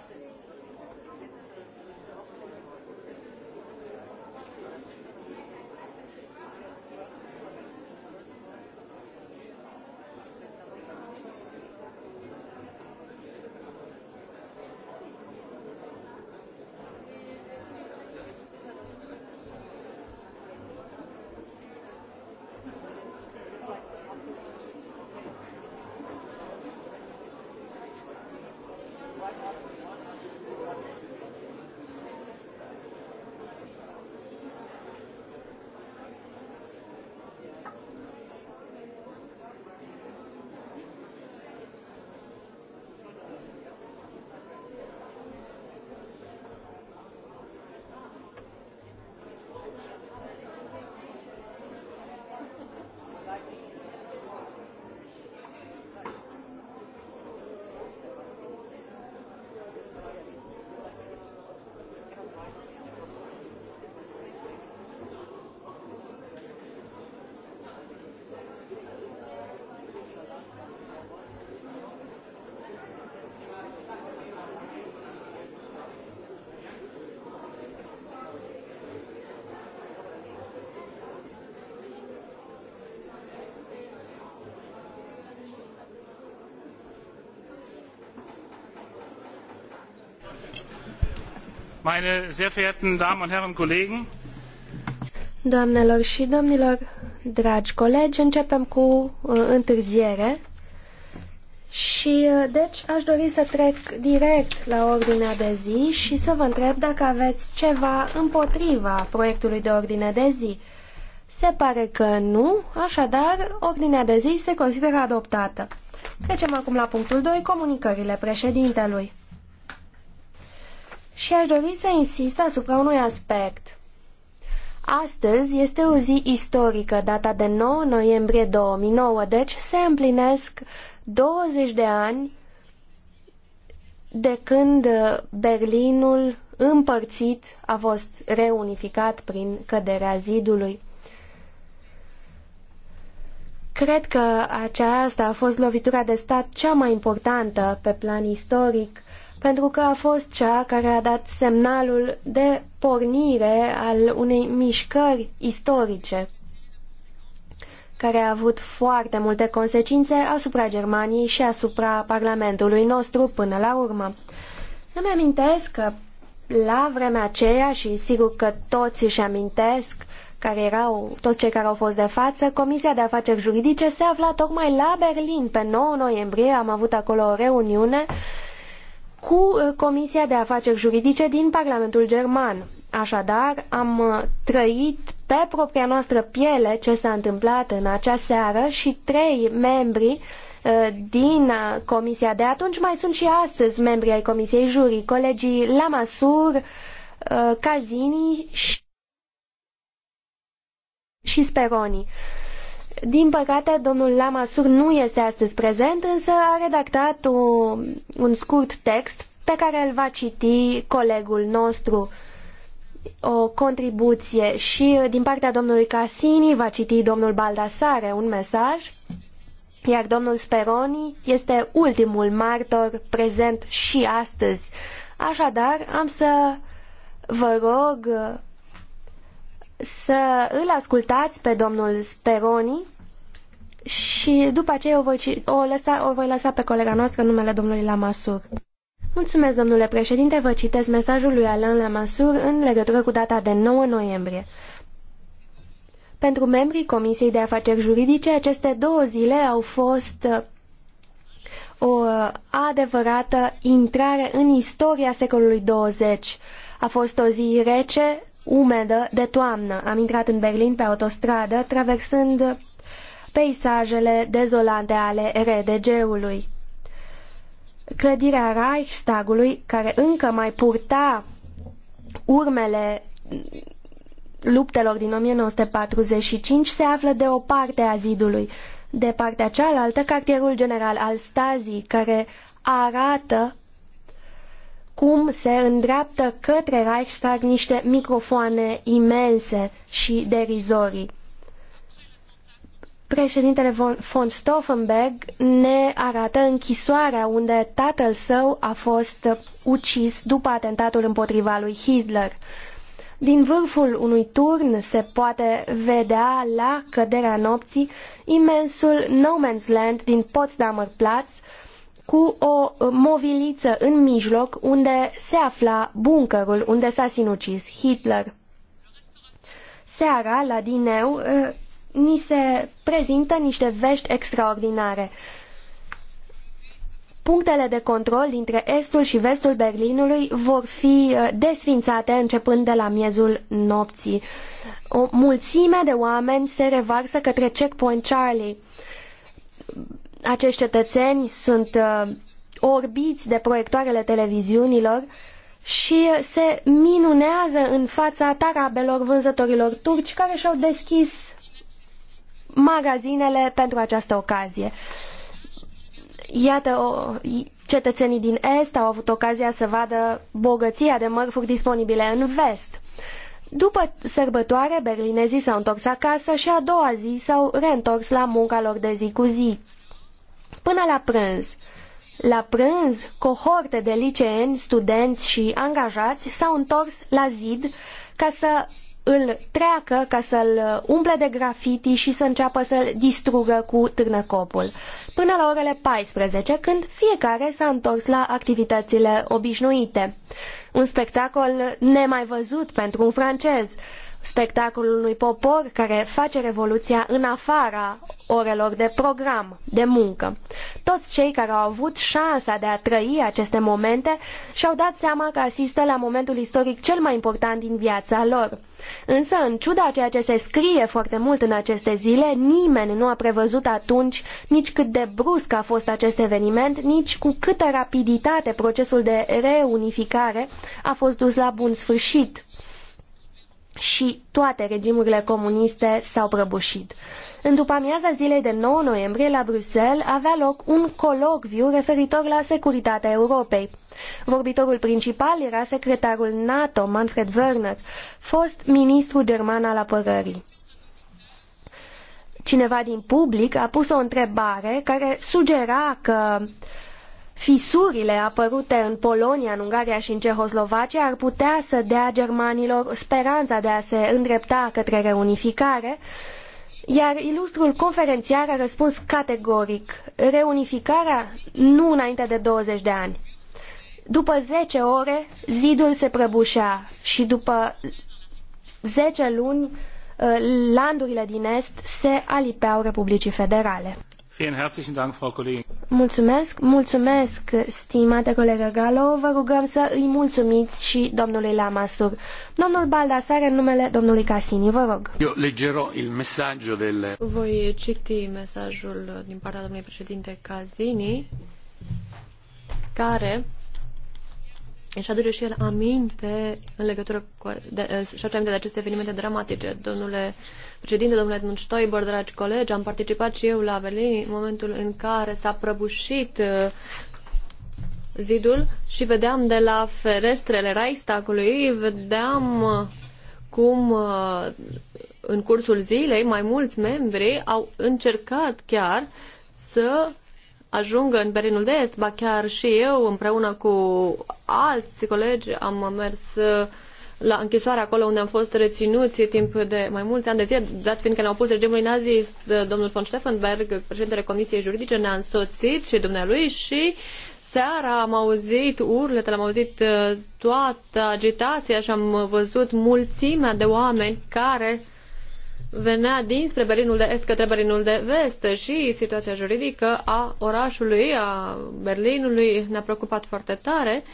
poate Meine sehr verehrten Damen und Herren Kollegen. Doamnelor și domnilor, dragi colegi, începem cu uh, întârziere și uh, deci aș dori să trec direct la ordinea de zi și să vă întreb dacă aveți ceva împotriva proiectului de ordine de zi. Se pare că nu, așadar ordinea de zi se consideră adoptată. Trecem acum la punctul 2, comunicările președintelui. Și aș dori să insist asupra unui aspect. Astăzi este o zi istorică, data de 9 noiembrie 2009, deci se împlinesc 20 de ani de când Berlinul împărțit a fost reunificat prin căderea zidului. Cred că aceasta a fost lovitura de stat cea mai importantă pe plan istoric pentru că a fost cea care a dat semnalul de pornire al unei mișcări istorice care a avut foarte multe consecințe asupra Germaniei și asupra Parlamentului nostru până la urmă. Îmi amintesc că la vremea aceea și sigur că toți își amintesc care erau toți cei care au fost de față, Comisia de Afaceri Juridice se afla tocmai la Berlin. Pe 9 noiembrie am avut acolo o reuniune uh, cu uh, Comisia de Afaceri Juridice din Parlamentul German. Așadar, am uh, trăit pe propria noastră piele ce s-a întâmplat în acea seară și trei membri uh, din comisia de atunci mai sunt și astăzi membri ai comisiei juri, colegii Lamasur, Cazini și Speroni. Din păcate, domnul Lamasur nu este astăzi prezent, însă a redactat o, un scurt text pe care îl va citi colegul nostru o contribuție și uh, din partea domnului Casini va citi domnul Baldassare un mesaj, iar domnul Speroni este ultimul martor prezent și astăzi. Așadar, am să vă rog uh, să îl ascultați pe domnul Speroni și după aceea o voi, o, lăsa, o voi lăsa pe colega noastră numele domnului Lamasur. Mulțumesc, domnule președinte, vă citesc mesajul lui Alain Lamasur în legătură cu data de 9 noiembrie. Pentru membrii Comisiei de Afaceri Juridice, aceste două zile au fost uh, o adevărată intrare în istoria secolului 20. A fost o zi rece, umedă de toamnă. Am intrat în Berlin pe autostradă, traversând peisajele dezolante ale RDG-ului. Clădirea Reichstagului, care încă mai purta urmele luptelor din 1945, se află de o parte a zidului. De partea cealaltă, cartierul general al Stazii, care arată cum se îndreaptă către Reichstag niște microfoane imense și derizorii. Președintele von Stauffenberg ne arată închisoarea unde tatăl său a fost ucis după atentatul împotriva lui Hitler. Din vârful unui turn se poate vedea la căderea nopții imensul No Man's Land din Potsdamer Platz, cu o uh, moviliță în mijloc unde se afla bunkerul unde s-a sinucis Hitler. Seara, la dineu, uh, ni se prezintă niște vești extraordinare. Punctele de control dintre estul și vestul Berlinului vor fi uh, desfințate începând de la miezul nopții. O mulțime de oameni se revarsă către Checkpoint Charlie acești cetățeni sunt uh, orbiți de proiectoarele televiziunilor și se minunează în fața tarabelor vânzătorilor turci care și-au deschis magazinele pentru această ocazie. Iată, o, cetățenii din Est au avut ocazia să vadă bogăția de mărfuri disponibile în Vest. După sărbătoare, berlinezii s-au întors acasă și a doua zi s-au reîntors la munca lor de zi cu zi până la prânz. La prânz, cohorte de liceeni, studenți și angajați s-au întors la zid ca să îl treacă, ca să-l umple de grafiti și să înceapă să-l distrugă cu târnăcopul. Până la orele 14, când fiecare s-a întors la activitățile obișnuite. Un spectacol nemai văzut pentru un francez spectacolul unui popor care face revoluția în afara orelor de program, de muncă. Toți cei care au avut șansa de a trăi aceste momente și-au dat seama că asistă la momentul istoric cel mai important din viața lor. Însă, în ciuda a ceea ce se scrie foarte mult în aceste zile, nimeni nu a prevăzut atunci nici cât de brusc a fost acest eveniment, nici cu câtă rapiditate procesul de reunificare a fost dus la bun sfârșit și toate regimurile comuniste s-au prăbușit. În după amiaza zilei de 9 noiembrie la Bruxelles avea loc un colocviu referitor la securitatea Europei. Vorbitorul principal era secretarul NATO, Manfred Werner, fost ministru german al apărării. Cineva din public a pus o întrebare care sugera că uh, fisurile apărute în Polonia, în Ungaria și în Cehoslovacia ar putea să dea germanilor speranța de a se îndrepta către reunificare, iar ilustrul conferențiar a răspuns categoric, reunificarea nu înainte de 20 de ani. După zece ore, zidul se prăbușea și după zece luni, uh, landurile din Est se alipeau Republicii Federale. Mulțumesc, mulțumesc, stimate colegă Galo. Vă rugăm să îi mulțumiți și domnului Lamasur. Domnul Baldassare, în numele domnului Casini, vă rog. Eu leggerò il messaggio del... Voi citi mesajul din partea domnului președinte Casini, care își aduce și el aminte în legătură cu... De, și aminte de aceste evenimente dramatice. Domnule președinte, domnule Stoiber, dragi colegi, am participat și eu la Berlin în momentul în care s-a prăbușit uh, zidul și vedeam de la ferestrele Reichstagului, vedeam uh, cum uh, în cursul zilei mai mulți membri au încercat chiar să ajungă în Berlinul de Est, ba chiar și eu împreună cu alți colegi am mers la închisoare acolo unde am fost reținuți timp de mai mulți ani de zile, dat fiindcă ne-au pus regimului nazist, domnul von Steffenberg, președintele Comisiei Juridice, ne-a însoțit și dumnealui și seara am auzit urlete, am auzit uh, toată agitația și am văzut mulțimea de oameni care venea dinspre Berlinul de Est către Berlinul de Vest și situația juridică a orașului, a Berlinului ne-a preocupat foarte tare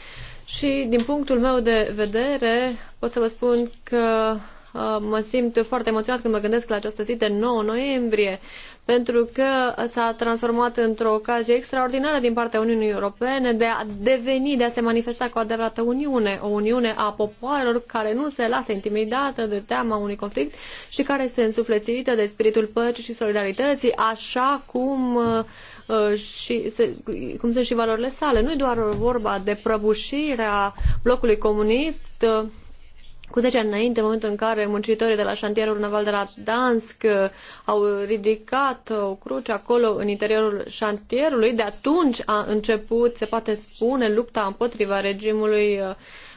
și din punctul meu de vedere pot să vă spun că uh, mă simt foarte emoționat când mă gândesc la această zi de 9 noiembrie, pentru că s-a transformat într-o ocazie extraordinară din partea Uniunii Europene de a deveni, de a se manifesta cu adevărată Uniune, o Uniune a popoarelor care nu se lasă intimidată de teama unui conflict și care se însuflețită de spiritul păcii și solidarității, așa cum uh, Uh, și se, cum sunt și valorile sale. Nu e doar vorba de prăbușirea blocului comunist, uh, cu 10 ani înainte, în momentul în care muncitorii de la șantierul naval de la Dansk uh, au ridicat o cruce acolo în interiorul șantierului, de atunci a început, se poate spune, lupta împotriva regimului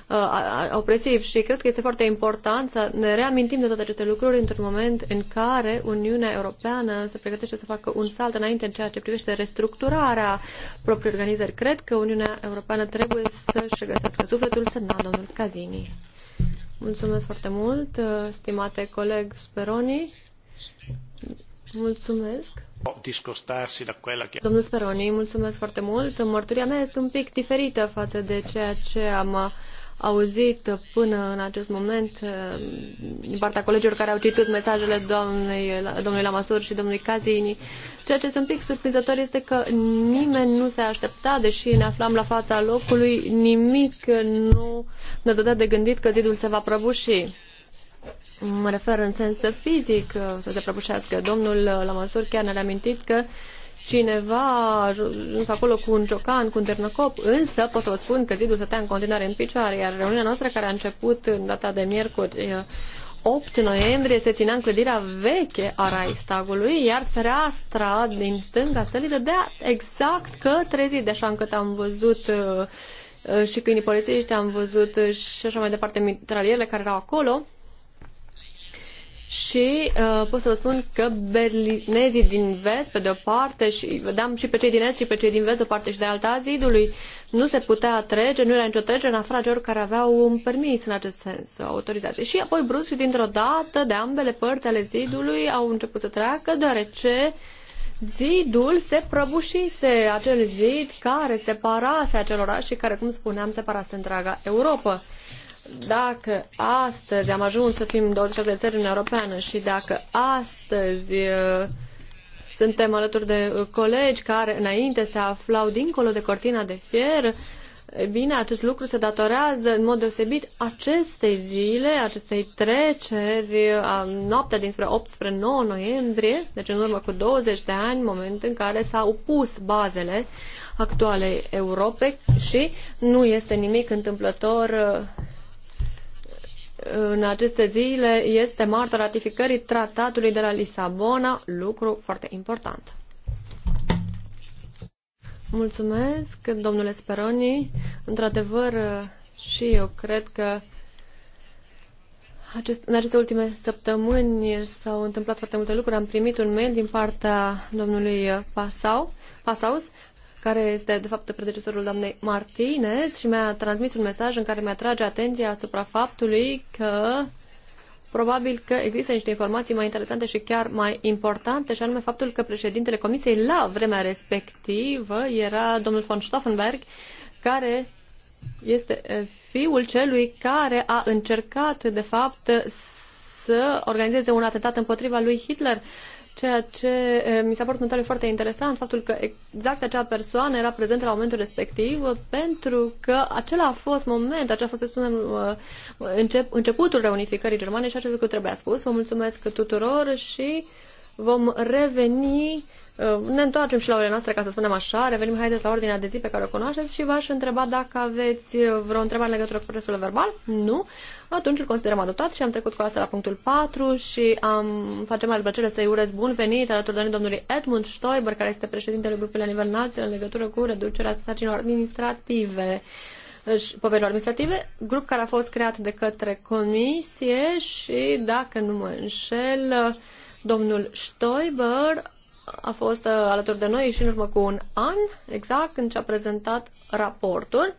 uh, opresiv și cred că este foarte important să ne reamintim de toate aceste lucruri într-un moment în care Uniunea Europeană se pregătește să facă un salt înainte în ceea ce privește restructurarea propriei organizări. Cred că Uniunea Europeană trebuie să-și găsească sufletul, semna domnul Cazini. Mulțumesc foarte mult, uh, stimate coleg Speroni. Mulțumesc. Da domnul Speroni, mulțumesc foarte mult. Mărturia mea este un pic diferită față de ceea ce am auzit până în acest moment eh, din partea colegilor care au citit mesajele doamnei, domnului Lamasur și domnului Cazini. Ceea ce este un pic surprinzător este că nimeni nu se aștepta, deși ne aflam la fața locului, nimic nu ne dădea de gândit că zidul se va prăbuși. Mă refer în sens fizic eh, să se prăbușească. Domnul Lamasur chiar ne-a amintit că cineva a ajuns acolo cu un ciocan, cu un ternăcop, însă pot să vă spun că zidul stătea în continuare în picioare, iar reuniunea noastră care a început în data de miercuri 8 noiembrie se ținea în clădirea veche a Raistagului, iar fereastra din stânga sălii dădea exact către zid, așa încât am văzut și câinii polițiști, am văzut și așa mai departe mitralierele care erau acolo și uh, pot să vă spun că berlinezii din vest, pe de-o parte, și vedeam și pe cei din est și pe cei din vest, de o parte și de alta zidului, nu se putea trece, nu era nicio trecere în afara celor care aveau un permis în acest sens, autorizate. Și apoi, brusc și dintr-o dată, de ambele părți ale zidului au început să treacă, deoarece zidul se prăbușise, acel zid care separase acel oraș și care, cum spuneam, separase întreaga Europa dacă astăzi am ajuns să fim 27 de țări în Europeană și dacă astăzi uh, suntem alături de uh, colegi care înainte se aflau dincolo de cortina de fier, bine, acest lucru se datorează în mod deosebit acestei zile, acestei treceri, uh, a noaptea dinspre 8 spre 9 noiembrie, deci în urmă cu 20 de ani, moment în care s-au pus bazele actualei Europe și nu este nimic întâmplător în aceste zile este marta ratificării tratatului de la Lisabona, lucru foarte important. Mulțumesc, domnule Speroni. Într-adevăr, și eu cred că acest, în aceste ultime săptămâni s-au întâmplat foarte multe lucruri. Am primit un mail din partea domnului Pasau, Pasaus care este de fapt predecesorul doamnei Martinez și mi-a transmis un mesaj în care mi-atrage a atenția asupra faptului că probabil că există niște informații mai interesante și chiar mai importante, și anume faptul că președintele comisiei la vremea respectivă era domnul von Stauffenberg, care este fiul celui care a încercat, de fapt, să organizeze un atentat împotriva lui Hitler ceea ce mi s-a părut un tare foarte interesant, faptul că exact acea persoană era prezentă la momentul respectiv, pentru că acela a fost moment, acela a fost, să spunem, uh, încep, începutul reunificării germane și acest lucru trebuia spus. Vă mulțumesc tuturor și vom reveni Uh, ne întoarcem și la orele noastre, ca să spunem așa, revenim, haideți la ordinea de zi pe care o cunoașteți și v-aș întreba dacă aveți uh, vreo întrebare în legătură cu prețul verbal. Nu. Atunci îl considerăm adoptat și am trecut cu asta la punctul 4 și am, facem mai plăcere să-i urez bun venit alături de domnului Edmund Stoiber, care este președintele grupului la nivel înalt în legătură cu reducerea sarcinilor administrative uh, Poverile administrative, grup care a fost creat de către comisie și, dacă nu mă înșel, domnul Stoiber a fost uh, alături de noi și în urmă cu un an, exact, când și-a prezentat raportul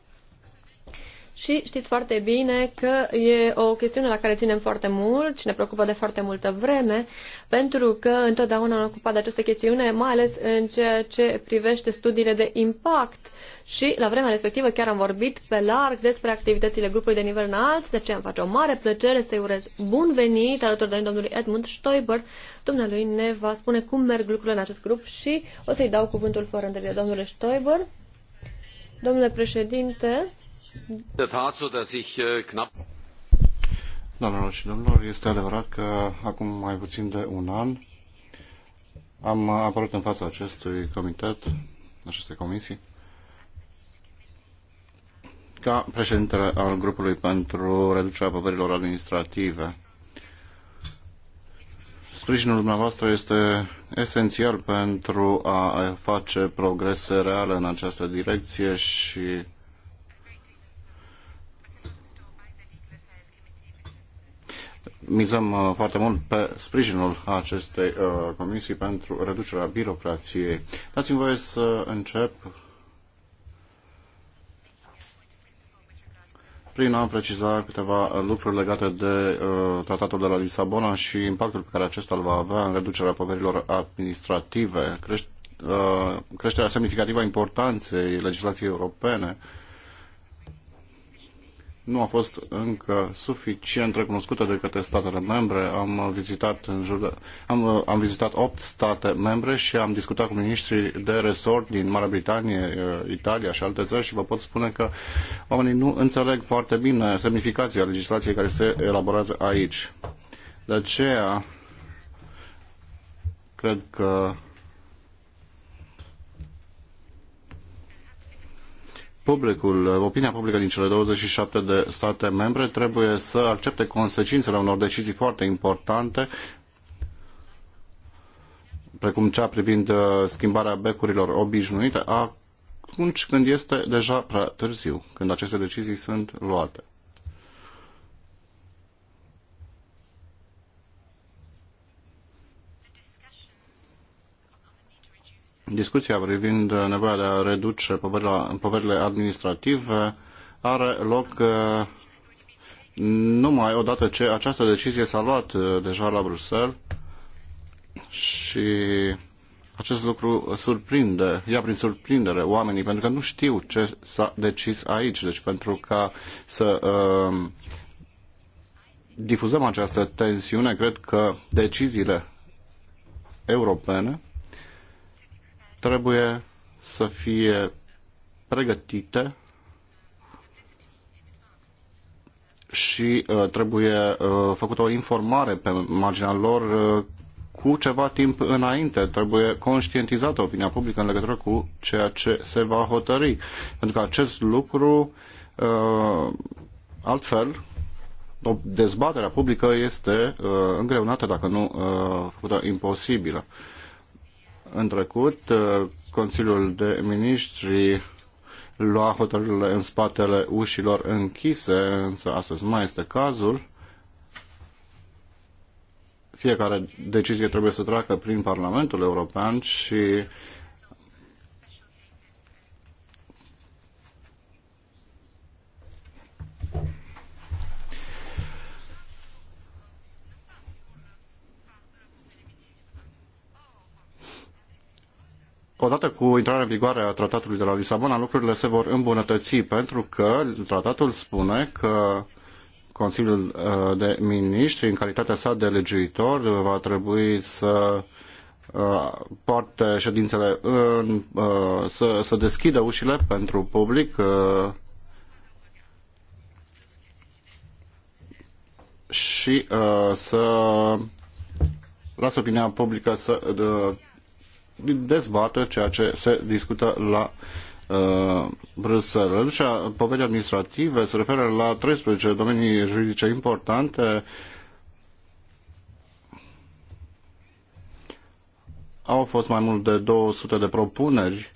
și știți foarte bine că e o chestiune la care ținem foarte mult și ne preocupă de foarte multă vreme, pentru că întotdeauna am ocupat de această chestiune, mai ales în ceea ce privește studiile de impact. Și la vremea respectivă chiar am vorbit pe larg despre activitățile grupului de nivel înalt, de ce am face o mare plăcere să-i urez bun venit alături de domnului Edmund Stoiber. Dumnealui ne va spune cum merg lucrurile în acest grup și o să-i dau cuvântul fără întâlnire. Domnule Stoiber, domnule președinte, Doamnelor și domnilor, este adevărat că acum mai puțin de un an am apărut în fața acestui comitet, acestei comisii, ca președintele al grupului pentru reducerea poverilor administrative. Sprijinul dumneavoastră este esențial pentru a face progrese reale în această direcție și mizăm uh, foarte mult pe sprijinul acestei uh, comisii pentru reducerea birocrației. Dați-mi voie să încep prin a preciza câteva lucruri legate de uh, tratatul de la Lisabona și impactul pe care acesta îl va avea în reducerea poverilor administrative, uh, creșterea semnificativă a importanței legislației europene uh, nu a fost încă suficient recunoscută de către statele membre. Am vizitat, în jur de, am, am vizitat 8 state membre și am discutat cu ministrii de resort din Marea Britanie, uh, Italia și alte țări și vă pot spune că oamenii nu înțeleg foarte bine semnificația legislației care se elaborează aici. De aceea, cred că publicul, opinia publică din cele 27 de state membre trebuie să accepte consecințele unor decizii foarte importante precum cea privind uh, schimbarea becurilor obișnuite, atunci când este deja prea târziu, când aceste decizii sunt luate. Discuția privind nevoia de a reduce poverile administrative are loc uh, numai odată ce această decizie s-a luat uh, deja la Bruxelles și acest lucru surprinde, ia prin surprindere oamenii, pentru că nu știu ce s-a decis aici. Deci pentru ca să uh, difuzăm această tensiune, cred că deciziile europene trebuie să fie pregătite și uh, trebuie uh, făcută o informare pe marginea lor uh, cu ceva timp înainte. Trebuie conștientizată opinia publică în legătură cu ceea ce se va hotări. Pentru că acest lucru, uh, altfel, o dezbaterea publică este uh, îngreunată, dacă nu uh, făcută imposibilă. Uh, în trecut, uh, Consiliul de Ministri lua hotărârile în spatele ușilor închise, însă astăzi mai este cazul. Fiecare decizie trebuie să treacă prin Parlamentul European și odată cu intrarea în vigoare a tratatului de la Lisabona, lucrurile se vor îmbunătăți pentru că tratatul spune că Consiliul uh, de Miniștri, în calitatea sa de legiuitor, va trebui să uh, poarte ședințele în, uh, să, să deschidă ușile pentru public și să lasă opinia publică să dezbată ceea ce se discută la uh, Bruxelles. Reducerea poverii administrative se referă la 13 domenii juridice importante. Au fost mai mult de 200 de propuneri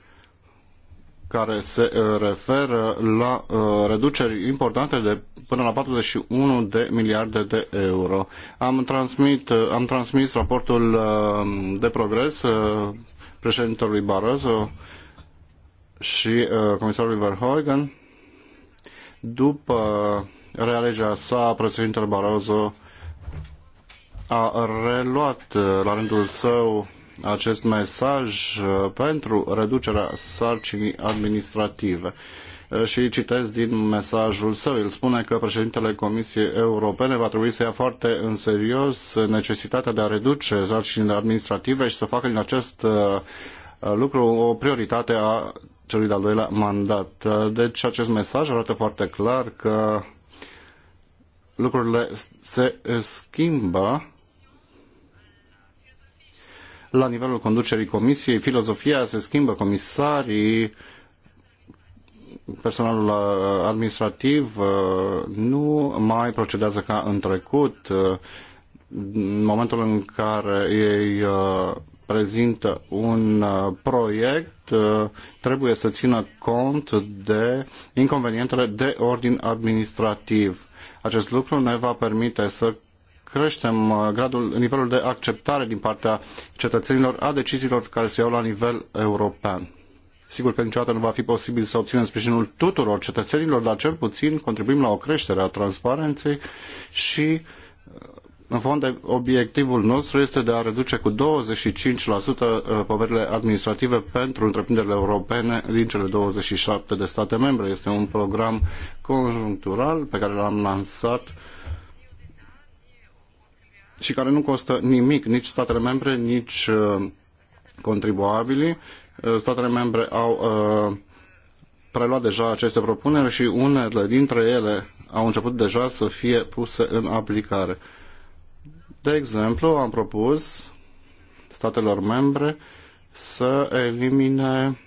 care se uh, referă la uh, reduceri importante de până la 41 de miliarde de euro. Am, transmit, uh, am transmis raportul uh, de progres uh, președintelui Barroso și uh, comisarului Verhoeven. După realegerea sa, președintele Barroso a reluat uh, la rândul său acest mesaj uh, pentru reducerea sarcinii administrative. Eh, și citez din mesajul său. El spune că președintele Comisiei Europene va trebui să ia foarte în serios necesitatea de a reduce sarcinile administrative și să facă din acest eh, eh, lucru o prioritate a celui de-al doilea mandat. Deci acest mesaj arată foarte clar că lucrurile se schimbă la nivelul conducerii comisiei, filozofia se schimbă, comisarii personalul uh, administrativ uh, nu mai procedează ca în trecut. Uh, în momentul în care ei prezintă un proiect, trebuie să țină cont de inconvenientele de ordin administrativ. Acest lucru ne va permite să creștem gradul, nivelul de acceptare din partea cetățenilor a deciziilor care se iau la nivel european. Sigur că niciodată nu va fi posibil să obținem sprijinul tuturor cetățenilor, dar cel puțin contribuim la o creștere a transparenței și în fond, obiectivul nostru este de a reduce cu 25% uh, poverile administrative pentru întreprinderile europene din cele 27 de state membre. Este un program conjunctural pe care l-am lansat și care nu costă nimic nici statele membre, nici uh, contribuabilii Eh, statele membre au eh, preluat deja aceste propuneri și unele dintre ele au început deja să fie puse în aplicare. De exemplu, am propus statelor membre să elimine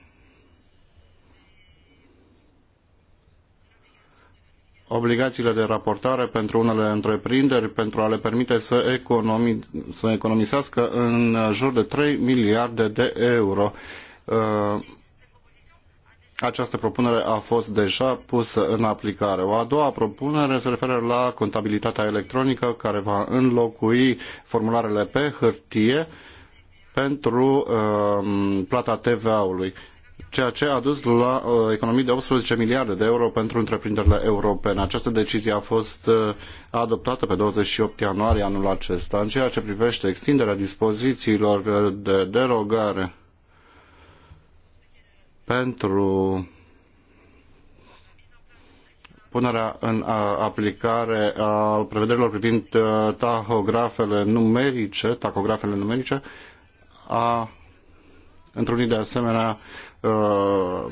obligațiile de raportare pentru unele întreprinderi pentru a le permite să, economi- să economisească în jur de 3 miliarde de euro. Uh, această propunere a fost deja pusă în aplicare. O a doua propunere se referă la contabilitatea electronică care va înlocui formularele pe hârtie pentru uh, plata TVA-ului, ceea ce a dus la uh, economii de 18 miliarde de euro pentru întreprinderile europene. Această decizie a fost uh, adoptată pe 28 ianuarie anul acesta. În ceea ce privește extinderea dispozițiilor uh, de derogare pentru punerea în aplicare a prevederilor privind uh, tahografele numerice, tacografele numerice, a întrunit de asemenea uh,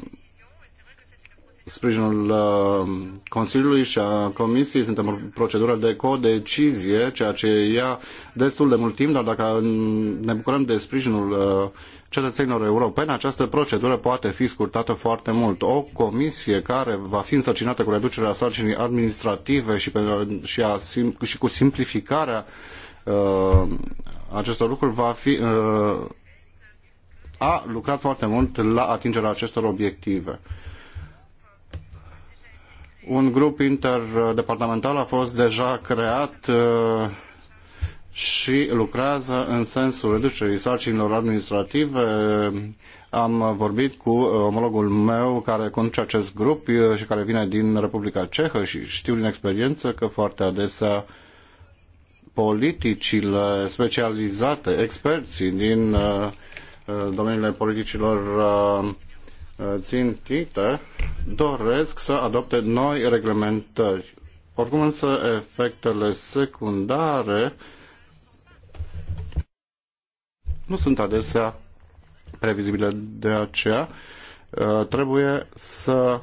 sprijinul uh, Consiliului și a Comisiei. Suntem în procedură de codecizie, ceea ce ia destul de mult timp, dar dacă ne bucurăm de sprijinul uh, cetățenilor europeni, această procedură poate fi scurtată foarte mult. O comisie care va fi însărcinată cu reducerea sarcinii administrative și, pe, și, a, și cu simplificarea uh, acestor lucruri va fi uh, a lucrat foarte mult la atingerea acestor obiective. Un grup interdepartamental a fost deja creat uh, și lucrează în sensul reducerii sarcinilor administrative. Am vorbit cu uh, omologul meu care conduce acest grup uh, și care vine din Republica Cehă și știu din experiență că foarte adesea politicile specializate, experții din domeniile politicilor țintite doresc să adopte noi reglementări. Oricum însă efectele secundare nu sunt adesea previzibile de aceea uh, trebuie să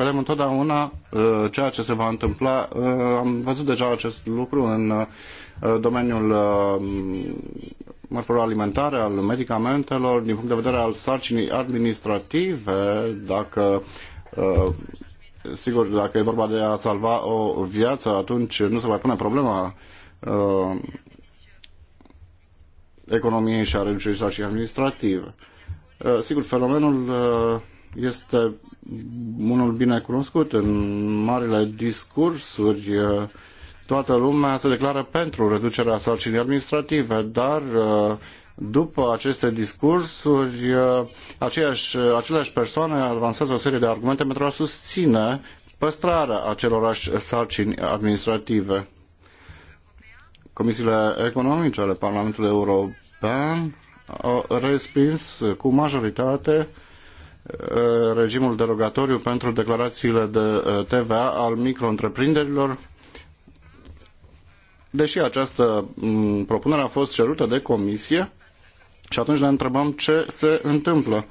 prevedem întotdeauna uh, ceea ce se va întâmpla. Uh, am văzut deja acest lucru în uh, domeniul mărfurilor alimentare, al medicamentelor, din punct de vedere al sarcinii administrative, dacă sigur, dacă e vorba de a salva o viață, atunci nu se mai pune problema economiei și a reducerii sarcinii administrative. Sigur, fenomenul este unul bine cunoscut. În marile discursuri, uh, toată lumea se declară pentru reducerea sarcinii administrative, dar uh, după aceste discursuri, uh, aceiași, aceleași persoane avansează o serie de argumente pentru a susține păstrarea acelorași sarcini administrative. Comisiile economice ale Parlamentului European au respins cu majoritate uh, Uh, regimul derogatoriu pentru declarațiile de uh, TVA al micro-întreprinderilor, deși această mm, propunere a fost cerută de comisie și atunci ne întrebăm ce se întâmplă.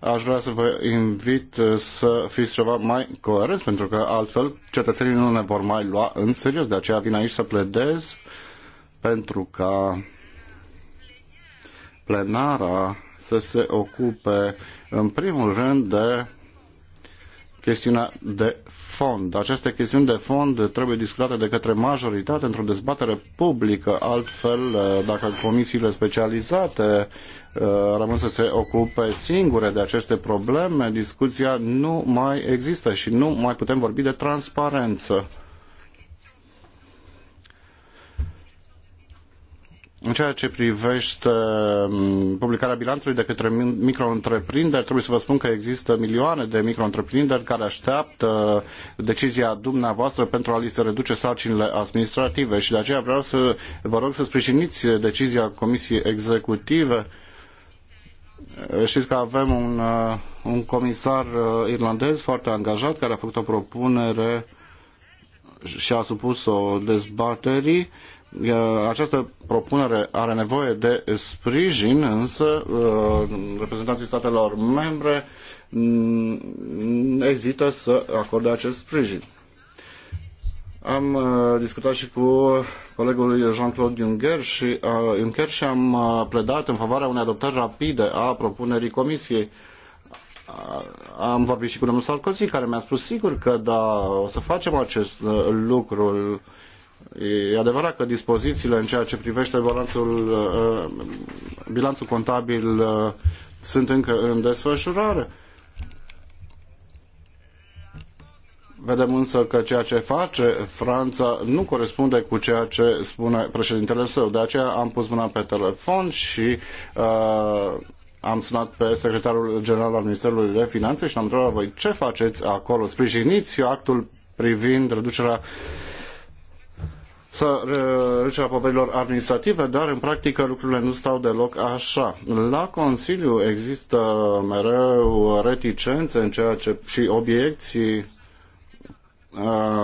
Aș vrea să vă invit uh, să fiți ceva mai coerenți, pentru că altfel cetățenii nu ne vor mai lua în serios. De aceea vin aici să pledez uh, pentru ca plenara să se ocupe în primul rând de chestiunea de fond. Aceste chestiuni de fond trebuie discutate de către majoritate într-o dezbatere publică, altfel dacă comisiile specializate uh, rămân să se ocupe singure de aceste probleme, discuția nu mai există și nu mai putem vorbi de transparență. În ceea ce privește um, publicarea bilanțului de către micro-întreprinderi, trebuie să vă spun că există milioane de micro-întreprinderi care așteaptă decizia dumneavoastră pentru a li se reduce sarcinile administrative și de aceea vreau să vă rog să sprijiniți decizia Comisiei Executive. Știți că avem un, uh, un comisar uh, irlandez foarte angajat care a făcut o propunere și a supus-o dezbaterii această propunere are nevoie de sprijin, însă ă, reprezentanții statelor membre mm, ezită să acorde acest sprijin. Am ă, discutat și cu colegul Jean-Claude Juncker și, ă, Juncker și am pledat în favoarea unei adoptări rapide a propunerii Comisiei am vorbit și cu domnul Sarkozy, care mi-a spus sigur că da, o să facem acest lucru. E adevărat că dispozițiile în ceea ce privește bilanțul, uh, bilanțul contabil uh, sunt încă în desfășurare. Vedem însă că ceea ce face Franța nu corespunde cu ceea ce spune președintele său. De aceea am pus mâna pe telefon și uh, am sunat pe secretarul general al Ministerului de Finanțe și am întrebat voi ce faceți acolo. Sprijiniți actul privind reducerea uh, să uh, reducerea poverilor administrative, dar în practică lucrurile nu stau deloc așa. La Consiliu există mereu reticențe în ceea ce și obiecții uh,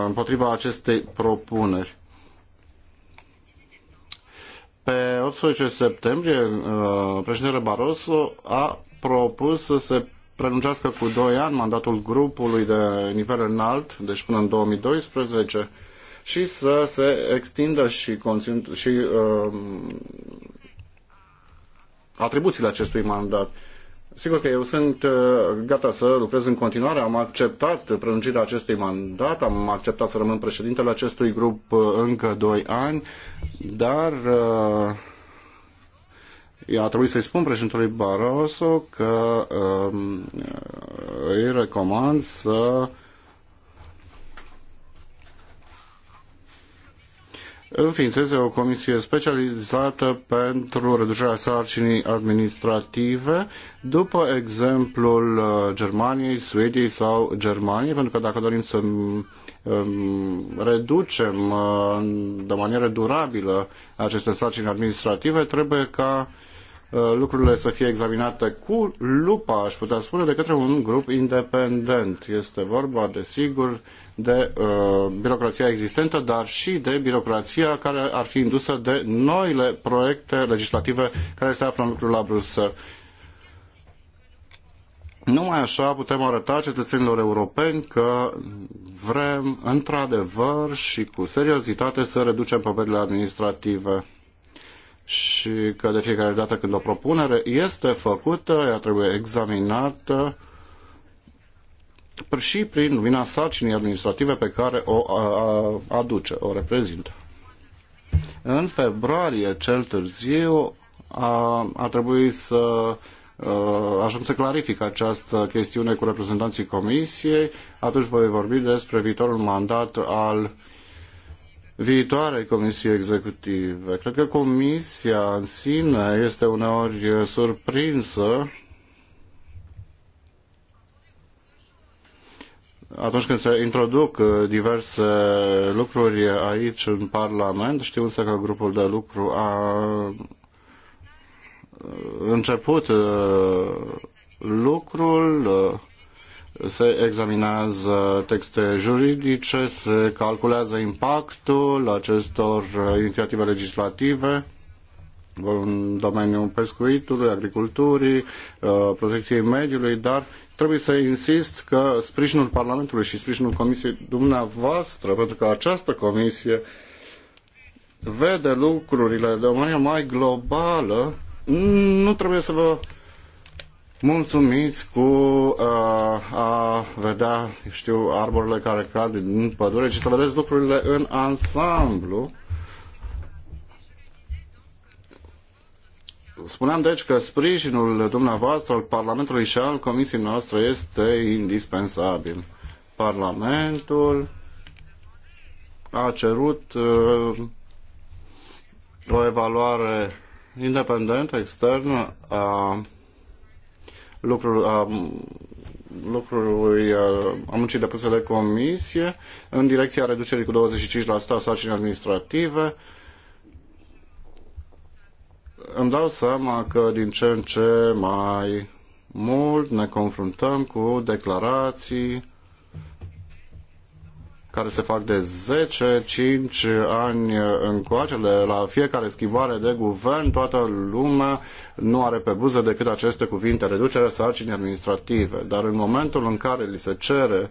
împotriva acestei propuneri. Pe 18 septembrie, uh, președintele Barroso a propus să se prelungească cu 2 ani mandatul grupului de nivel înalt, deci până în 2012, și să se extindă și, conținut, și uh, atribuțiile acestui mandat. Sigur că eu sunt uh, gata să lucrez în continuare, am acceptat prelungirea acestui mandat, am acceptat să rămân președintele acestui grup uh, încă doi ani, dar uh, a trebuit să-i spun președintelui Barroso că uh, îi recomand să înființeze o comisie specializată pentru reducerea sarcinii administrative, după exemplul uh, Germaniei, Suediei sau Germaniei, pentru că dacă dorim să um, reducem uh, de manieră durabilă aceste sarcini administrative, trebuie ca uh, lucrurile să fie examinate cu lupa, aș putea spune, de către un grup independent. Este vorba, desigur, de uh, birocrația existentă, dar și de birocrația care ar fi indusă de noile proiecte legislative care se află în lucru la Bruxelles. Numai așa putem arăta cetățenilor europeni că vrem într-adevăr și cu seriozitate să reducem poverile administrative și că de fiecare dată când o propunere este făcută, ea trebuie examinată și prin vina sarcinii administrative pe care o aduce, o reprezintă. În februarie, cel târziu, a, a trebuit să ajung să clarific această chestiune cu reprezentanții Comisiei. Atunci voi vorbi despre viitorul mandat al viitoarei comisie Executive. Cred că Comisia în sine este uneori surprinsă atunci când se introduc uh, diverse lucruri aici în Parlament, știu însă că grupul de lucru a uh, început uh, lucrul, se examinează texte juridice, se calculează impactul acestor inițiative legislative în domeniul pescuitului, agriculturii, protecției mediului, dar trebuie să insist că sprijinul Parlamentului și sprijinul Comisiei dumneavoastră, pentru că această comisie vede lucrurile de o manieră mai globală, nu trebuie să vă mulțumiți cu uh, a vedea, știu, arborile care cad din pădure, ci să vedeți lucrurile în ansamblu Spuneam deci că sprijinul dumneavoastră al Parlamentului și al Comisiei noastre este indispensabil. Parlamentul a cerut uh, o evaluare independentă, externă a, lucrului a, a muncii depuse de comisie în direcția reducerii cu 25% a sarcinii administrative, îmi dau seama că din ce în ce mai mult ne confruntăm cu declarații care se fac de 10-5 ani încoace, la fiecare schimbare de guvern, toată lumea nu are pe buză decât aceste cuvinte, reducere sarcinii administrative. Dar în momentul în care li se cere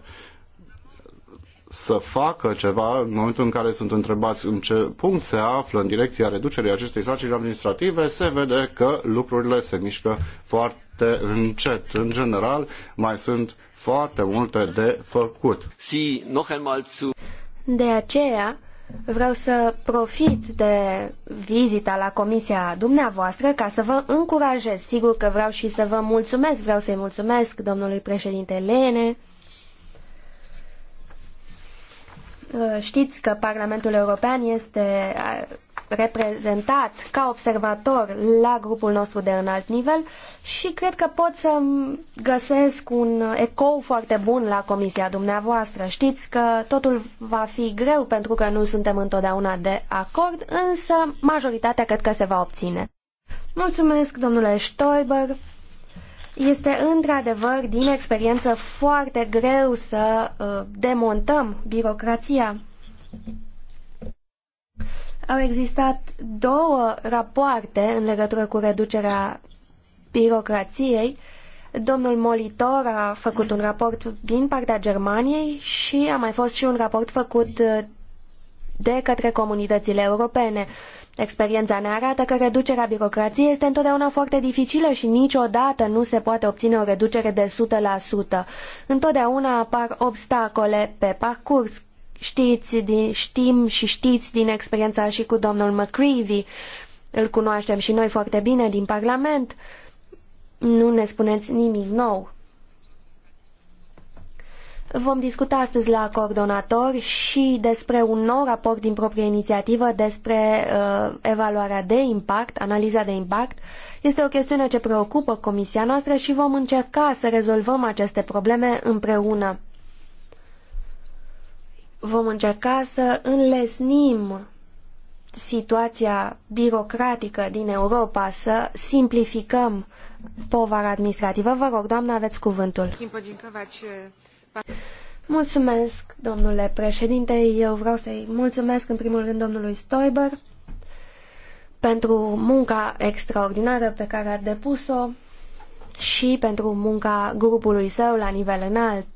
să facă ceva în momentul în care sunt întrebați în ce punct se află în direcția reducerii acestei sarcini administrative, se vede că lucrurile se mișcă foarte încet. În general, mai sunt foarte multe de făcut. De aceea, vreau să profit de vizita la comisia dumneavoastră ca să vă încurajez. Sigur că vreau și să vă mulțumesc. Vreau să-i mulțumesc domnului președinte Lene, Uh, știți că Parlamentul European este uh, reprezentat ca observator la grupul nostru de înalt nivel și cred că pot să găsesc un ecou foarte bun la comisia dumneavoastră. Știți că totul va fi greu pentru că nu suntem întotdeauna de acord, însă majoritatea cred că se va obține. Mulțumesc, domnule Stoiber. Este într-adevăr, din experiență, foarte greu să uh, demontăm birocrația. Au existat două rapoarte în legătură cu reducerea birocrației. Domnul Molitor a făcut un raport din partea Germaniei și a mai fost și un raport făcut uh, de către comunitățile europene. Experiența ne arată că reducerea birocrației este întotdeauna foarte dificilă și niciodată nu se poate obține o reducere de 100%. Întotdeauna apar obstacole pe parcurs. Știți, din, știm și știți din experiența și cu domnul McCreevy, îl cunoaștem și noi foarte bine din Parlament, nu ne spuneți nimic nou. Vom discuta astăzi la coordonator și despre un nou raport din proprie inițiativă despre uh, evaluarea de impact, analiza de impact. Este o chestiune ce preocupă comisia noastră și vom încerca să rezolvăm aceste probleme împreună. Vom încerca să înlesnim situația birocratică din Europa, să simplificăm povara administrativă. Vă rog, doamnă, aveți cuvântul. Timpul din Mulțumesc, domnule președinte. Eu vreau să-i mulțumesc în primul rând domnului Stoiber pentru munca extraordinară pe care a depus-o și pentru munca grupului său la nivel înalt.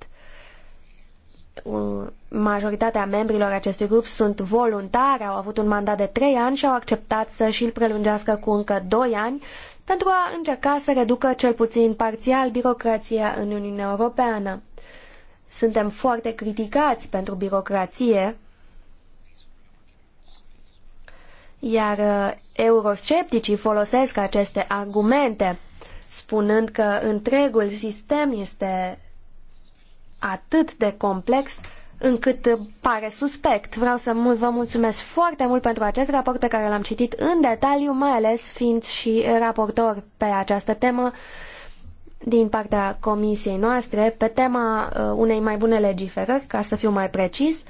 Majoritatea membrilor acestui grup sunt voluntari, au avut un mandat de trei ani și au acceptat să și-l prelungească cu încă doi ani pentru a încerca să reducă cel puțin parțial birocrația în Uniunea Europeană. Suntem foarte criticați pentru birocrație, iar uh, euroscepticii folosesc aceste argumente, spunând că întregul sistem este atât de complex încât pare suspect. Vreau să vă mulțumesc foarte mult pentru acest raport pe care l-am citit în detaliu, mai ales fiind și raportor pe această temă din partea comisiei noastre pe tema uh, unei mai bune legiferări, ca să fiu mai precis.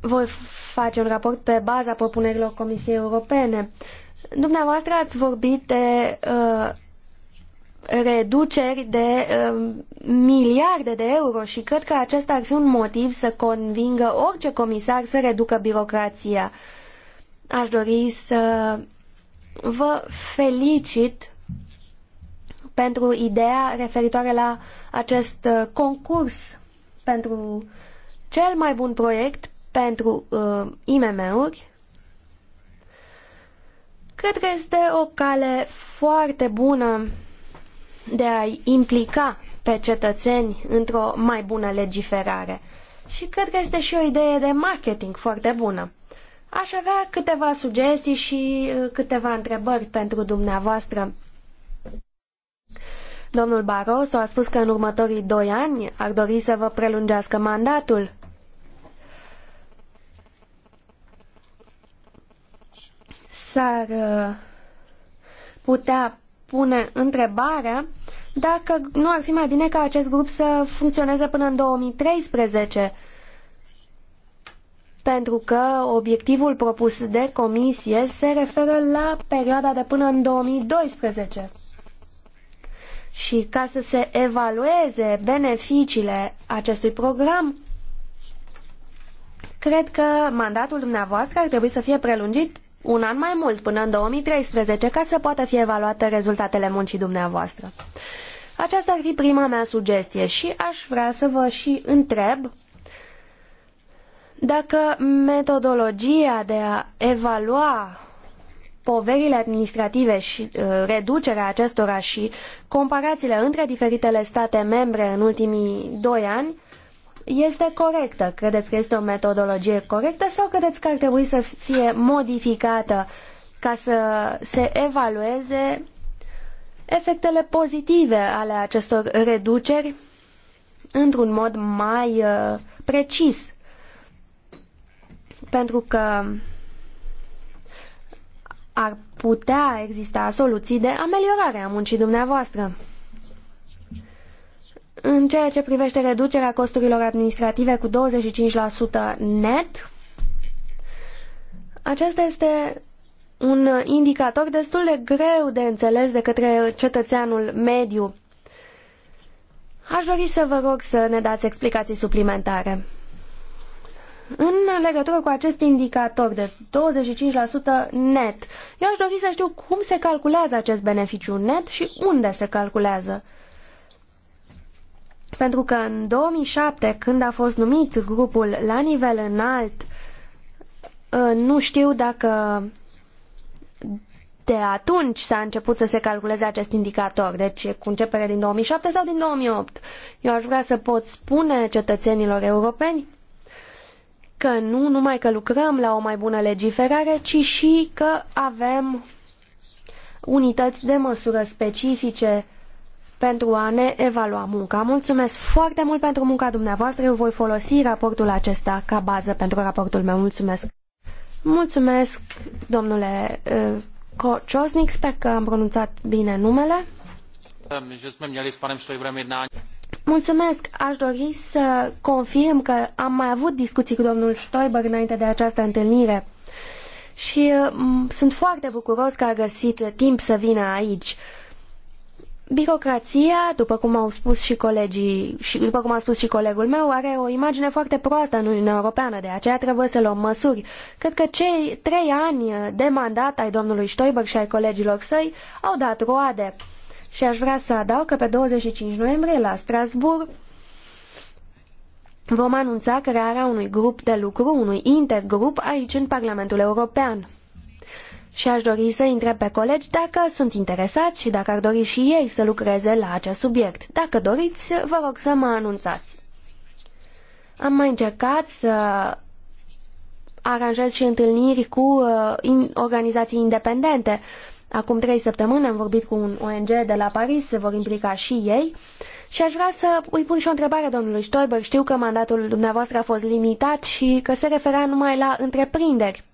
Voi face un raport pe baza propunerilor Comisiei Europene. Dumneavoastră ați vorbit de uh, reduceri de uh, miliarde de euro și cred că acesta ar fi un motiv să convingă orice comisar să reducă birocrația. Aș dori să vă felicit pentru ideea referitoare la acest uh, concurs pentru cel mai bun proiect pentru uh, IMM-uri. Cred că este o cale foarte bună de a-i implica pe cetățeni într-o mai bună legiferare. Și cred că este și o idee de marketing foarte bună. Aș avea câteva sugestii și uh, câteva întrebări pentru dumneavoastră. Domnul Barroso a spus că în următorii doi ani ar dori să vă prelungească mandatul. S-ar uh, putea pune întrebarea dacă nu ar fi mai bine ca acest grup să funcționeze până în 2013, pentru că obiectivul propus de comisie se referă la perioada de până în 2012. Și ca să se evalueze beneficiile acestui program, cred că mandatul dumneavoastră ar trebui să fie prelungit un an mai mult, până în 2013, ca să poată fi evaluate rezultatele muncii dumneavoastră. Aceasta ar fi prima mea sugestie și aș vrea să vă și întreb dacă metodologia de a evalua poverile administrative și uh, reducerea acestora și comparațiile între diferitele state membre în ultimii doi ani este corectă? Credeți că este o metodologie corectă sau credeți că ar trebui să fie modificată ca să se evalueze efectele pozitive ale acestor reduceri într-un mod mai uh, precis pentru că ar putea exista soluții de ameliorare a muncii dumneavoastră. În ceea ce privește reducerea costurilor administrative cu 25% net, acesta este un indicator destul de greu de înțeles de către cetățeanul mediu. Aș dori să vă rog să ne dați explicații suplimentare. În legătură cu acest indicator de 25% net, eu aș dori să știu cum se calculează acest beneficiu net și unde se calculează. Pentru că în 2007, când a fost numit grupul la nivel înalt, ă, nu știu dacă de atunci s-a început să se calculeze acest indicator, deci cu începere din 2007 sau din 2008. Eu aș vrea să pot spune cetățenilor europeni că nu numai că lucrăm la o mai bună legiferare, ci și că avem unități de măsură specifice pentru a ne evalua munca. Mulțumesc foarte mult pentru munca dumneavoastră. Eu voi folosi raportul acesta ca bază pentru raportul meu. Mulțumesc! Mulțumesc, domnule Kociosnik. Uh, Sper că am pronunțat bine numele. Mulțumesc! Aș dori să confirm că am mai avut discuții cu domnul Stoiber înainte de această întâlnire și uh, sunt foarte bucuros că a găsit timp să vină aici. Birocrația, după cum au spus și colegii, și după cum a spus și colegul meu, are o imagine foarte proastă în Uniunea Europeană, de aceea trebuie să luăm măsuri. Cred că cei trei ani de mandat ai domnului Stoiber și ai colegilor săi au dat roade. Și aș vrea să adaug că pe 25 noiembrie la Strasbourg vom anunța crearea unui grup de lucru, unui intergrup aici în Parlamentul European. Și aș dori să întreb pe colegi dacă sunt interesați și dacă ar dori și ei să lucreze la acest subiect. Dacă doriți, vă rog să mă anunțați. Am mai încercat să aranjez și întâlniri cu uh, in, organizații independente, uh, Acum trei săptămâni am vorbit cu un ONG de la Paris, se vor implica și ei și aș vrea să îi pun și o întrebare domnului Stoiber. Știu că mandatul dumneavoastră a fost limitat și că se referea numai la întreprinderi.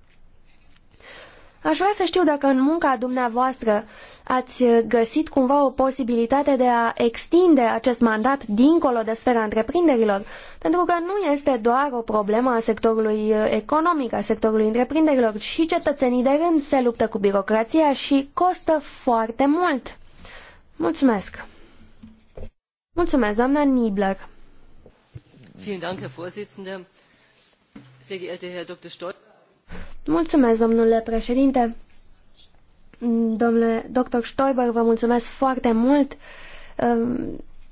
Aș vrea să știu dacă în munca dumneavoastră ați găsit cumva o posibilitate de a extinde acest mandat dincolo de sfera întreprinderilor? Pentru că nu este doar o problemă a sectorului economic, a sectorului întreprinderilor, și cetățenii de rând se luptă cu birocrația și costă foarte mult. Mulțumesc! Mulțumesc, doamna Nibler! Mulțumesc, domnule președinte! Domnule doctor Stoiber, vă mulțumesc foarte mult. Ehm,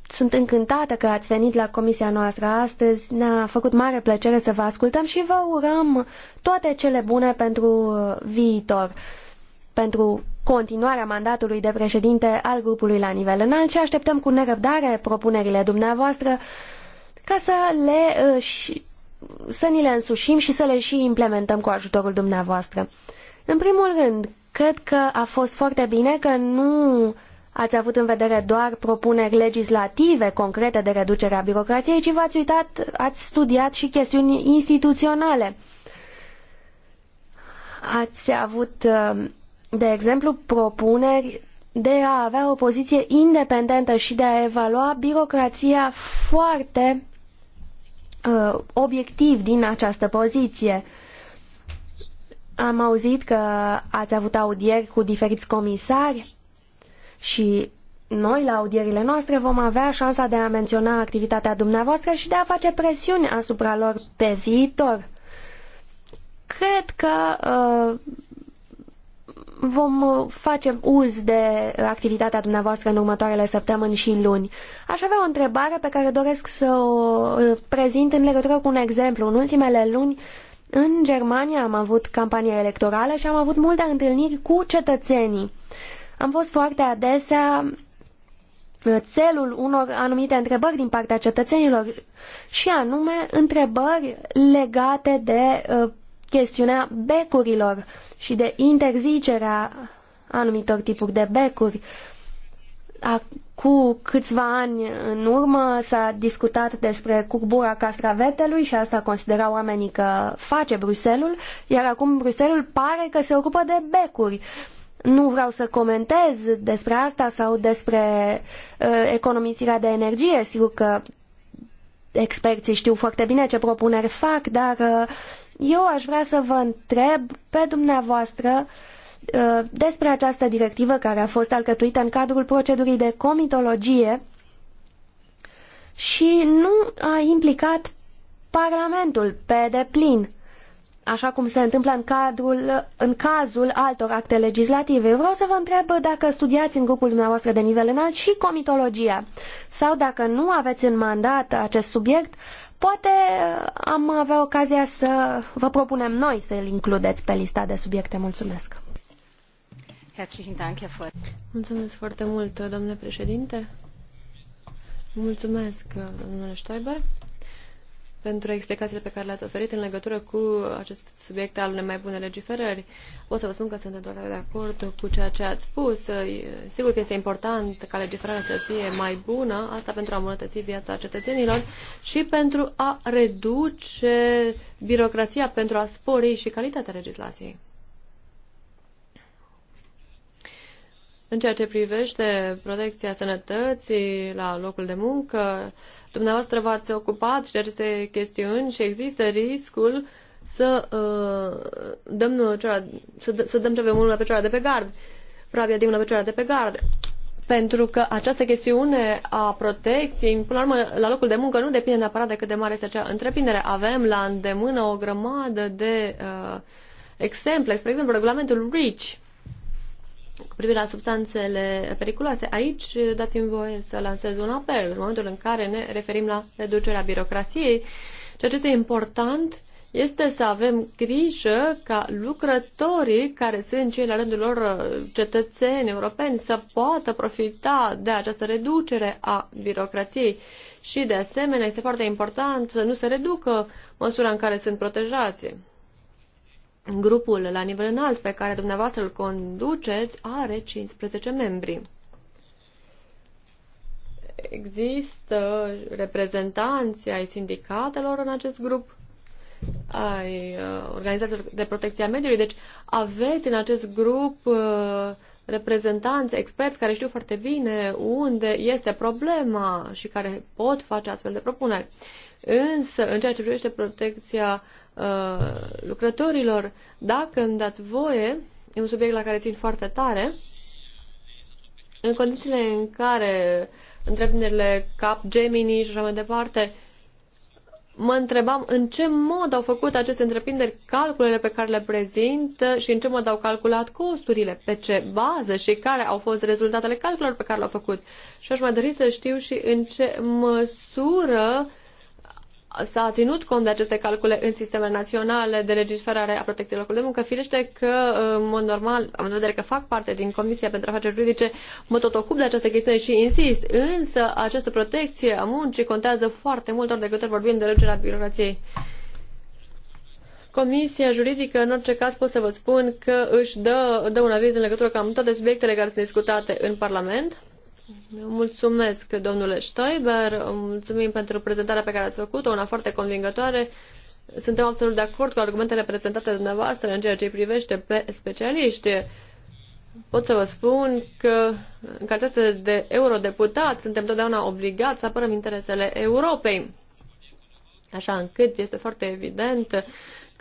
sunt încântată că ați venit la comisia noastră astăzi. Ne-a făcut mare plăcere să vă ascultăm și vă urăm toate cele bune pentru uh, viitor, pentru continuarea mandatului de președinte al grupului la nivel înalt și așteptăm cu nerăbdare propunerile dumneavoastră ca să le uh, să ni le însușim și să le și implementăm cu ajutorul dumneavoastră. În primul rând, Cred că a fost foarte bine că nu ați avut în vedere doar propuneri legislative concrete de reducere a birocrației, ci v-ați uitat, ați studiat și chestiuni instituționale. Ați avut, uh, de exemplu, propuneri de a avea o poziție independentă și de a evalua birocrația foarte uh, obiectiv din această poziție. Uh, am auzit că ați avut audieri cu diferiți comisari și noi, la audierile noastre, vom avea șansa de a menționa activitatea dumneavoastră și de a face presiuni asupra lor pe viitor. Cred că uh, vom face uz de activitatea dumneavoastră în următoarele săptămâni și luni. Aș avea o întrebare pe care doresc să o uh, prezint în legătură cu un exemplu. În ultimele luni în Germania am avut campania electorală și am avut multe întâlniri cu cetățenii. Am fost foarte adesea uh, țelul unor anumite întrebări din partea cetățenilor și anume întrebări legate de uh, chestiunea becurilor și de interzicerea anumitor tipuri de becuri. Uh, cu câțiva ani în urmă s-a discutat despre curbura castravetelui și asta considerau oamenii că face Bruselul, iar acum Bruselul pare că se ocupă de becuri. Nu vreau să comentez despre asta sau despre uh, economisirea de energie. Sigur că experții știu foarte bine ce propuneri fac, dar uh, eu aș vrea să vă întreb pe dumneavoastră uh, Uh, despre această directivă care a fost alcătuită în cadrul procedurii de comitologie și nu a implicat Parlamentul pe deplin, așa cum se întâmplă în, cadrul, în cazul altor acte legislative. Vreau să vă întreb dacă studiați în grupul dumneavoastră de nivel înalt și comitologia sau dacă nu aveți în mandat acest subiect, poate uh, am avea ocazia să vă propunem noi să-l includeți pe lista de subiecte. Mulțumesc! Mulțumesc foarte mult, domnule președinte. Mulțumesc, domnule Stoiber, pentru explicațiile pe care le-ați oferit în legătură cu acest subiect al unei mai bune legiferări. O să vă spun că sunt doar de acord cu ceea ce ați spus. Sigur că este important ca legiferarea să fie mai bună, asta pentru a îmbunătăți viața cetățenilor și pentru a reduce birocrația, pentru a spori și calitatea legislației. În ceea ce privește protecția sănătății la locul de muncă, dumneavoastră v-ați ocupat și de aceste chestiuni și există riscul să, uh, dăm, ceva, să, să dăm ce avem unul la picioarea de pe gard. Rabia din la picioarea de pe gard. Pentru că această chestiune a protecției, până la urmă, la locul de muncă nu depinde neapărat de cât de mare este acea întreprindere. Avem la îndemână o grămadă de uh, exemple. Spre exemplu, regulamentul REACH, cu privire la substanțele periculoase. Aici dați-mi voie să lansez un apel în momentul în care ne referim la reducerea birocrației. Ceea ce este important este să avem grijă ca lucrătorii care sunt cei la rândul lor uh, cetățeni europeni să poată profita de această reducere a birocrației și de asemenea este foarte important să nu se reducă măsura în care sunt protejați. Grupul la nivel înalt pe care dumneavoastră îl conduceți are 15 membri. Există reprezentanți ai sindicatelor în acest grup, ai uh, organizațiilor de protecție a mediului, deci aveți în acest grup uh, reprezentanți, experți care știu foarte bine unde este problema și care pot face astfel de propuneri. Însă, în ceea ce privește protecția uh, lucrătorilor, dacă îmi dați voie, e un subiect la care țin foarte tare, în condițiile în care întreprinderile Cap, Gemini și așa mai departe, mă întrebam în ce mod au făcut aceste întreprinderi calculele pe care le prezintă și în ce mod au calculat costurile, pe ce bază și care au fost rezultatele calculelor pe care le-au făcut. Și aș mai dori să știu și în ce măsură uh, s-a ținut cont de aceste calcule în sistemele naționale de legiferare a protecției locului de muncă. Firește că, în mod normal, am în vedere că fac parte din Comisia pentru Afaceri Juridice, mă tot ocup de această chestiune și insist. Însă, această protecție a muncii contează foarte mult ori de câte vorbim de reducerea birocrației. Comisia juridică, în orice caz, pot să vă spun că își dă, dă un aviz în legătură cu toate subiectele care sunt discutate în Parlament Mulțumesc, domnule Stoiber, mulțumim pentru prezentarea pe care ați făcut-o, una foarte convingătoare. Suntem absolut de acord cu argumentele prezentate de dumneavoastră în ceea ce privește pe specialiști. Pot să vă spun că, în calitate de eurodeputat, suntem totdeauna obligați să apărăm interesele Europei. Așa încât este foarte evident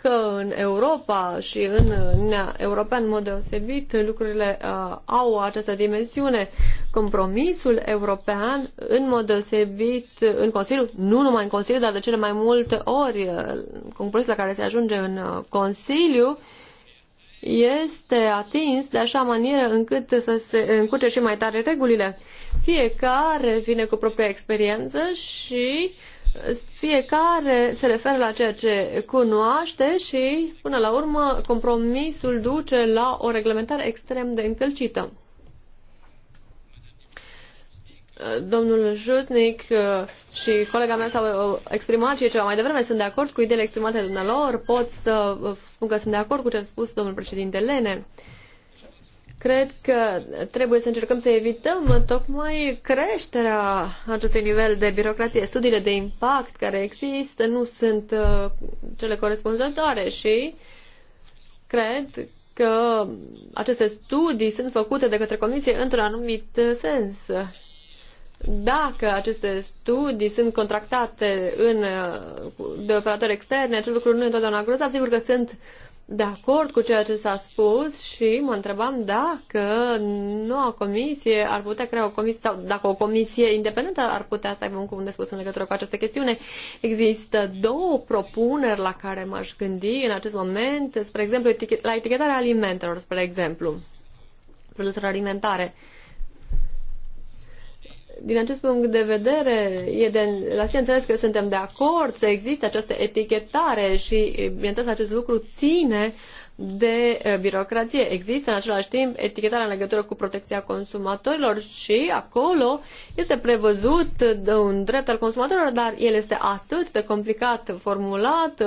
că în Europa și în Uniunea Europeană, în mod deosebit, lucrurile uh, au această dimensiune. Compromisul european, în mod deosebit, în Consiliu, nu numai în Consiliu, dar de cele mai multe ori, uh, compromisul la care se ajunge în uh, Consiliu, este atins de așa manieră încât să se încurce și mai tare regulile. Fiecare vine cu propria experiență și fiecare se referă la ceea ce cunoaște și, până la urmă, compromisul duce la o reglementare extrem de încălcită. Domnul Jusnic uh, și colega mea s-au uh, exprimat și ceva mai devreme. Sunt de acord cu ideile exprimate de dumnealor. Pot să uh, spun că sunt de acord cu ce a spus domnul președinte Lene. Uh, Cred că trebuie să încercăm să evităm tocmai creșterea acestui nivel de birocrație. Studiile de impact care există nu sunt uh, cele corespunzătoare și cred că aceste studii sunt făcute de către comisie într-un anumit sens. Dacă aceste studii sunt contractate în, uh, de operatori externe, acest lucru nu e întotdeauna grozav. Sigur că sunt de acord cu ceea ce s-a spus și mă întrebam dacă noua comisie ar putea crea o comisie sau dacă o comisie independentă ar putea să aibă un cuvânt de spus în legătură cu această chestiune. Există două propuneri la care m-aș gândi în acest moment, spre exemplu, la etichetarea alimentelor, spre exemplu, produselor alimentare. Uh, din acest punct de vedere, e de la sine înțeles că suntem de acord să existe această etichetare și, bineînțeles, acest lucru ține de birocrație. Există în același timp etichetarea în legătură cu protecția consumatorilor și acolo este prevăzut de un drept al consumatorilor, dar el este atât de complicat formulat,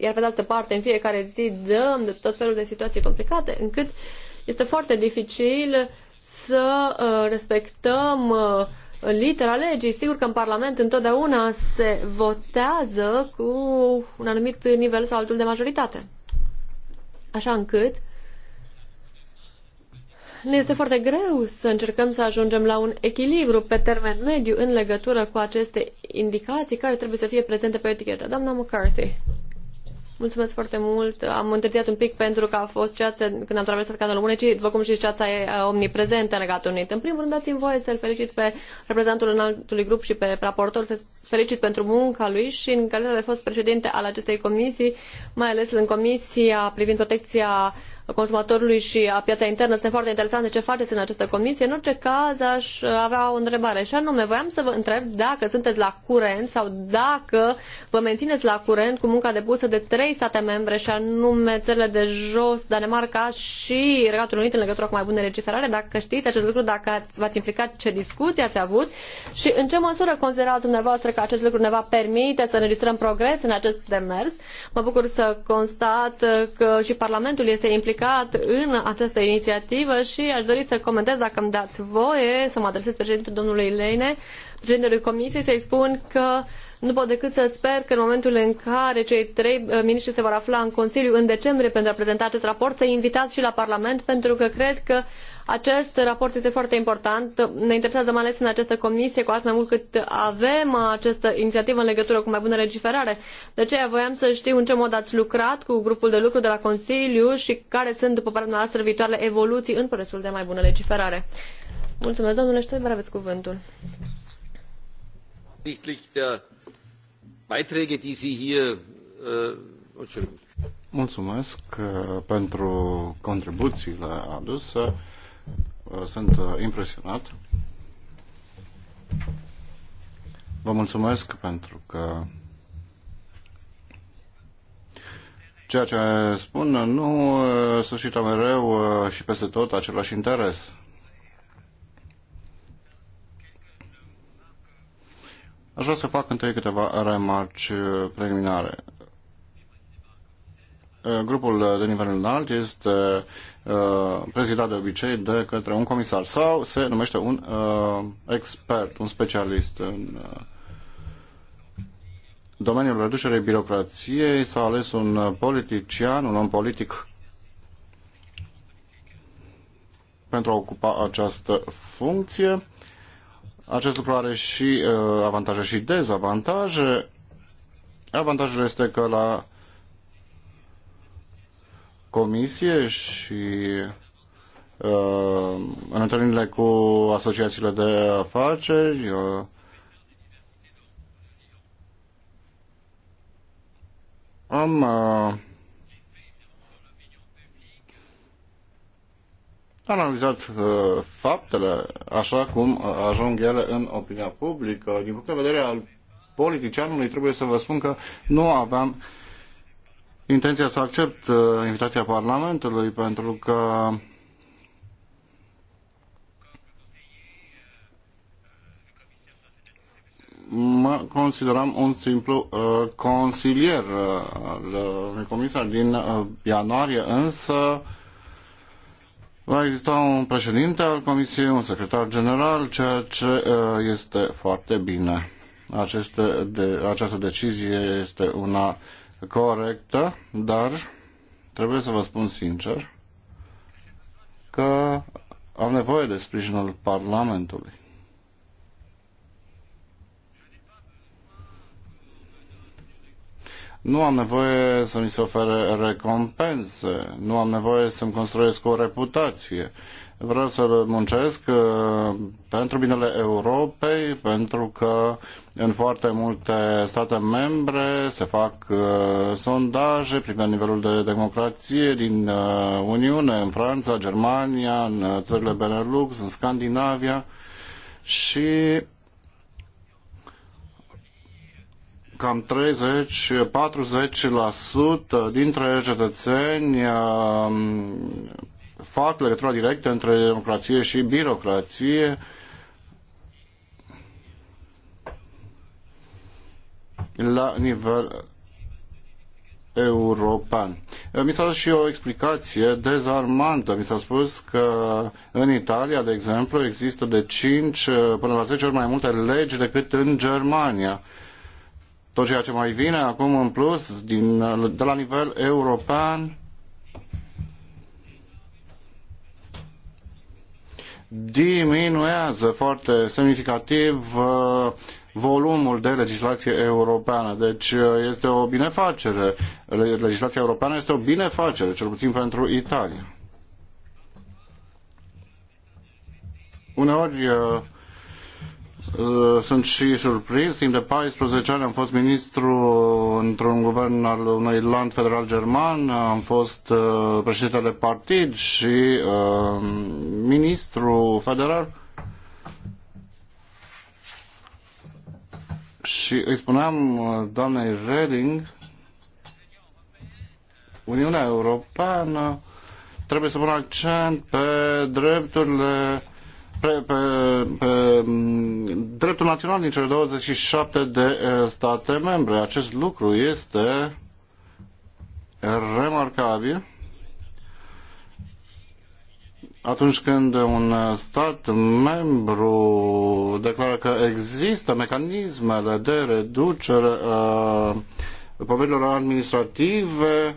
iar pe de altă parte în fiecare zi dăm de tot felul de situații complicate, încât este foarte dificil uh, să uh, respectăm uh, litera legii. Sigur că în Parlament întotdeauna se votează cu un anumit nivel sau altul de majoritate. Așa încât ne este foarte greu să încercăm să ajungem la un echilibru pe termen mediu în legătură cu aceste indicații care trebuie să fie prezente pe etichetă. Doamna McCarthy. Mulțumesc foarte mult. Am întârziat un pic pentru că a fost ceața, când am traversat canalul Mânecii, după cum și ceața e omniprezentă în Regatul Unit. În primul rând, dați-mi voie să-l felicit pe reprezentantul înaltului grup și pe raportor felicit pentru munca lui și în calitate de fost președinte al acestei comisii, mai ales în comisia privind protecția consumatorului și a piața internă. Este foarte interesant ce faceți în această comisie. În orice caz, aș avea o întrebare și anume, voiam să vă întreb dacă sunteți la curent sau dacă vă mențineți la curent cu munca depusă de trei state membre și anume țările de jos, Danemarca și Regatul Unit în legătură cu mai bune legislare, dacă știți acest lucru, dacă v-ați implicat, ce discuții ați avut și în ce măsură considerați dumneavoastră Cred că acest lucru ne va permite să înregistrăm progres în acest demers. Mă bucur să constat că și Parlamentul este implicat în această inițiativă și aș dori să comentez, dacă îmi dați voie, să mă adresez președintelui domnului Leine, președintelui Comisiei, să-i spun că uh, nu pot decât să sper că în momentul în care cei trei uh, miniștri se vor afla în Consiliu în decembrie pentru a prezenta acest raport, să invitați și la Parlament, pentru că cred că acest raport este foarte important. Ne interesează mai ales în această comisie, cu atât mai mult cât avem această inițiativă în legătură cu mai bună legiferare. De aceea voiam să știu în ce mod ați lucrat cu grupul de lucru de la Consiliu și care sunt, după părerea noastră, viitoarele evoluții în procesul de mai bună legiferare. Mulțumesc, domnule Ștoiber, aveți cuvântul. Beiträge, die Sie hier, äh, Entschuldigung. Mulțumesc uh, pentru contribuțiile aduse. Uh, sunt uh, impresionat. Vă mulțumesc pentru că ceea ce spun nu suscită mereu și peste tot același interes. Aș vrea să fac întâi câteva remarci uh, preliminare. Uh, grupul de nivel înalt este uh, prezidat de obicei de către un comisar sau se numește un expert, un specialist în domeniul reducerii birocrației. S-a ales un politician, un om politic pentru a ocupa această funcție. Acest lucru are și uh, avantaje și dezavantaje. Avantajul este că la comisie și uh, în întâlnirile cu asociațiile de afaceri uh, am uh, analizat uh, faptele așa cum uh, ajung ele în opinia publică. Din punct de vedere al politicianului, trebuie să vă spun că nu aveam intenția să accept uh, invitația Parlamentului pentru că mă consideram un simplu uh, consilier uh, al uh, unui comisar din uh, ianuarie, însă uh, Va exista un președinte al Comisiei, un secretar general, ceea ce uh, este foarte bine. Aceste de, această decizie este una corectă, dar trebuie să vă spun sincer că am nevoie de sprijinul Parlamentului. Nu am nevoie să mi se ofere recompense, nu am nevoie să-mi construiesc o reputație. Vreau să muncesc uh, pentru binele Europei, pentru că în foarte multe state membre se fac uh, sondaje privind nivelul de democrație din uh, Uniune, în Franța, Germania, în țările Benelux, în Scandinavia și cam 30-40% dintre cetățeni um, fac legătura directă între democrație și birocrație. la nivel european. Mi s-a dat și o explicație dezarmantă. Mi s-a spus că în Italia, de exemplu, există de 5 până la 10 ori mai multe legi decât în Germania. Uh, tot ceea ce mai vine acum în plus din, de la nivel european diminuează foarte semnificativ uh, volumul de legislație europeană. Deci uh, este o binefacere. Legislația europeană este o binefacere, cel puțin pentru Italia. Uneori uh, Uh, sunt și surprins. Timp de 14 ani am fost ministru într-un guvern al unui land federal german, am fost uh, președintele partid și uh, ministru federal. Și îi spuneam doamnei Reding, Uniunea Europeană trebuie să pună accent pe drepturile pe, pe, pe mm, dreptul național din cele 27 de eh, state membre. Acest lucru este remarcabil atunci când un stat membru declară că există mecanismele de reducere a eh, poverilor administrative,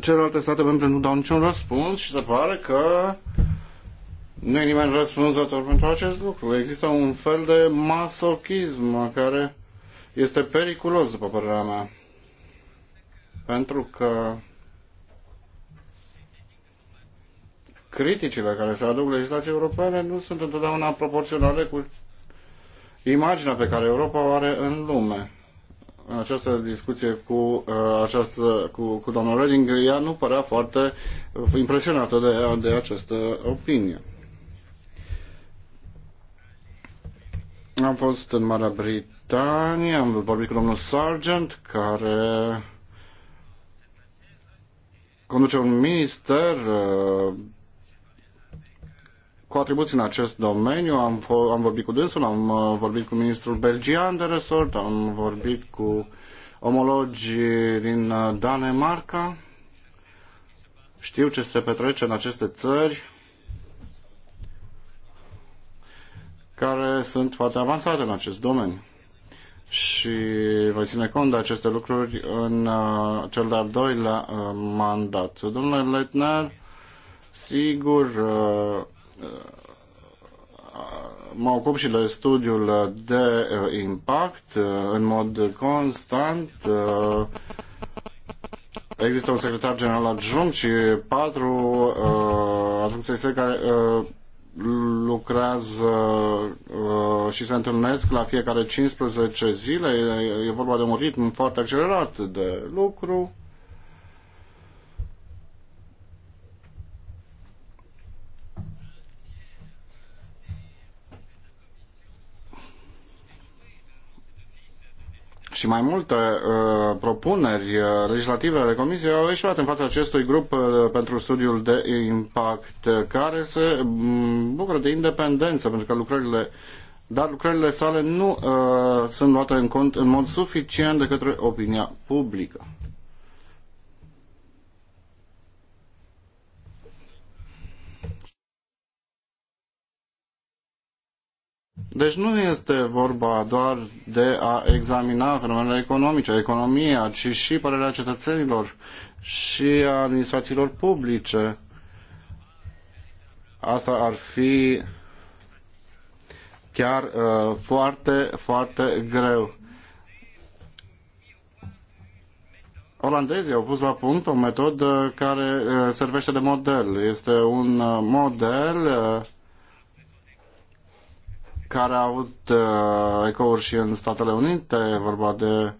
celelalte state membre nu dau niciun răspuns și se pare că nu e nimeni răspunzător pentru acest lucru. Există un fel de masochism care este periculos, după părerea mea. Pentru că criticile care se aduc legislației europene nu sunt întotdeauna proporționale cu imaginea pe care Europa o are în lume. În această discuție cu, uh, această, cu, cu domnul Reding, ea nu părea foarte impresionată de, de această opinie. Am fost în Marea Britanie, am vorbit cu domnul Sargent, care conduce un minister uh, cu atribuții în acest domeniu. Am, am vorbit cu dânsul, am uh, vorbit cu ministrul belgian de resort, am vorbit cu omologii din uh, Danemarca. Știu ce se petrece în aceste țări care sunt foarte avansate în acest domeniu. Și voi ține cont de aceste lucruri în uh, cel de-al doilea uh, mandat. Domnule Leitner, sigur, uh, mă ocup și de studiul de impact în mod constant. Există un secretar general adjunct și patru uh, adjuncții care uh, lucrează uh, și se întâlnesc la fiecare 15 zile. E, e vorba de un ritm foarte accelerat de lucru. și mai multe uh, propuneri uh, legislative ale Comisiei au ieșuat în fața acestui grup uh, pentru studiul de impact uh, care se mm, bucură de independență pentru că lucrările dar lucrările sale nu uh, sunt luate în cont în mod suficient de către opinia publică. Deci nu este vorba doar de a examina fenomenele economice, economia, ci și părerea cetățenilor și a administrațiilor publice. Asta ar fi chiar uh, foarte, foarte greu. Olandezii au pus la punct o metodă care uh, servește de model. Este un uh, model uh, care a avut uh, ecouri și în Statele Unite, vorba de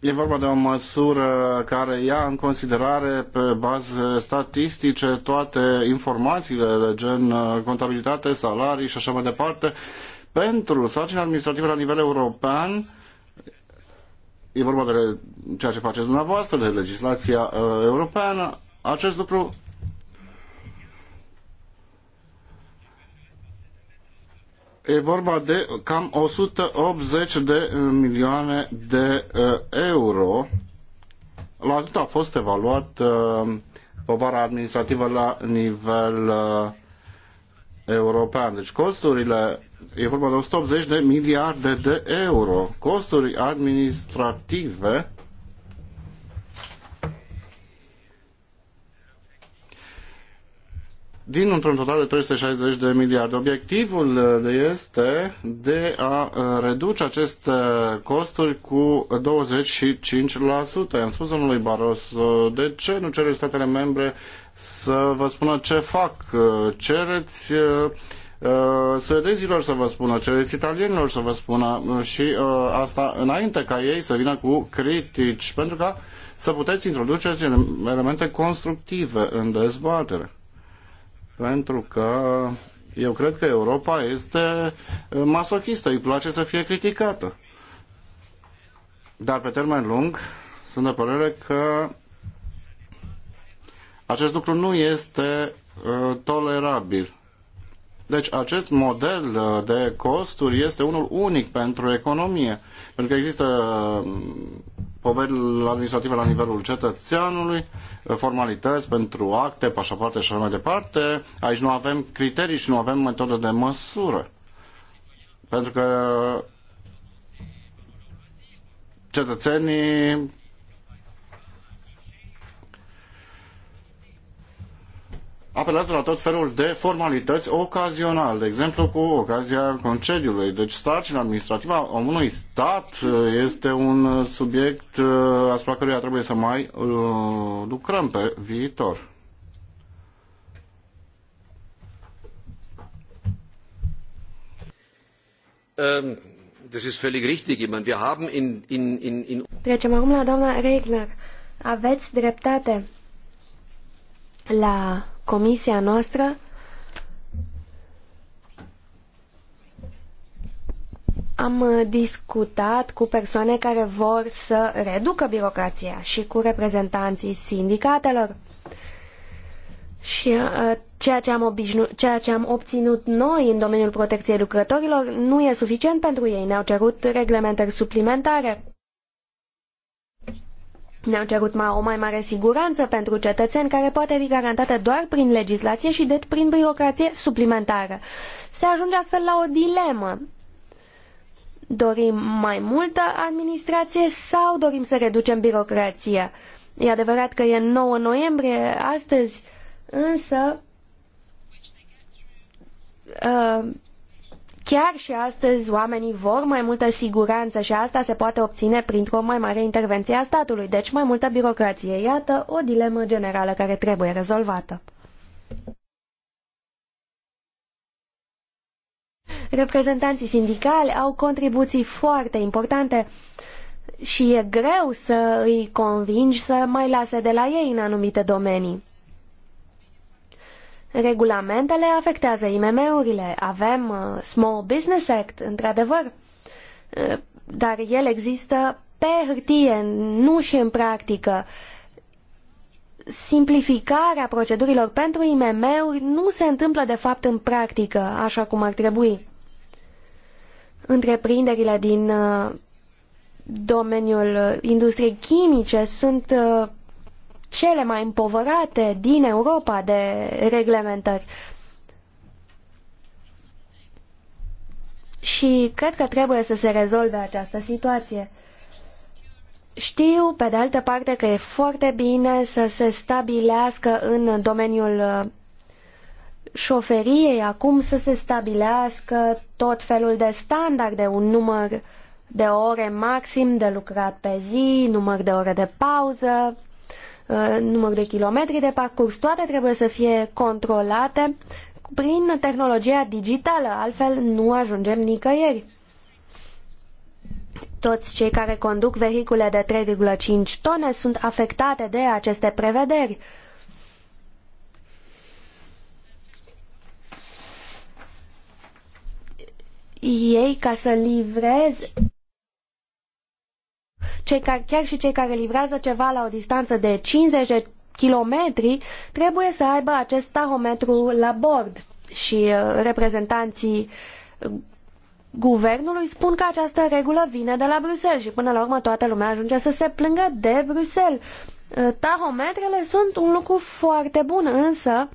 E vorba de o măsură care ia în considerare pe baze statistice toate informațiile de gen uh, contabilitate, salarii și așa mai departe pentru sarcini administrativă la nivel european e vorba de ceea ce faceți dumneavoastră, de legislația uh, europeană, acest lucru e vorba de cam 180 de milioane de uh, euro. La atât a fost evaluat uh, povara administrativă la nivel uh, european. Deci costurile e vorba de 180 de miliarde de euro. Costuri administrative din într-un total de 360 de miliarde. Obiectivul uh, este de a uh, reduce aceste costuri cu 25%. Am spus domnului Baros, de ce nu cereți statele membre să vă spună ce fac? Uh, cereți uh, suedezilor să vă spună, cereți italienilor să vă spună uh, și uh, asta înainte ca ei să vină cu critici, pentru ca să puteți introduce elemente constructive în dezbatere. Pentru că eu cred că Europa este uh, masochistă, îi place să fie criticată. Dar pe termen lung sunt de părere că acest lucru nu este uh, tolerabil. Deci acest model uh, de costuri este unul unic pentru economie, pentru că există um, poveri administrative la nivelul cetățeanului, uh, formalități pentru acte, pașapoarte și așa mai departe. Aici nu avem criterii și nu avem metode de măsură. Pentru că cetățenii apelează la tot felul de formalități ocazional, de exemplu cu ocazia concediului. Deci sarcina administrativă a unui stat uh, este un subiect uh, asupra căruia trebuie să mai uh, lucrăm pe viitor. Um, das ist völlig richtig. Ich meine, wir haben in, in, in, in Trecem acum la doamna Regner. Aveți dreptate. La comisia noastră am uh, discutat cu persoane care vor să reducă birocrația și cu reprezentanții sindicatelor. Și uh, ceea ce, am obișnu- ceea ce am obținut noi în domeniul protecției lucrătorilor nu e suficient pentru ei. Ne-au cerut reglementări suplimentare. Ne-au cerut o mai mare siguranță pentru cetățeni care poate fi garantată doar prin legislație și deci prin birocrație suplimentară. Se ajunge astfel la o dilemă. Dorim mai multă administrație sau dorim să reducem birocrația? E adevărat că e 9 noiembrie astăzi, însă uh, Chiar și astăzi oamenii vor mai multă siguranță și asta se poate obține printr-o mai mare intervenție a statului, deci mai multă birocrație. Iată o dilemă generală care trebuie rezolvată. Reprezentanții sindicali au contribuții foarte importante și e greu să îi convingi să mai lase de la ei în anumite domenii. Regulamentele afectează IMM-urile. Avem uh, Small Business Act, într-adevăr, uh, dar el există pe hârtie, nu și în practică. Simplificarea procedurilor pentru IMM-uri nu se întâmplă de fapt în practică, așa cum ar trebui. Întreprinderile din uh, domeniul uh, industriei chimice sunt uh, cele mai împovărate din Europa de reglementări. Și cred că trebuie să se rezolve această situație. Știu, pe de altă parte, că e foarte bine să se stabilească în domeniul uh, șoferiei acum să se stabilească tot felul de standarde, un număr de ore maxim de lucrat pe zi, număr de ore de pauză, Uh, număr de kilometri de parcurs, toate trebuie să fie controlate prin tehnologia digitală, altfel nu ajungem nicăieri. Toți cei care conduc vehicule de 3,5 tone sunt afectate de aceste prevederi. Ei, ca să livreze cei care, chiar și cei care livrează ceva la o distanță de 50 de kilometri trebuie să aibă acest tahometru la bord și uh, reprezentanții uh, guvernului spun că această regulă vine de la Bruxelles și până la urmă toată lumea ajunge să se plângă de Bruxelles. Uh, tahometrele sunt un lucru foarte bun, însă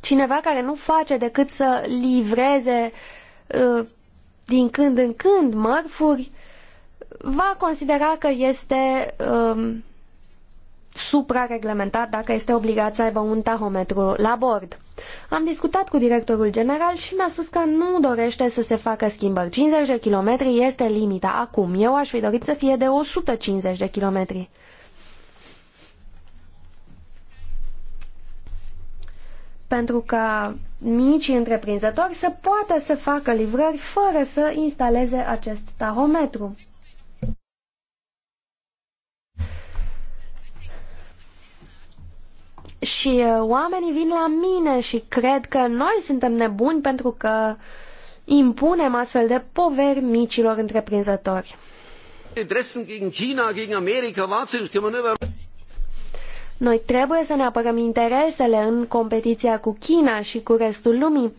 cineva care nu face decât să livreze uh, din când în când mărfuri, va considera că este um, suprareglementat dacă este obligat să aibă un tahometru la bord. Am discutat cu directorul general și mi-a spus că nu dorește să se facă schimbări. 50 de kilometri este limita acum. Eu aș fi dorit să fie de 150 de kilometri. Pentru că mici întreprinzători să poată să facă livrări fără să instaleze acest tahometru. Și uh, oamenii vin la mine și cred că noi suntem nebuni pentru că impunem astfel de poveri micilor întreprinzători. Interessen gegen China, gegen können wir noi trebuie să ne apărăm interesele în competiția cu China și cu restul lumii,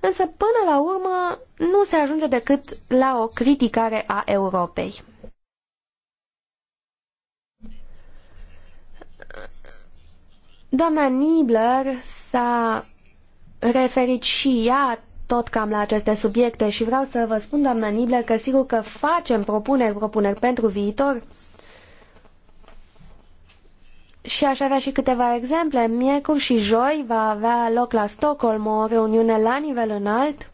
însă până la urmă nu se ajunge decât la o criticare a Europei. Doamna Nibler s-a referit și ea tot cam la aceste subiecte și vreau să vă spun, doamna Nibler, că sigur că facem propuneri, propuneri pentru viitor, și aș avea și câteva exemple. Miercuri și joi va avea loc la Stockholm o reuniune la nivel înalt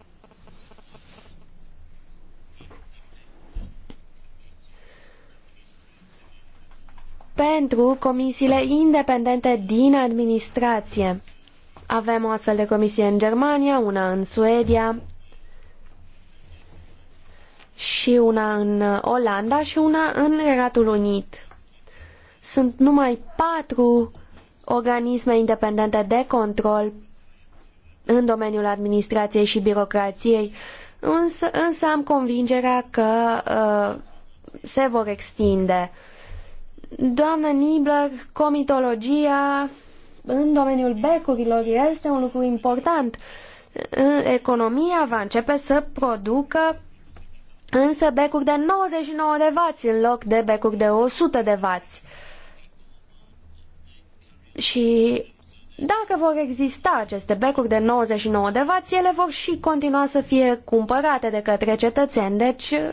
pentru comisiile independente din administrație. Avem o astfel de comisie în Germania, una în Suedia și una în Olanda și una în Regatul Unit sunt numai patru organisme independente de control în domeniul administrației și birocrației, însă, însă am convingerea că uh, se vor extinde. Doamnă Nibler, comitologia în domeniul becurilor este un lucru important. Uh, economia va începe să producă însă becuri de 99 de vați în loc de becuri de 100 de vați. Uh, și dacă vor exista aceste becuri de 99 de vați, ele vor și continua să fie cumpărate de către cetățeni, deci uh,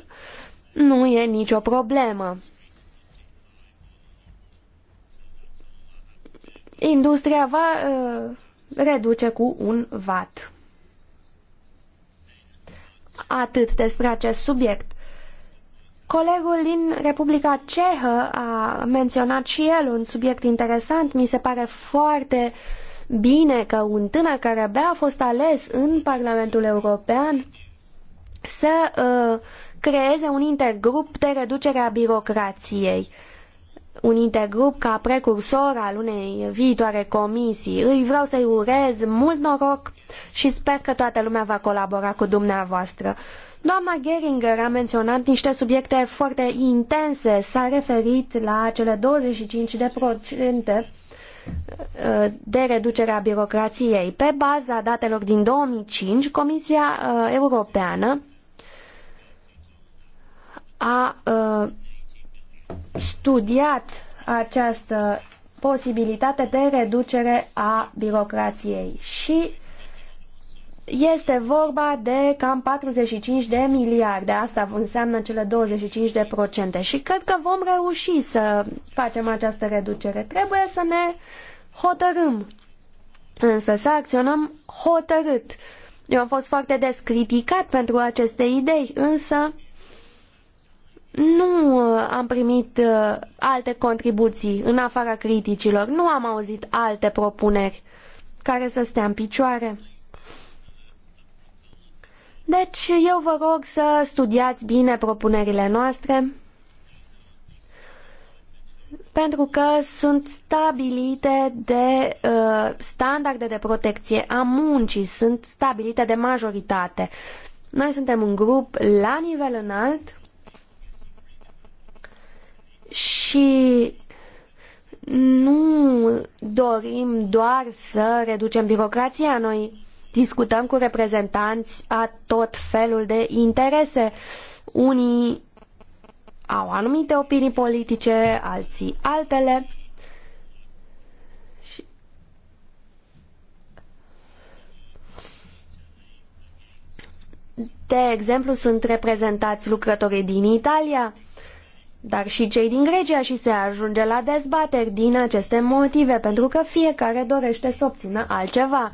nu e nicio problemă. Industria va uh, reduce cu un vat. Atât despre acest subiect. Colegul din Republica Cehă a menționat și el un subiect interesant. Mi se pare foarte bine că un tânăr care abia a fost ales în Parlamentul European să uh, creeze un intergrup de reducere a birocrației. Un intergrup ca precursor al unei viitoare comisii. Îi vreau să-i urez mult noroc și sper că toată lumea va colabora cu dumneavoastră. Uh, Doamna Geringer a menționat niște subiecte foarte intense, s-a referit la cele 25 de procente uh, de reducere a birocrației. Pe baza datelor din 2005, Comisia uh, Europeană a uh, studiat această posibilitate de reducere a birocrației și este vorba de cam 45 de miliarde, asta înseamnă cele 25 de procente și cred că vom reuși să facem această reducere. Trebuie să ne hotărâm, însă să acționăm hotărât. Eu am fost foarte des criticat pentru aceste idei, însă nu uh, am primit uh, alte contribuții în afara criticilor, nu am auzit alte propuneri care să stea în picioare. Deci eu vă rog să studiați bine propunerile noastre pentru că sunt stabilite de uh, standarde de protecție a muncii, sunt stabilite de majoritate. Noi suntem un grup la nivel înalt și nu dorim doar să reducem birocrația, noi discutăm cu reprezentanți a tot felul de interese. Unii au anumite opinii politice, alții altele. Și... De exemplu, sunt reprezentați lucrătorii din Italia, dar și cei din Grecia și se ajunge la dezbateri din aceste motive, pentru că fiecare dorește să obțină altceva.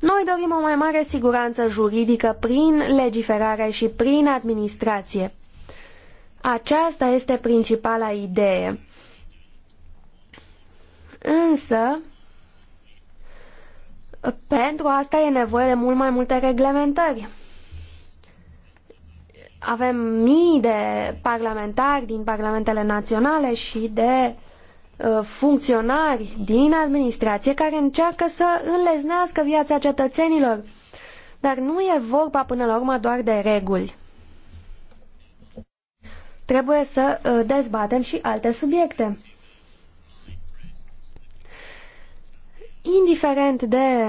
Noi dorim o mai mare siguranță juridică prin legiferare și prin administrație. Aceasta este principala idee. Însă, pentru asta e nevoie de mult mai multe reglementări avem mii de parlamentari din parlamentele naționale și de uh, funcționari din administrație care încearcă să înleznească viața cetățenilor. Dar nu e vorba până la urmă doar de reguli. Trebuie să uh, dezbatem și alte subiecte. Indiferent de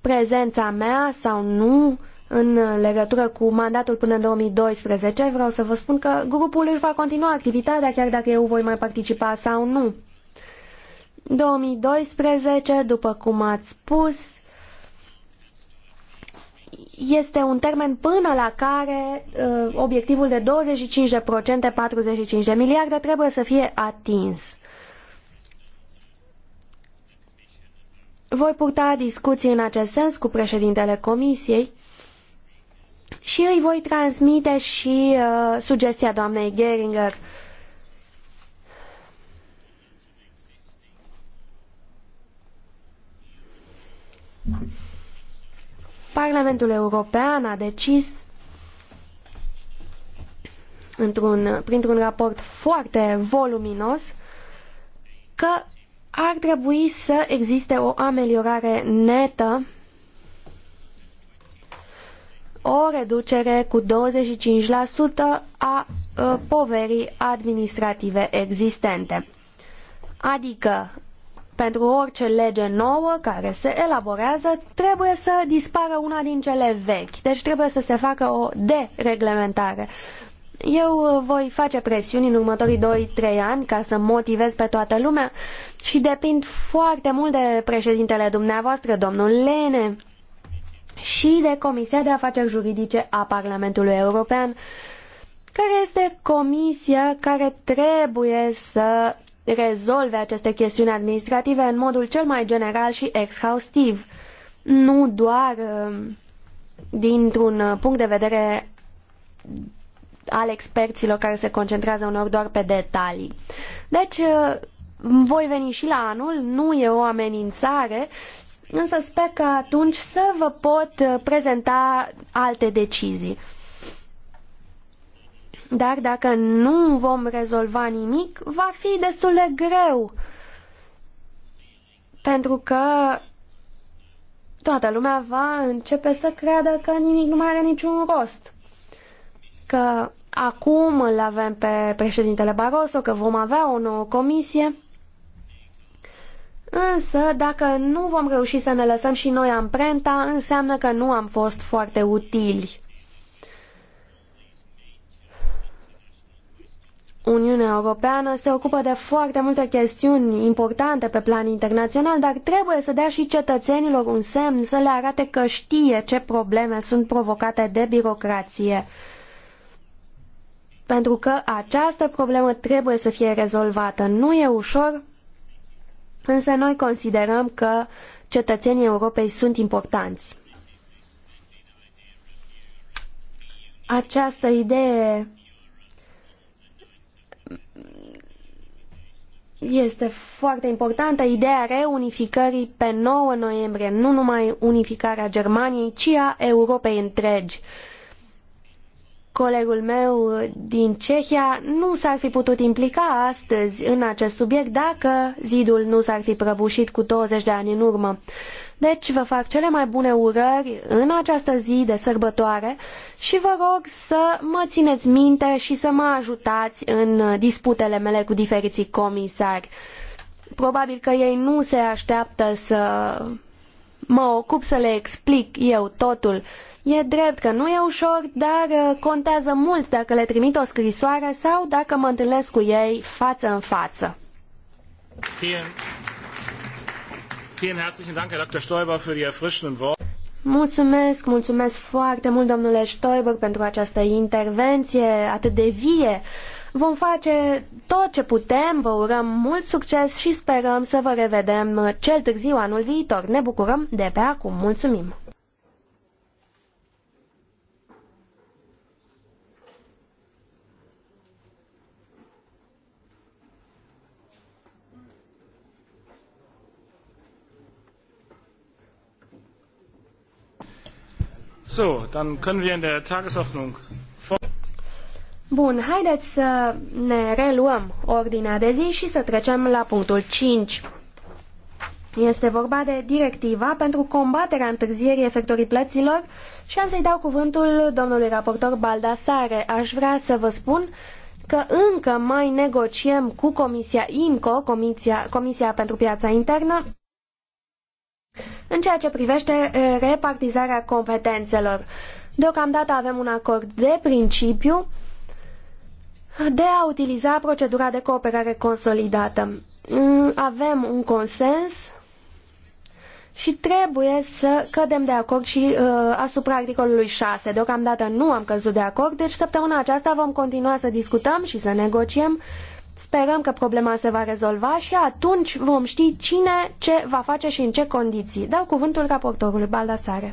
prezența mea sau nu în legătură cu mandatul până în 2012, vreau să vă spun că grupul își va continua activitatea, chiar dacă eu voi mai participa sau nu. 2012, după cum ați spus, este un termen până la care uh, obiectivul de 25%, 45 de miliarde, trebuie să fie atins. Voi purta discuții în acest sens cu președintele Comisiei și îi voi transmite și uh, sugestia doamnei Geringer. Parlamentul European a decis într-un, printr-un raport foarte voluminos că ar trebui să existe o ameliorare netă o reducere cu 25% a ă, poverii administrative existente. Adică, pentru orice lege nouă care se elaborează, trebuie să dispară una din cele vechi. Deci trebuie să se facă o dereglementare. Eu ă, voi face presiuni în următorii 2-3 ani ca să motivez pe toată lumea și depind foarte mult de președintele dumneavoastră, domnul Lene și de Comisia de Afaceri Juridice a Parlamentului European, care este comisia care trebuie să rezolve aceste chestiuni administrative în modul cel mai general și exhaustiv, nu doar um, dintr-un uh, punct de vedere al experților care se concentrează uneori doar pe detalii. Deci, uh, voi veni și la anul, nu e o amenințare, însă sper că atunci să vă pot uh, prezenta alte decizii. Dar dacă nu vom rezolva nimic, va fi destul de greu. Pentru că toată lumea va începe să creadă că nimic nu mai are niciun rost. Că acum îl avem pe președintele Barroso, că vom avea o nouă comisie. Însă, dacă nu vom reuși să ne lăsăm și noi amprenta, înseamnă că nu am fost foarte utili. Uniunea Europeană se ocupă de foarte multe chestiuni importante pe plan internațional, dar trebuie să dea și cetățenilor un semn să le arate că știe ce probleme sunt provocate de birocrație. Pentru că această problemă trebuie să fie rezolvată. Nu e ușor, Însă noi considerăm că cetățenii Europei sunt importanți. Această idee este foarte importantă, ideea reunificării pe 9 noiembrie, nu numai unificarea Germaniei, ci a Europei întregi. Uh, Colegul meu din Cehia nu s-ar fi putut implica astăzi în acest subiect dacă zidul nu s-ar fi prăbușit cu 20 de ani în urmă. Deci vă fac cele mai bune urări în această zi de sărbătoare și vă rog să mă țineți minte și să mă ajutați în disputele mele cu diferiții comisari. Probabil că ei nu se așteaptă să mă ocup să le explic eu totul. E drept că nu e ușor, dar uh, contează mult dacă le trimit o scrisoare sau dacă mă întâlnesc cu ei față în față. Mulțumesc, mulțumesc foarte mult, domnule Stoiber, pentru această intervenție atât de vie Vom face tot ce putem, vă urăm mult succes și sperăm să vă revedem cel târziu anul viitor. Ne bucurăm de pe acum. Mulțumim! So, dann können wir in der Tagesordnung Bun, haideți să ne reluăm ordinea de zi și să trecem la punctul 5. Este vorba de directiva pentru combaterea întârzierii efectorii plăților și am să-i dau cuvântul domnului raportor Baldasare. Aș vrea să vă spun că încă mai negociem cu Comisia IMCO, Comisia, Comisia pentru Piața Internă, în ceea ce privește repartizarea competențelor. Deocamdată avem un acord de principiu de a utiliza procedura de cooperare consolidată. Mm, avem un consens și trebuie să cădem de acord și uh, asupra articolului 6. Deocamdată nu am căzut de acord, deci săptămâna aceasta vom continua să discutăm și să negociem. Sperăm că problema se va rezolva și atunci vom ști cine ce va face și în ce condiții. Dau cuvântul raportorului Baldasare.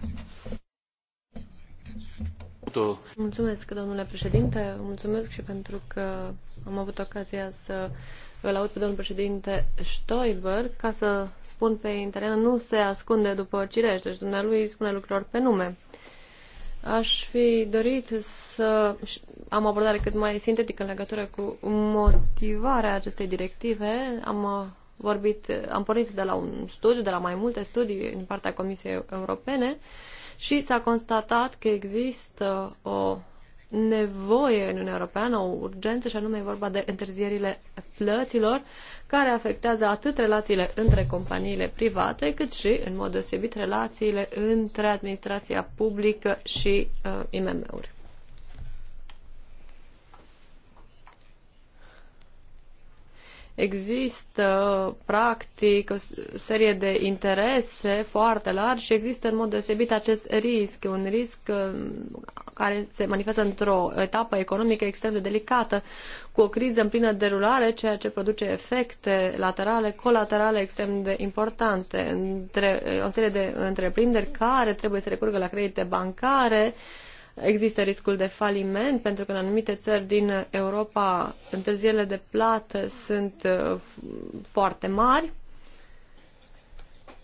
Mulțumesc, domnule președinte, mulțumesc și pentru că am avut ocazia să îl aud pe domnul președinte Stoiber, ca să spun pe italiană, nu se ascunde după cirești, deci dumnealui spune lucrurilor pe nume. Aș fi dorit să am o abordare cât mai sintetică în legătură cu motivarea acestei directive. Am vorbit, am pornit de la un studiu, de la mai multe studii din partea Comisiei Europene, uh, și s-a constatat că există o nevoie în Uniunea Europeană, o urgență, și anume e vorba de întârzierile plăților, care afectează atât relațiile între companiile private, cât și, în mod deosebit, relațiile între administrația publică și uh, IMM-uri. Există, practic, o serie de interese foarte largi și există în mod deosebit acest risc, un risc uh, care se manifestă într-o etapă economică extrem de delicată, cu o criză în plină derulare, ceea ce produce efecte laterale, colaterale extrem de importante, între, uh, o serie de întreprinderi care trebuie să recurgă la credite bancare, uh, Există riscul de faliment, pentru că în anumite țări din Europa întârzierile de plată sunt uh, foarte mari.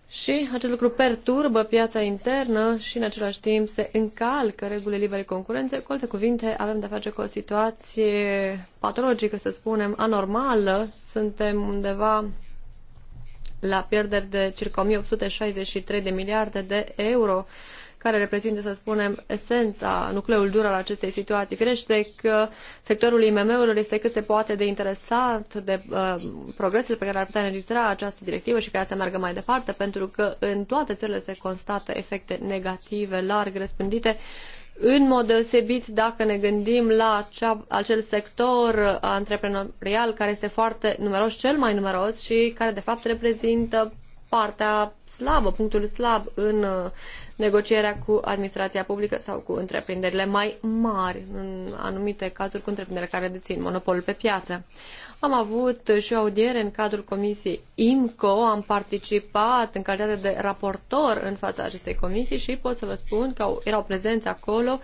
Și acest lucru perturbă piața internă și în același timp se încalcă regulile liberei concurențe. Cu alte cuvinte, avem de-a face cu o situație patologică, să spunem, anormală. Suntem undeva la pierderi de circa 1863 de miliarde de euro care reprezintă, să spunem, esența, nucleul dur al acestei situații. Firește că sectorul IMM-urilor este cât se poate de interesat de uh, progresele pe care ar putea înregistra această directivă și care să meargă mai departe, pentru că în toate țările se constată efecte negative, larg răspândite, în mod deosebit dacă ne gândim la cea, acel sector antreprenorial care este foarte numeros, cel mai numeros și care de fapt reprezintă partea slabă, punctul slab în uh, negocierea cu administrația publică sau cu întreprinderile mai mari, în anumite cazuri cu întreprinderile care dețin monopolul pe piață. Am avut și o audiere în cadrul comisiei IMCO, am participat în calitate de raportor în fața acestei comisii și pot să vă spun că erau prezenți acolo uh,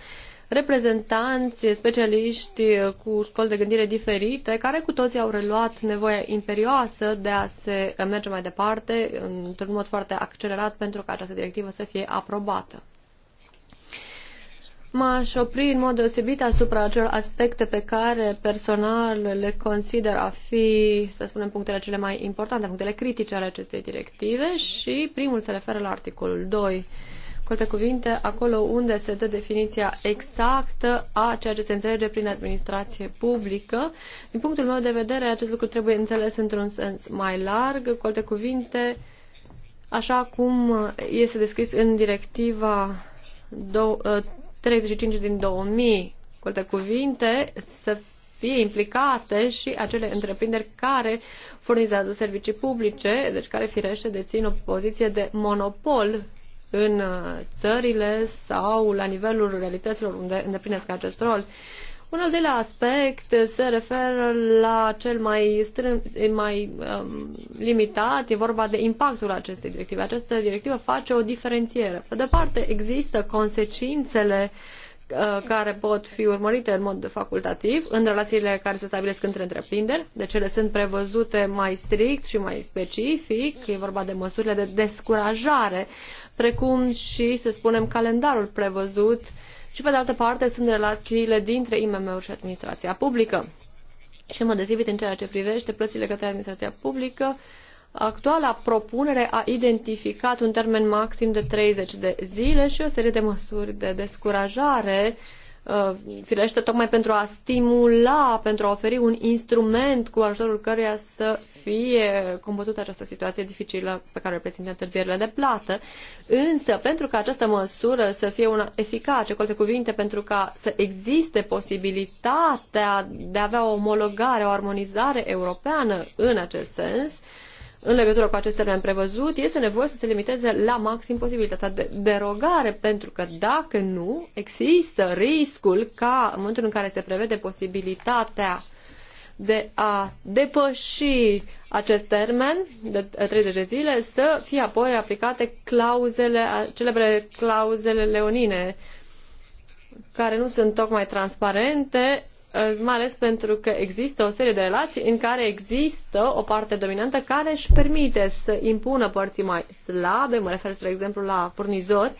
reprezentanți, specialiști cu școli de gândire diferite, care cu toții au reluat nevoia imperioasă de a se merge mai departe într-un mod foarte accelerat pentru ca această directivă să fie aprobată. M-aș opri în mod deosebit asupra acelor aspecte pe care personal le consider a fi, să spunem, punctele cele mai importante, punctele critice ale acestei directive și primul se referă la articolul 2 cu alte cuvinte, acolo unde se dă definiția exactă a ceea ce se înțelege prin administrație publică, din punctul meu de vedere, acest lucru trebuie înțeles într-un sens mai larg. Cu alte cuvinte, așa cum este descris în directiva 35 ă, din 2000, cu alte cuvinte, să fie implicate și acele întreprinderi care furnizează servicii publice, deci care firește dețin o poziție de monopol în uh, țările sau la nivelul realităților unde îndeplinesc acest rol. Un al doilea aspect se referă la cel mai, strân, mai um, limitat, e vorba de impactul acestei directive. Această directivă face o diferențiere. Pe de parte, există consecințele uh, Uh, care pot fi urmărite în mod facultativ în relațiile care se stabilesc între întreprinderi, deci ele sunt prevăzute mai strict și mai specific, e vorba de măsurile de descurajare, precum și, să spunem, calendarul prevăzut și, pe de altă parte, sunt relațiile dintre IMM-uri și administrația publică. Și, în mod desibit, în ceea ce privește plățile către administrația publică, uh, Actuala propunere a identificat un termen maxim de 30 de zile și o serie de măsuri de descurajare, uh, firește tocmai pentru a stimula, pentru a oferi un instrument cu ajutorul căruia să fie combătută această situație dificilă pe care o reprezintă întârzierile de plată. Însă, pentru ca această măsură să fie una eficace, cu alte cuvinte, pentru ca să existe posibilitatea de a avea o omologare, o armonizare europeană în acest sens, în legătură cu acest termen prevăzut, este nevoie să se limiteze la maxim posibilitatea de derogare, pentru că dacă nu, există riscul ca în momentul în care se prevede posibilitatea de a depăși acest termen de 30 de zile să fie apoi aplicate clauzele, celebre clauzele leonine, care nu sunt tocmai transparente Uh, mai ales pentru că există o serie de relații în care există o parte dominantă care își permite să impună părții mai slabe, mă refer, spre exemplu, la furnizori,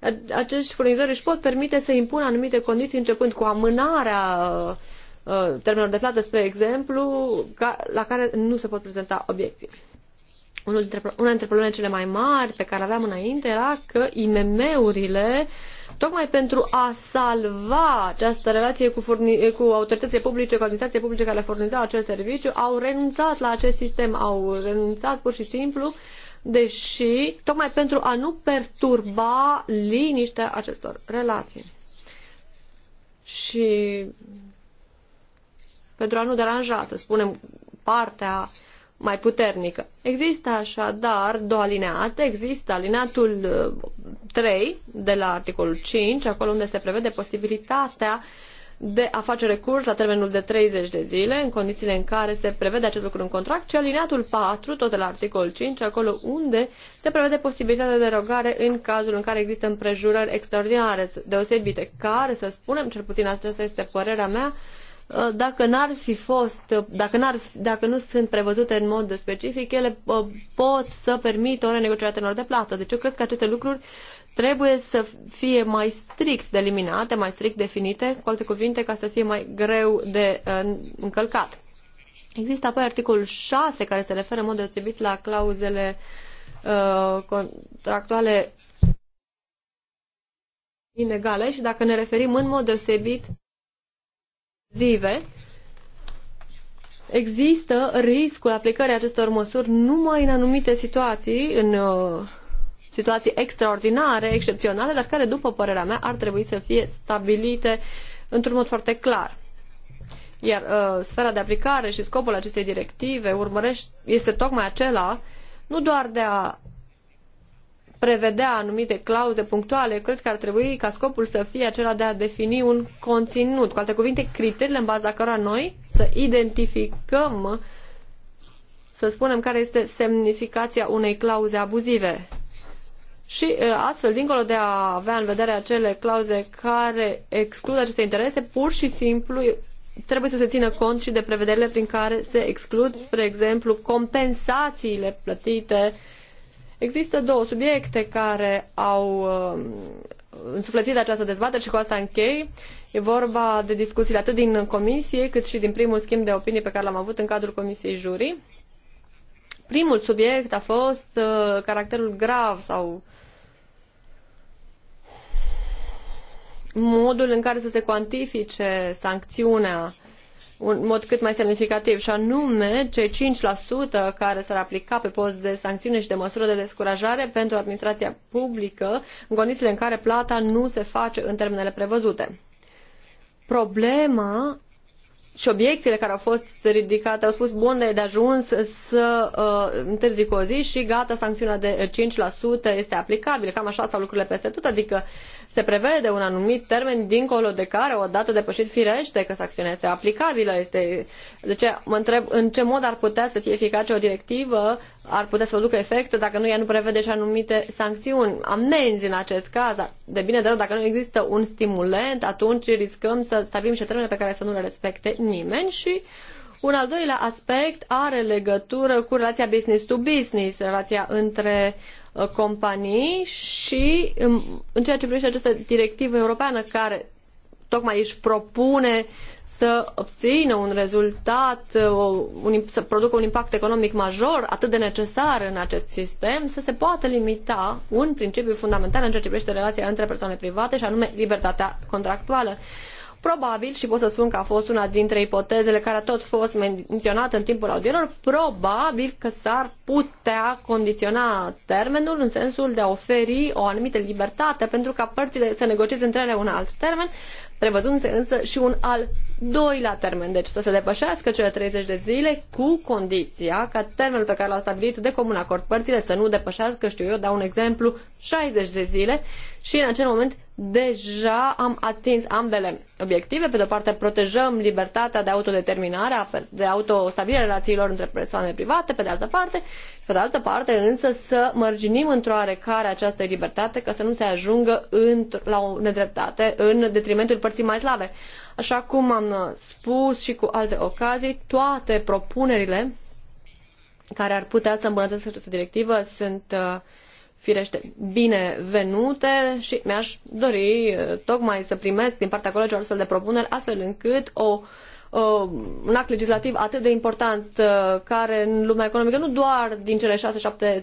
uh, acești furnizori își pot permite să impună anumite condiții începând cu amânarea uh, termenilor de plată, spre exemplu, la care nu se pot prezenta obiecții unul dintre, una dintre problemele cele mai mari pe care aveam înainte era că IMM-urile, tocmai pentru a salva această relație cu, furni, cu autoritățile publice, cu administrația publice care le furnizau acel serviciu, au renunțat la acest sistem, au renunțat pur și simplu, deși tocmai pentru a nu perturba liniștea acestor relații. Și pentru a nu deranja, să spunem, partea uh, mai puternică. Există așadar două alineate. Există alineatul 3 uh, de la articolul 5, acolo unde se prevede posibilitatea de a face recurs la termenul de 30 de zile, în condițiile în care se prevede acest lucru în contract, și alineatul 4, tot de la articolul 5, acolo unde se prevede posibilitatea de derogare în cazul în care există împrejurări extraordinare, deosebite, care, să spunem, cel puțin aceasta este părerea mea, Uh, dacă n-ar fi fost, uh, dacă, n-ar, dacă nu sunt prevăzute în mod specific, ele uh, pot să permită o renegociere a de plată. Deci eu cred că aceste lucruri trebuie să fie mai strict delimitate, mai strict definite, cu alte cuvinte, ca să fie mai greu de încălcat. Există apoi articolul 6 care se referă în mod deosebit la clauzele uh, contractuale inegale și dacă ne referim în mod deosebit zive, există riscul aplicării acestor măsuri numai în anumite situații, în uh, situații extraordinare, excepționale, dar care, după părerea mea, ar trebui să fie stabilite într-un mod foarte clar. Iar uh, sfera de aplicare și scopul acestei directive urmărește, este tocmai acela nu doar de a prevedea anumite clauze punctuale, cred că ar trebui ca scopul să fie acela de a defini un conținut. Cu alte cuvinte, criteriile în baza cărora noi să identificăm, să spunem, care este semnificația unei clauze abuzive. Și astfel, dincolo de a avea în vedere acele clauze care exclud aceste interese, pur și simplu trebuie să se țină cont și de prevederile prin care se exclud, spre exemplu, compensațiile plătite uh, Există două subiecte care au um, însuflețit această dezbatere și cu asta închei. E vorba de discuțiile atât din comisie cât și din primul schimb de opinii pe care l-am avut în cadrul comisiei juri. Primul subiect a fost uh, caracterul grav sau modul în care să se cuantifice sancțiunea un mod cât mai semnificativ, și anume cei 5% care s-ar aplica pe post de sancțiune și de măsură de descurajare pentru administrația publică, în condițiile în care plata nu se face în termenele prevăzute. Problema și obiecțiile care au fost ridicate au spus, bun, de ajuns să uh, întârzi cu o zi și gata, sancțiunea de 5% este aplicabilă. Cam așa stau lucrurile peste tot, adică se prevede un anumit termen dincolo de care, odată depășit, firește că sancțiunea este aplicabilă. Este... De ce mă întreb în ce mod ar putea să fie eficace o directivă ar putea să producă efect dacă nu ea nu prevede și anumite sancțiuni, amenzi în acest caz. De bine de rău, dacă nu există un stimulent, atunci riscăm să stabilim și termene pe care să nu le respecte nimeni și un al doilea aspect are legătură cu relația business to business, relația între uh, companii și um, în ceea ce privește această directivă europeană care tocmai își propune să obțină un rezultat, o, un, să producă un impact economic major atât de necesar în acest sistem, să se poată limita un principiu fundamental în ceea ce privește relația între persoane private și anume libertatea contractuală. Probabil, și pot să spun că a fost una dintre ipotezele care a tot fost menționată în timpul audierilor, probabil că s-ar putea condiționa termenul în sensul de a oferi o anumită libertate pentru ca părțile să negocieze între ele un alt termen, prevăzându-se însă și un alt doi la termen, deci să se depășească cele 30 de zile cu condiția ca termenul pe care l-au stabilit de comun acord părțile să nu depășească, știu eu, dau un exemplu, 60 de zile și în acel moment deja am atins ambele obiective. Pe de o parte protejăm libertatea de autodeterminare, de autostabilire relațiilor între persoane private, pe de altă parte, pe de altă parte însă să mărginim într-o arecare această libertate ca să nu se ajungă la o nedreptate în detrimentul părții mai slabe. Așa cum am uh, spus și cu alte ocazii, toate propunerile care ar putea să îmbunătățească această directivă sunt uh, firește binevenute și mi-aș dori uh, tocmai să primesc din partea colegilor astfel de propuneri, astfel încât o un act legislativ atât de important care în lumea economică, nu doar din cele 6-7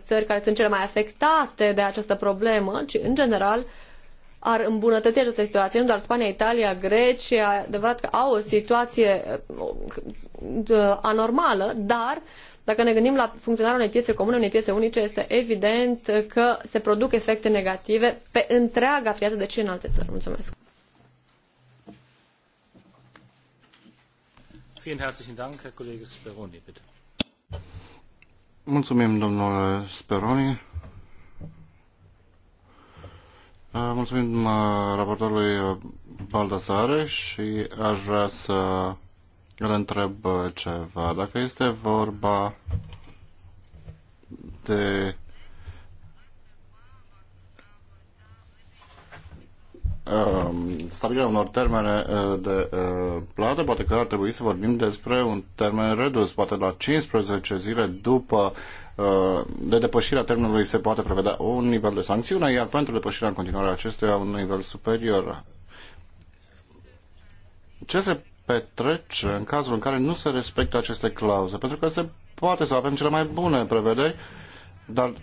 țări care sunt cele mai afectate de această problemă, ci în general ar îmbunătăți această situație. Nu doar Spania, Italia, Grecia, adevărat că au o situație uh, anormală, dar dacă ne gândim la funcționarea unei piețe comune, unei piețe unice, este evident că se produc efecte negative pe întreaga piață, de deci ce în alte țări. Mulțumesc! Mulțumim, domnule Speroni. Uh, mulțumim uh, raportorului uh, Baldasare și aș vrea să îl întreb ceva. Dacă este vorba de um, stabilirea unor termene de plată, poate că ar trebui să vorbim despre un termen redus, poate la 15 zile după de depășirea termenului se poate prevedea un nivel de sancțiune, iar pentru depășirea în continuare acestuia un nivel superior. Ce se petrece în cazul în care nu se respectă aceste clauze? Pentru că se poate să avem cele mai bune prevederi, dar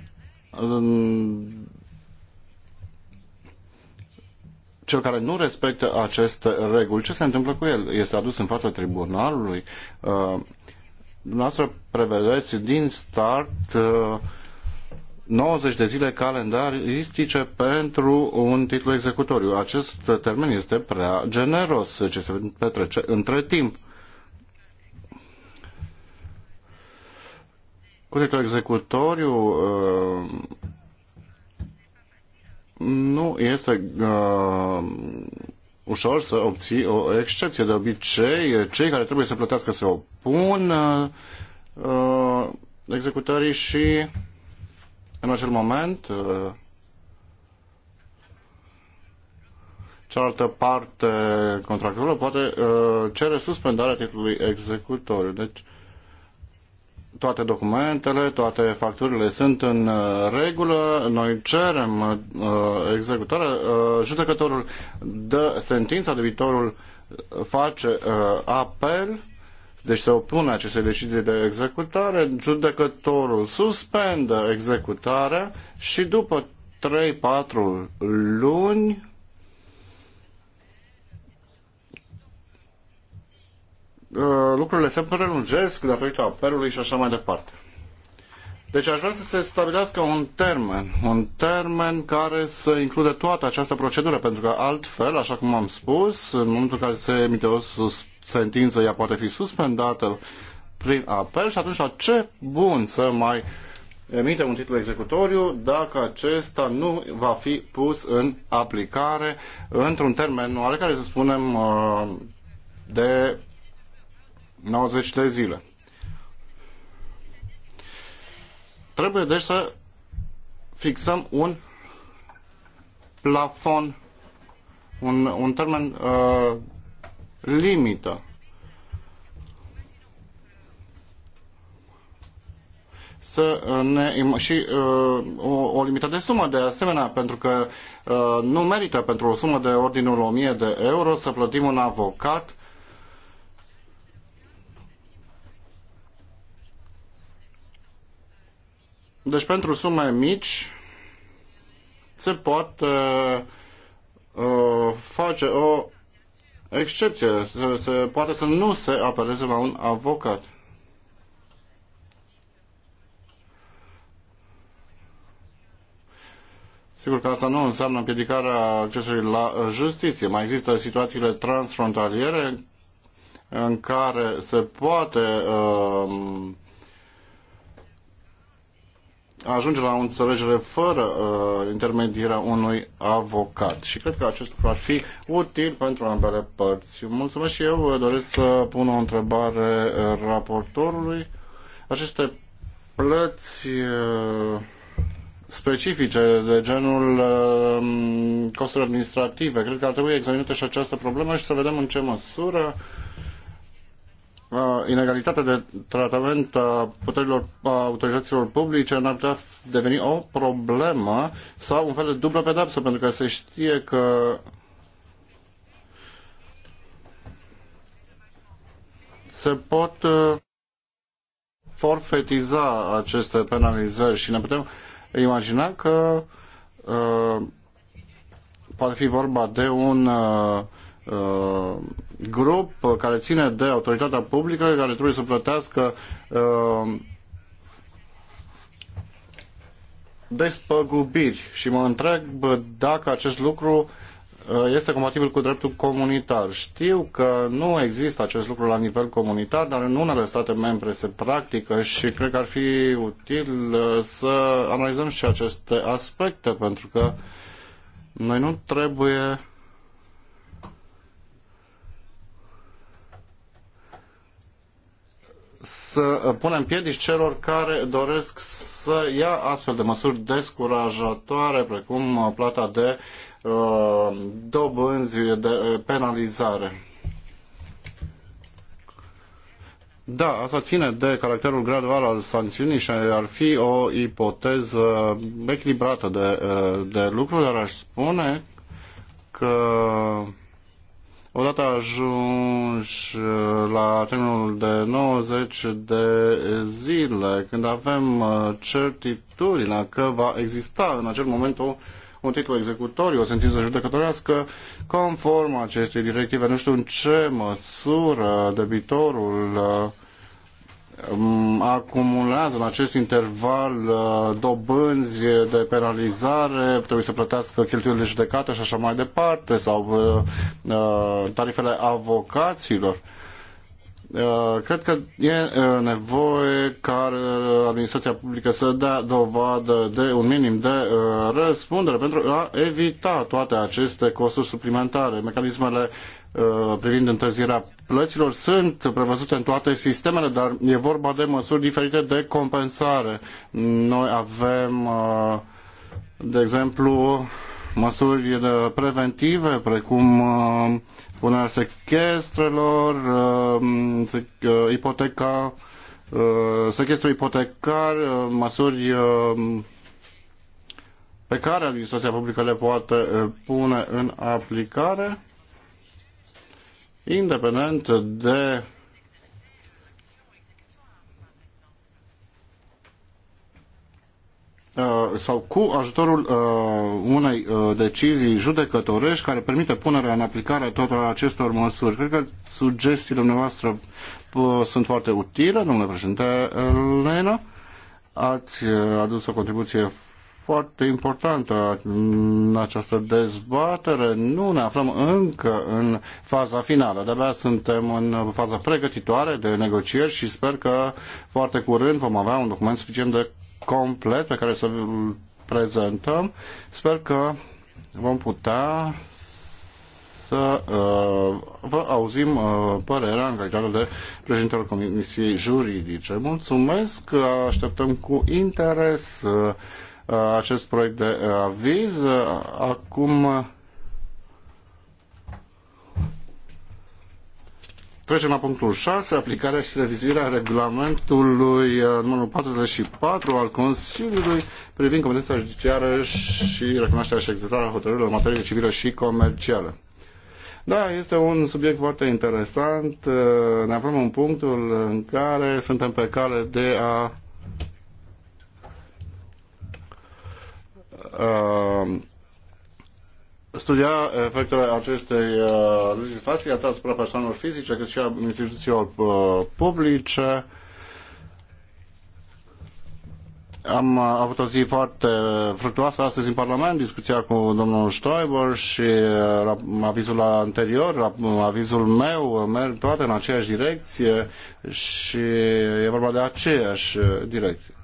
cel care nu respectă aceste reguli, ce se întâmplă cu el? Este adus în fața tribunalului? Uh, dumneavoastră prevedeți din start 90 uh, de zile calendaristice pentru un titlu executoriu. Acest termen este prea generos, ce se petrece între timp. Cu titlul executoriu uh, nu este uh, ușor să obții o excepție. De obicei, cei care trebuie să plătească se opun uh, uh, executării și în acel moment uh, cealaltă parte contractuală poate uh, cere suspendarea titlului executoriu. Deci toate documentele, toate facturile sunt în uh, regulă, noi cerem uh, executarea, uh, judecătorul dă sentința, debitorul uh, face uh, apel, deci se opune acestei decizii de executare, judecătorul suspendă executarea și după 3-4 luni Uh, lucrurile se prelungesc datorită apelului și așa mai departe. Deci aș vrea să se stabilească un termen, un termen care să includă toată această procedură, pentru că altfel, așa cum am spus, în momentul în care se emite o sentință, ea poate fi suspendată prin apel și atunci la ce bun să mai emite un titlu executoriu dacă acesta nu va fi pus în aplicare într-un termen oarecare, să spunem, uh, de 90 de zile. Trebuie deci să fixăm un plafon, un, un termen uh, limită. Să uh, ne, și uh, o, o limită de sumă de asemenea, pentru că uh, nu merită pentru o sumă de ordinul 1000 de euro să plătim un avocat Deci pentru sume mici se poate uh, uh, face o excepție. Se, se, poate să nu se apeleze la un avocat. Sigur că asta nu înseamnă împiedicarea accesului la uh, justiție. Mai există situațiile transfrontaliere în care se poate uh, ajunge la o înțelegere fără uh, intermedierea unui avocat. Și cred că acest lucru ar fi util pentru ambele părți. Mulțumesc și eu. Doresc să pun o întrebare uh, raportorului. Aceste plăți uh, specifice de genul uh, costuri administrative, cred că ar trebui examinată și această problemă și să vedem în ce măsură uh, Uh, inegalitatea de tratament a puterilor autorităților publice n-ar putea deveni o problemă sau un fel de dublă pedapsă, pentru că se știe că se pot uh, forfetiza aceste penalizări și ne putem imagina că uh, poate fi vorba de un uh, Uh, grup care ține de autoritatea publică care trebuie să plătească uh, despăgubiri și mă întreb dacă acest lucru uh, este compatibil cu dreptul comunitar. Știu că nu există acest lucru la nivel comunitar, dar în unele state membre se practică și cred că ar fi util să analizăm și aceste aspecte, pentru că noi nu trebuie să uh, punem piedici celor care doresc să ia astfel de măsuri descurajatoare, precum uh, plata de uh, dobânzi, de uh, penalizare. Da, asta ține de caracterul gradual al sancțiunii și ar fi o ipoteză echilibrată de, de lucru, dar aș spune că Odată ajungi uh, la termenul de 90 de zile, când avem uh, certitudinea că va exista în acel moment o un titlu executoriu, o sentință judecătorească, conform acestei directive. Nu știu în ce măsură debitorul uh, acumulează în acest interval uh, dobânzi de penalizare, trebuie să plătească cheltuielile judecate și așa mai departe, sau uh, uh, tarifele avocaților. Cred că e nevoie ca administrația publică să dea dovadă de un minim de răspundere pentru a evita toate aceste costuri suplimentare. Mecanismele Uh, privind întârzierea plăților sunt prevăzute în toate sistemele, dar e vorba de măsuri diferite de compensare. Noi avem, uh, de exemplu, măsuri preventive, precum uh, punerea sechestrelor, ipoteca, sechestru ipotecar, măsuri pe care administrația publică le poate pune în aplicare independent de uh, sau cu ajutorul uh, unei uh, decizii judecătorești care permite punerea în aplicare a tuturor acestor măsuri. Cred că sugestiile dumneavoastră sunt foarte utile, domnule președinte Lena. Ați adus o contribuție foarte importantă în această dezbatere. Nu ne aflăm încă în faza finală. De-abia suntem în faza pregătitoare de negocieri și sper că foarte curând vom avea un document suficient de complet pe care să-l prezentăm. Sper că vom putea să uh, vă auzim uh, părerea în calitate de președintele Comisiei Juridice. Mulțumesc, uh, așteptăm cu interes uh, Uh, acest proiect de uh, aviz. Uh, acum Trecem la punctul 6, aplicarea și revizuirea regulamentului numărul 44 al Consiliului privind competența judiciară și recunoașterea și executarea hotărârilor în materie civilă și comercială. Da, este un subiect foarte interesant. Ne aflăm în punctul în care suntem pe cale de a Uh, studia efectele acestei uh, legislații atât asupra persoanelor fizice cât și a instituțiilor uh, publice. Am avut o zi foarte fructuoasă astăzi în Parlament, discuția cu domnul Stoiber și avizul anterior, avizul meu, merg toate în aceeași direcție și e vorba de aceeași direcție.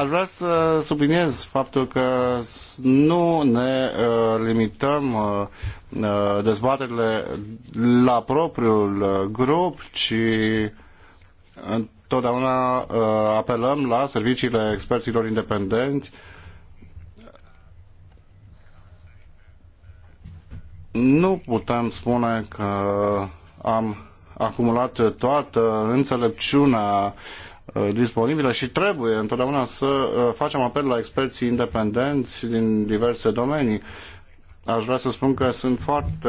Aș vrea să subliniez faptul că nu ne uh, limităm uh, uh, dezbaterile la propriul grup, ci întotdeauna apelăm la serviciile experților independenți nu putem spune că am acumulat toată înțelepciunea Uh, disponibile și trebuie întotdeauna să uh, facem apel la experții independenți din diverse domenii. Aș vrea să spun că sunt foarte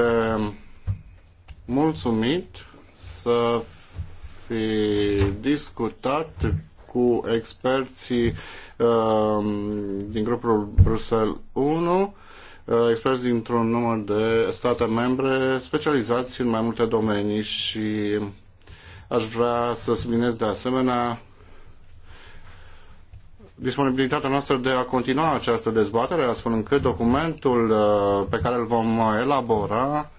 mulțumit să fi discutat cu experții uh, din grupul Bruxelles 1 experți dintr-un număr de state membre specializați în mai multe domenii și aș vrea să subliniez de asemenea disponibilitatea noastră de a continua această dezbatere, astfel încât documentul uh, pe care îl vom uh, elabora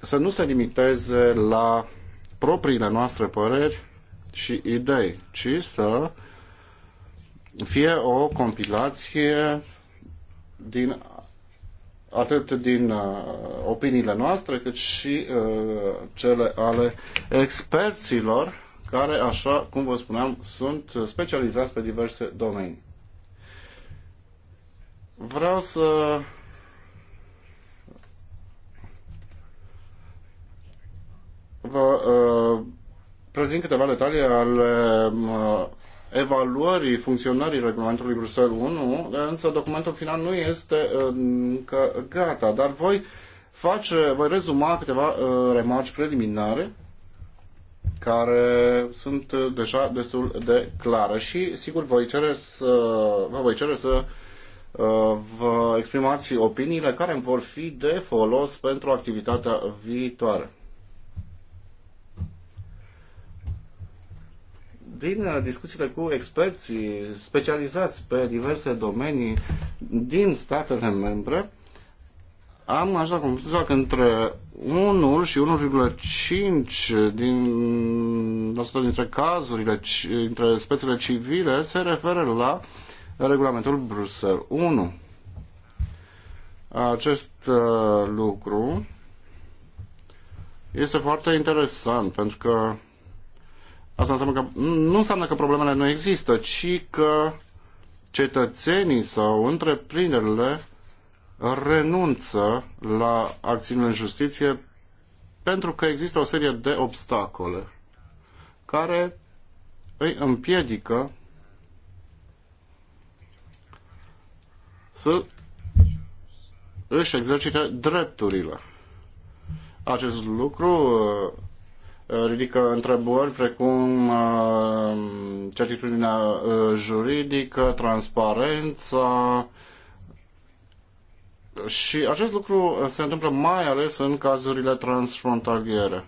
să nu se limiteze la propriile noastre păreri și idei, ci să fie o compilație din atât din uh, opiniile noastre, cât și uh, cele ale experților care, așa cum vă spuneam, sunt specializați pe diverse domenii. Vreau să vă uh, prezint câteva detalii ale uh, evaluării funcționării regulamentului Bruxelles 1, însă documentul final nu este uh, încă gata, dar voi face, voi rezuma câteva uh, remarci preliminare care sunt deja destul de clare și sigur voi cere să, vă voi cere să uh, vă exprimați opiniile care îmi vor fi de folos pentru activitatea viitoare. din uh, discuțiile cu experții specializați pe diverse domenii din statele membre, am așa cum să că între 1 și 1,5 din 100 dintre cazurile, dintre spețiile civile, se referă la regulamentul Brussel 1. Acest uh, lucru este foarte interesant pentru că asta înseamnă că nu înseamnă că problemele nu există, ci că cetățenii sau întreprinderile renunță la acțiunile în justiție pentru că există o serie de obstacole care îi împiedică să își exercite drepturile. Acest lucru uh, ridică întrebări precum uh, certitudinea uh, juridică, transparența, și acest lucru se întâmplă mai ales în cazurile transfrontaliere.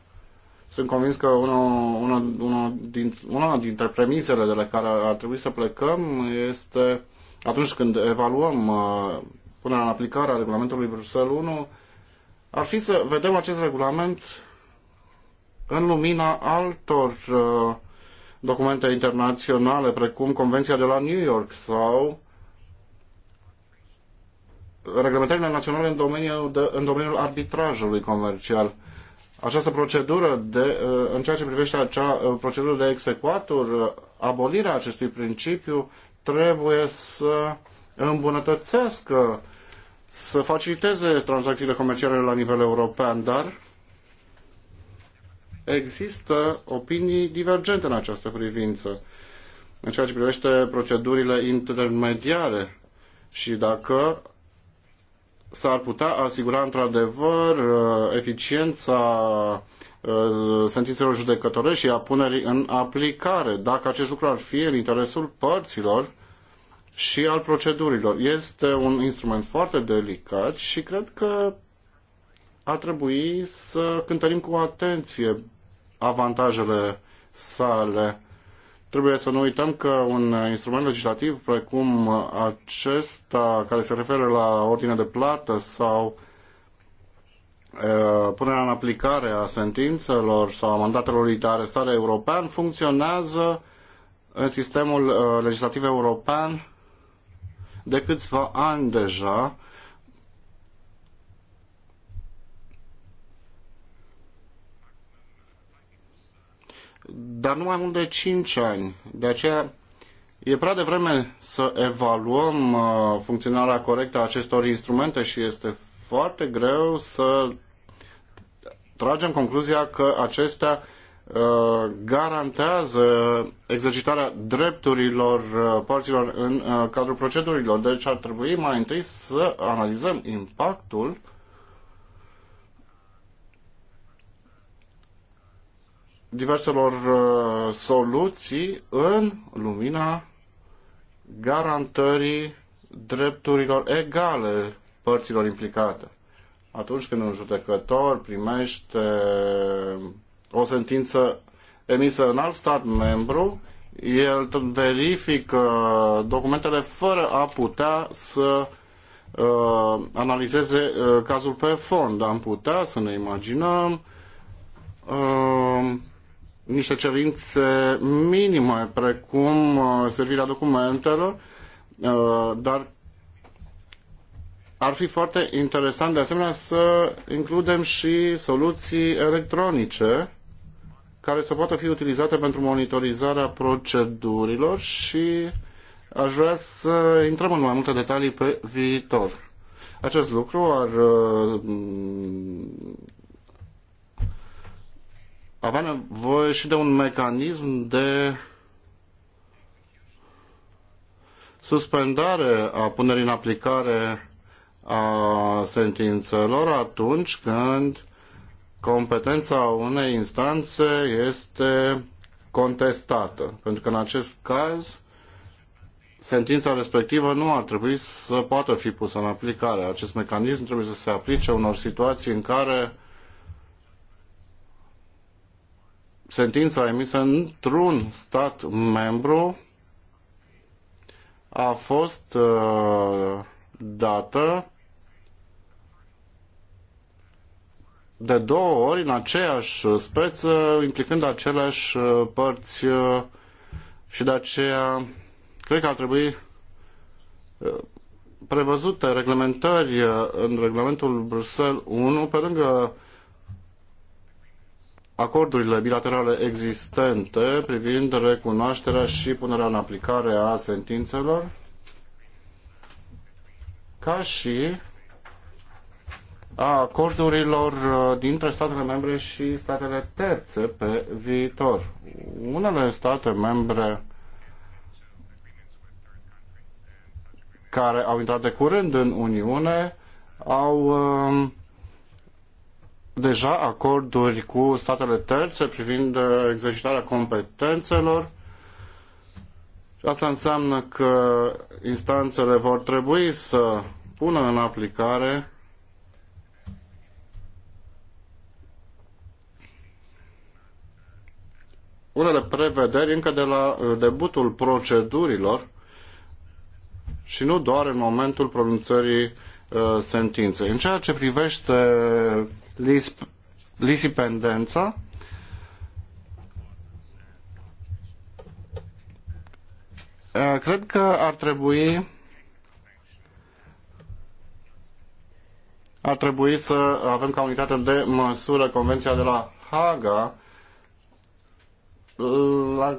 Sunt convins că una, una, una, din, una dintre premisele de la care ar trebui să plecăm este atunci când evaluăm uh, punerea în aplicare a regulamentului Bruxelles 1, ar fi să vedem acest regulament în lumina altor uh, documente internaționale, precum Convenția de la New York sau reglementările naționale în domeniul, de, în domeniul arbitrajului comercial. Această procedură de, uh, în ceea ce privește acea uh, procedură de execuatur, uh, abolirea acestui principiu trebuie să îmbunătățească, să faciliteze tranzacțiile comerciale la nivel european, dar există opinii divergente în această privință, în ceea ce privește procedurile intermediare și dacă s-ar putea asigura într-adevăr uh, eficiența uh, sentințelor judecătorești și a punerii în aplicare, dacă acest lucru ar fi în interesul părților și al procedurilor. Este un instrument foarte delicat și cred că ar trebui să cântărim cu atenție avantajele sale. Trebuie să nu uităm că un instrument legislativ precum acesta, care se referă la ordine de plată sau punerea în aplicare a sentințelor sau a mandatelor de arestare european, funcționează în sistemul legislativ european de câțiva ani deja dar nu mai mult de 5 ani. De aceea e prea devreme să evaluăm uh, funcționarea corectă a acestor instrumente și este foarte greu să tragem concluzia că acestea uh, garantează exercitarea drepturilor uh, părților în cadrul procedurilor. Deci ar trebui mai întâi să analizăm impactul diverselor uh, soluții în lumina garantării drepturilor egale părților implicate. Atunci când un judecător primește o sentință emisă în alt stat membru, el verifică documentele fără a putea să uh, analizeze uh, cazul pe fond. Am putea să ne imaginăm uh, niște cerințe minime, precum uh, servirea documentelor, uh, dar ar fi foarte interesant de asemenea să includem și soluții electronice care să poată fi utilizate pentru monitorizarea procedurilor și aș vrea să intrăm în mai multe detalii pe viitor. Acest lucru ar uh, avea nevoie și de un mecanism de suspendare a punerii în aplicare a sentințelor atunci când competența unei instanțe este contestată. Pentru că în acest caz sentința respectivă nu ar trebui să poată fi pusă în aplicare. Acest mecanism trebuie să se aplice unor situații în care sentința emisă într-un stat membru a fost uh, dată de două ori în aceeași speță, implicând aceleași uh, părți uh, și de aceea cred că ar trebui uh, prevăzute reglementări în reglementul Bruxelles 1 pe lângă acordurile bilaterale existente privind recunoașterea și punerea în aplicare a sentințelor, ca și a acordurilor uh, dintre statele membre și statele terțe pe viitor. Unele state membre care au intrat de curând în Uniune au uh, deja acorduri cu statele terțe privind uh, exercitarea competențelor. Asta înseamnă că instanțele vor trebui să pună în aplicare unele prevederi încă de la uh, debutul procedurilor și nu doar în momentul pronunțării uh, sentinței. În ceea ce privește lisipendența. Cred că ar trebui ar trebui să avem ca unitate de măsură Convenția de la Haga, la,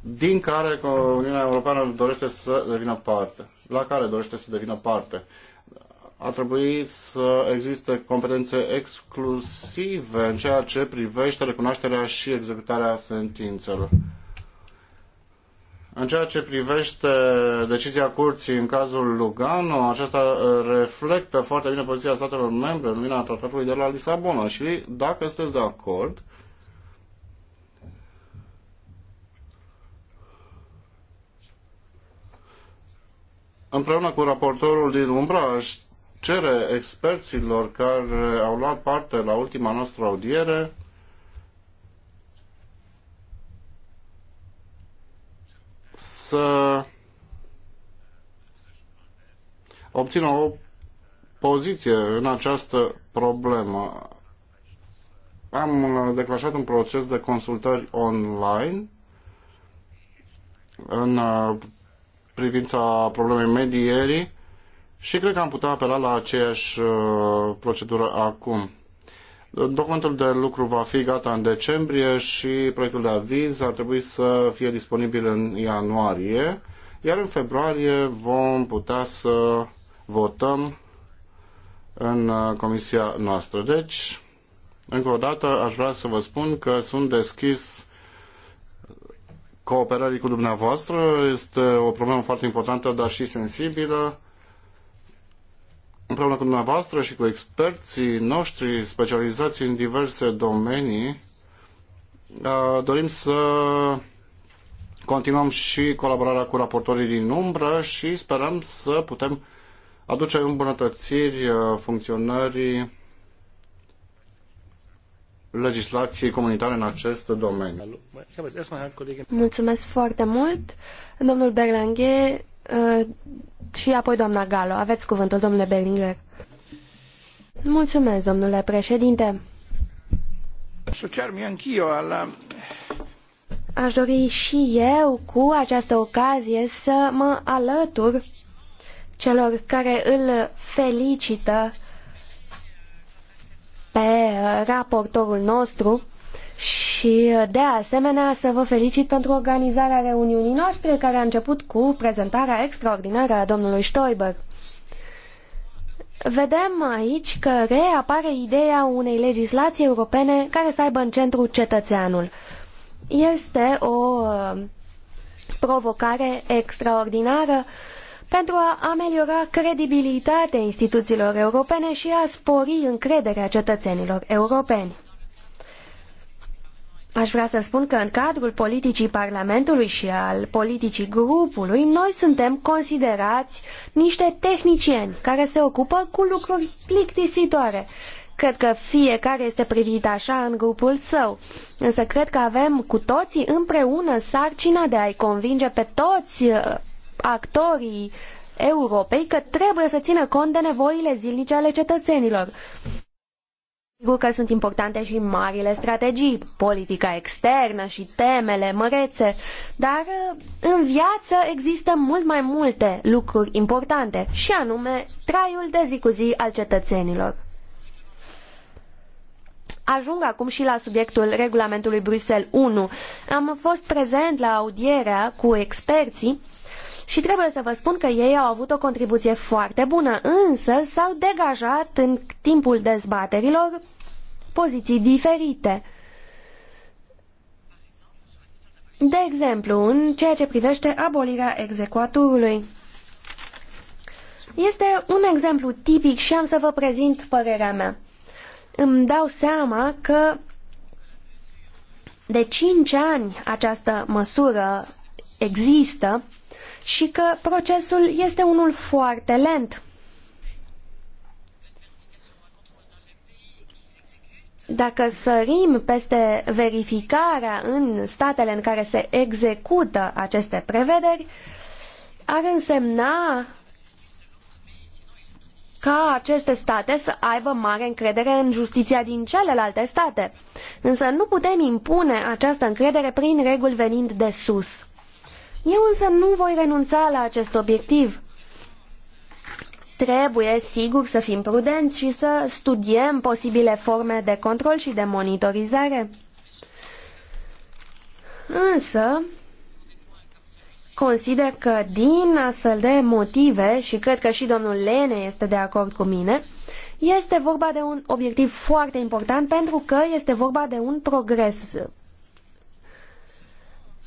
din care Uniunea Europeană dorește să devină parte, la care dorește să devină parte ar trebui să existe competențe exclusive în ceea ce privește recunoașterea și executarea sentințelor. În ceea ce privește decizia curții în cazul Lugano, aceasta uh, reflectă foarte bine poziția statelor membre în lumina tratatului de la Lisabona și dacă sunteți de acord, împreună cu raportorul din Umbraș cere experților care au luat parte la ultima noastră audiere să obțină o poziție în această problemă. Am uh, declanșat un proces de consultări online în uh, privința problemei medierii și cred că am putea apela la aceeași uh, procedură acum. Documentul de lucru va fi gata în decembrie și proiectul de aviz ar trebui să fie disponibil în ianuarie, iar în februarie vom putea să votăm în uh, comisia noastră. Deci, încă o dată, aș vrea să vă spun că sunt deschis cooperării cu dumneavoastră. Este o problemă foarte importantă, dar și sensibilă împreună cu dumneavoastră și cu experții noștri specializați în diverse domenii, dorim să continuăm și colaborarea cu raportorii din umbră și sperăm să putem aduce îmbunătățiri funcționării legislației comunitare în acest domeniu. Mulțumesc foarte mult. Domnul Berlanghe Uh, și apoi doamna Galo. Aveți cuvântul, domnule Berlinger. Mulțumesc, domnule președinte. Asociarmi anch'io alla Aș dori și eu, cu această ocazie, să mă alătur celor care îl felicită pe uh, raportorul nostru și de asemenea să vă felicit pentru organizarea reuniunii noastre care a început cu prezentarea extraordinară a domnului Stoiber. Vedem aici că reapare ideea unei legislații europene care să aibă în centru cetățeanul. Este o provocare extraordinară pentru a ameliora credibilitatea instituțiilor europene și a spori încrederea cetățenilor europeni. Aș vrea să spun că în cadrul politicii Parlamentului și al politicii grupului, noi suntem considerați niște tehnicieni care se ocupă cu lucruri plictisitoare. Cred că fiecare este privit așa în grupul său, însă cred că avem cu toții împreună sarcina de a-i convinge pe toți uh, actorii Europei că trebuie să țină cont de nevoile zilnice ale cetățenilor. Sigur că sunt importante și marile strategii, politica externă și temele mărețe, dar în viață există mult mai multe lucruri importante, și anume traiul de zi cu zi al cetățenilor. Ajung acum și la subiectul regulamentului Bruxelles 1. Am fost prezent la audierea cu experții și trebuie să vă spun că ei au avut o contribuție foarte bună, însă s-au degajat în timpul dezbaterilor poziții diferite. De exemplu, în ceea ce privește abolirea execuatorului. Este un exemplu tipic și am să vă prezint părerea mea. Îmi dau seama că de 5 ani această măsură există și că procesul este unul foarte lent. Dacă sărim peste verificarea în statele în care se execută aceste prevederi, ar însemna ca aceste state să aibă mare încredere în justiția din celelalte state. Însă nu putem impune această încredere prin reguli venind de sus. Eu însă nu voi renunța la acest obiectiv. Trebuie, sigur, să fim prudenți și să studiem posibile forme de control și de monitorizare. Însă, consider că din astfel de motive, și cred că și domnul Lene este de acord cu mine, este vorba de un obiectiv foarte important pentru că este vorba de un progres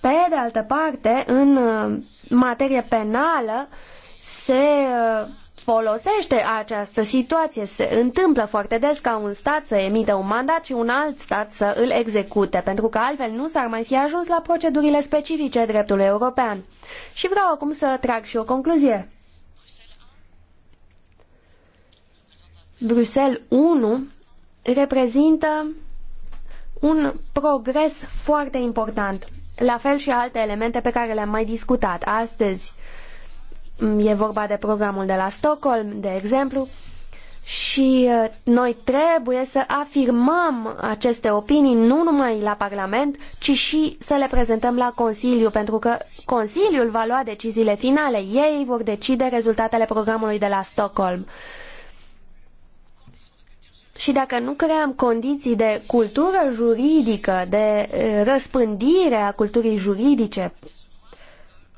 pe de altă parte, în uh, materie penală se uh, folosește această situație. Se întâmplă foarte des ca un stat să emită un mandat și un alt stat să îl execute, pentru că altfel nu s-ar mai fi ajuns la procedurile specifice dreptului european. Și vreau acum să trag și o concluzie. Bruxelles 1 reprezintă un progres foarte important. La fel și alte elemente pe care le-am mai discutat astăzi. Mm, e vorba de programul de la Stockholm, de exemplu, și uh, noi trebuie să afirmăm aceste opinii nu numai la Parlament, ci și să le prezentăm la Consiliu, pentru că Consiliul va lua deciziile finale. Ei vor decide rezultatele programului de la Stockholm. Uh, și dacă nu creăm condiții de cultură juridică, de răspândire a culturii juridice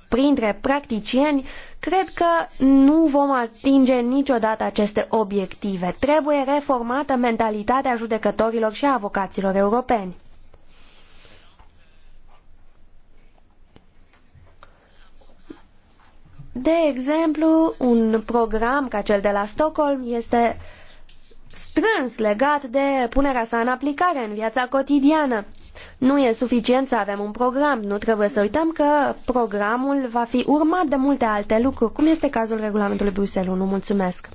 printre practicieni, cred că nu vom atinge niciodată aceste obiective. Trebuie reformată mentalitatea judecătorilor și a avocaților europeni. De exemplu, un program ca cel de la Stockholm este strâns legat de punerea sa în aplicare în viața cotidiană. Nu e suficient să avem un program, nu trebuie să uităm că programul va fi urmat de multe alte lucruri, cum este cazul regulamentului Bruxelles 1. Mulțumesc!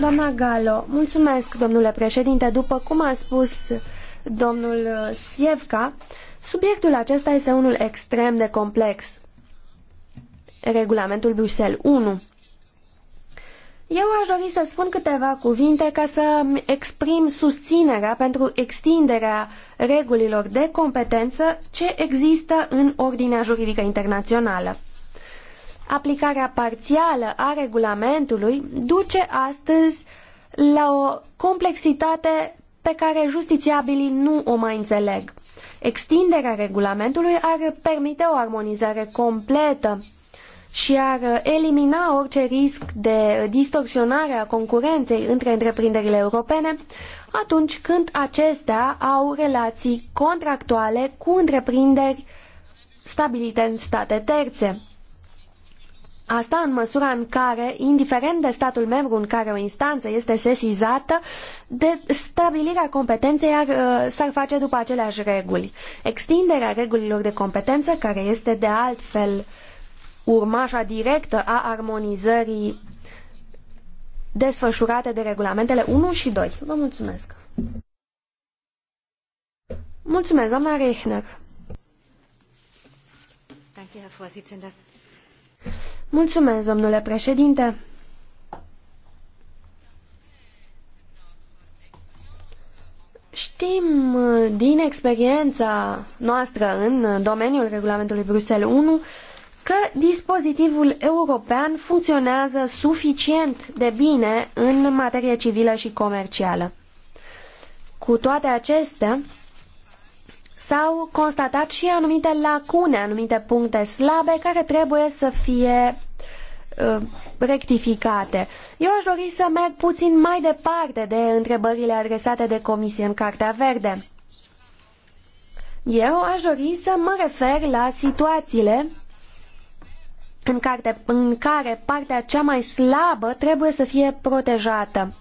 Doamna Galo, mulțumesc, domnule președinte. După cum a spus domnul Sievca, subiectul acesta este unul extrem de complex. Regulamentul Bruxelles 1 eu aș dori să spun câteva cuvinte ca să exprim susținerea pentru extinderea regulilor de competență ce există în ordinea juridică internațională. Aplicarea parțială a regulamentului duce astăzi la o complexitate pe care justițiabilii nu o mai înțeleg. Extinderea regulamentului ar permite o armonizare completă și ar elimina orice risc de distorsionare a concurenței între întreprinderile europene atunci când acestea au relații contractuale cu întreprinderi stabilite în state terțe. Asta în măsura în care, indiferent de statul membru în care o instanță este sesizată, de stabilirea competenței ar, uh, s-ar face după aceleași reguli. Extinderea regulilor de competență, care este de altfel uh, urmașa directă a armonizării desfășurate de regulamentele 1 și 2. Vă mulțumesc! Mulțumesc, doamna Rechner! Mulțumesc, domnule președinte! Știm din experiența noastră în domeniul regulamentului Bruxelles 1 că dispozitivul european funcționează suficient de bine în materie civilă și comercială. Cu toate acestea, s-au constatat și anumite lacune, anumite puncte slabe care trebuie să fie uh, rectificate. Eu aș dori să merg puțin mai departe de întrebările adresate de Comisie în Cartea Verde. Eu aș dori să mă refer la situațiile în care, în care partea cea mai slabă trebuie să fie protejată.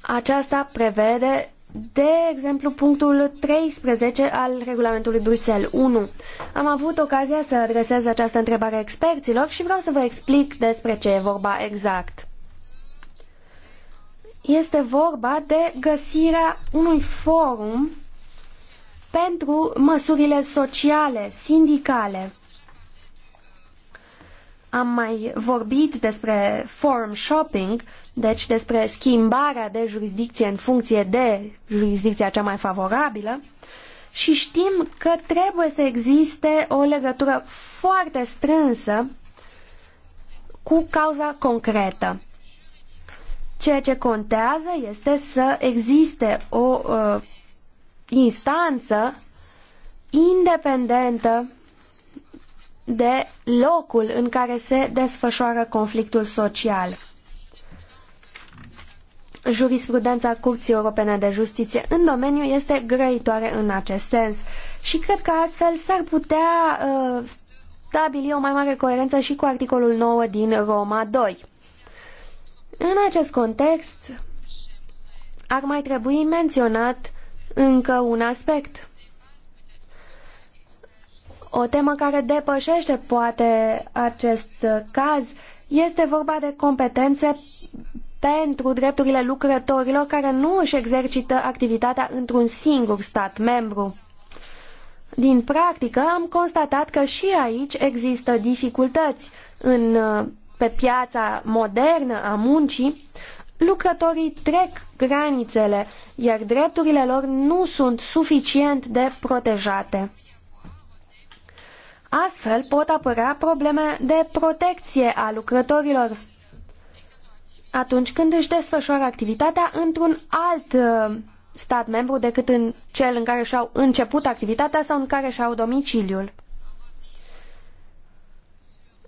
Aceasta prevede, de exemplu, punctul 13 al regulamentului Bruxelles 1. Am avut ocazia să adresez această întrebare experților și vreau să vă explic despre ce e vorba exact. Este vorba de găsirea unui forum pentru măsurile sociale, sindicale am mai vorbit despre forum shopping, deci despre schimbarea de jurisdicție în funcție de jurisdicția cea mai favorabilă și știm că trebuie să existe o legătură foarte strânsă cu cauza concretă. Ceea ce contează este să existe o uh, instanță independentă de locul în care se desfășoară conflictul social. Jurisprudența Curții Europene de Justiție în domeniu este grăitoare în acest sens și cred că astfel s-ar putea uh, stabili o mai mare coerență și cu articolul 9 din Roma 2. În acest context, ar mai trebui menționat încă un aspect. O temă care depășește poate acest uh, caz este vorba de competențe pentru drepturile lucrătorilor care nu își exercită activitatea într-un singur stat membru. Din practică am constatat că și aici există dificultăți în, uh, pe piața modernă a muncii, lucrătorii trec granițele, iar drepturile lor nu sunt suficient de protejate. Astfel pot apărea probleme de protecție a lucrătorilor atunci când își desfășoară activitatea într-un alt uh, stat membru decât în cel în care și-au început activitatea sau în care și-au domiciliul.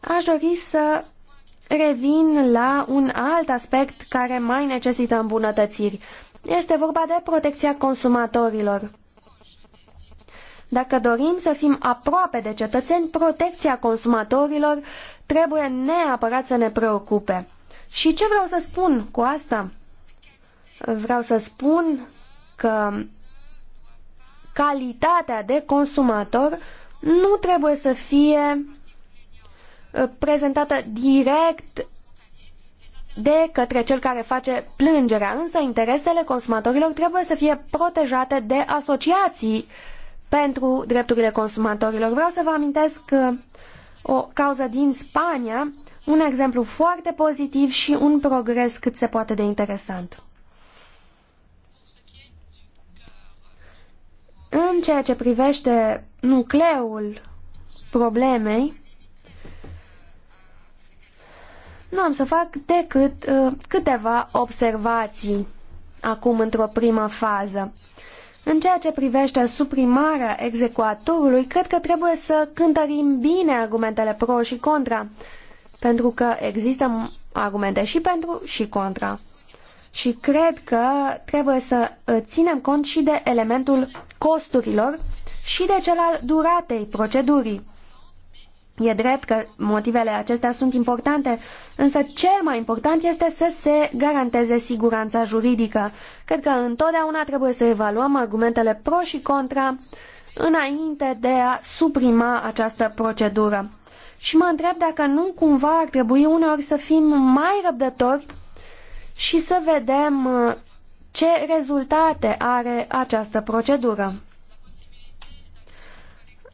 Aș dori să revin la un alt aspect care mai necesită îmbunătățiri. Este vorba de protecția consumatorilor. Dacă dorim să fim aproape de cetățeni, protecția consumatorilor trebuie neapărat să ne preocupe. Și ce vreau să spun cu asta? Vreau să spun că calitatea de consumator nu trebuie să fie uh, prezentată direct de către cel care face plângerea, însă interesele consumatorilor trebuie să fie protejate de asociații pentru drepturile consumatorilor. Vreau să vă amintesc o cauză din Spania, un exemplu foarte pozitiv și un progres cât se poate de interesant. În ceea ce privește nucleul problemei, nu am să fac decât uh, câteva observații acum într-o primă fază. Uh, în ceea ce privește suprimarea execuatorului, cred că trebuie să cântărim bine argumentele pro și contra, pentru că există argumente și pentru și contra. Și cred că trebuie să ă, ținem cont și de elementul costurilor și de cel al duratei procedurii. E drept că motivele acestea sunt importante, însă cel mai important este să se garanteze siguranța juridică. Cred că întotdeauna trebuie să evaluăm argumentele pro și contra înainte de a suprima această procedură. Și mă întreb dacă nu cumva ar trebui uneori să fim mai răbdători și să vedem uh, ce rezultate are această procedură.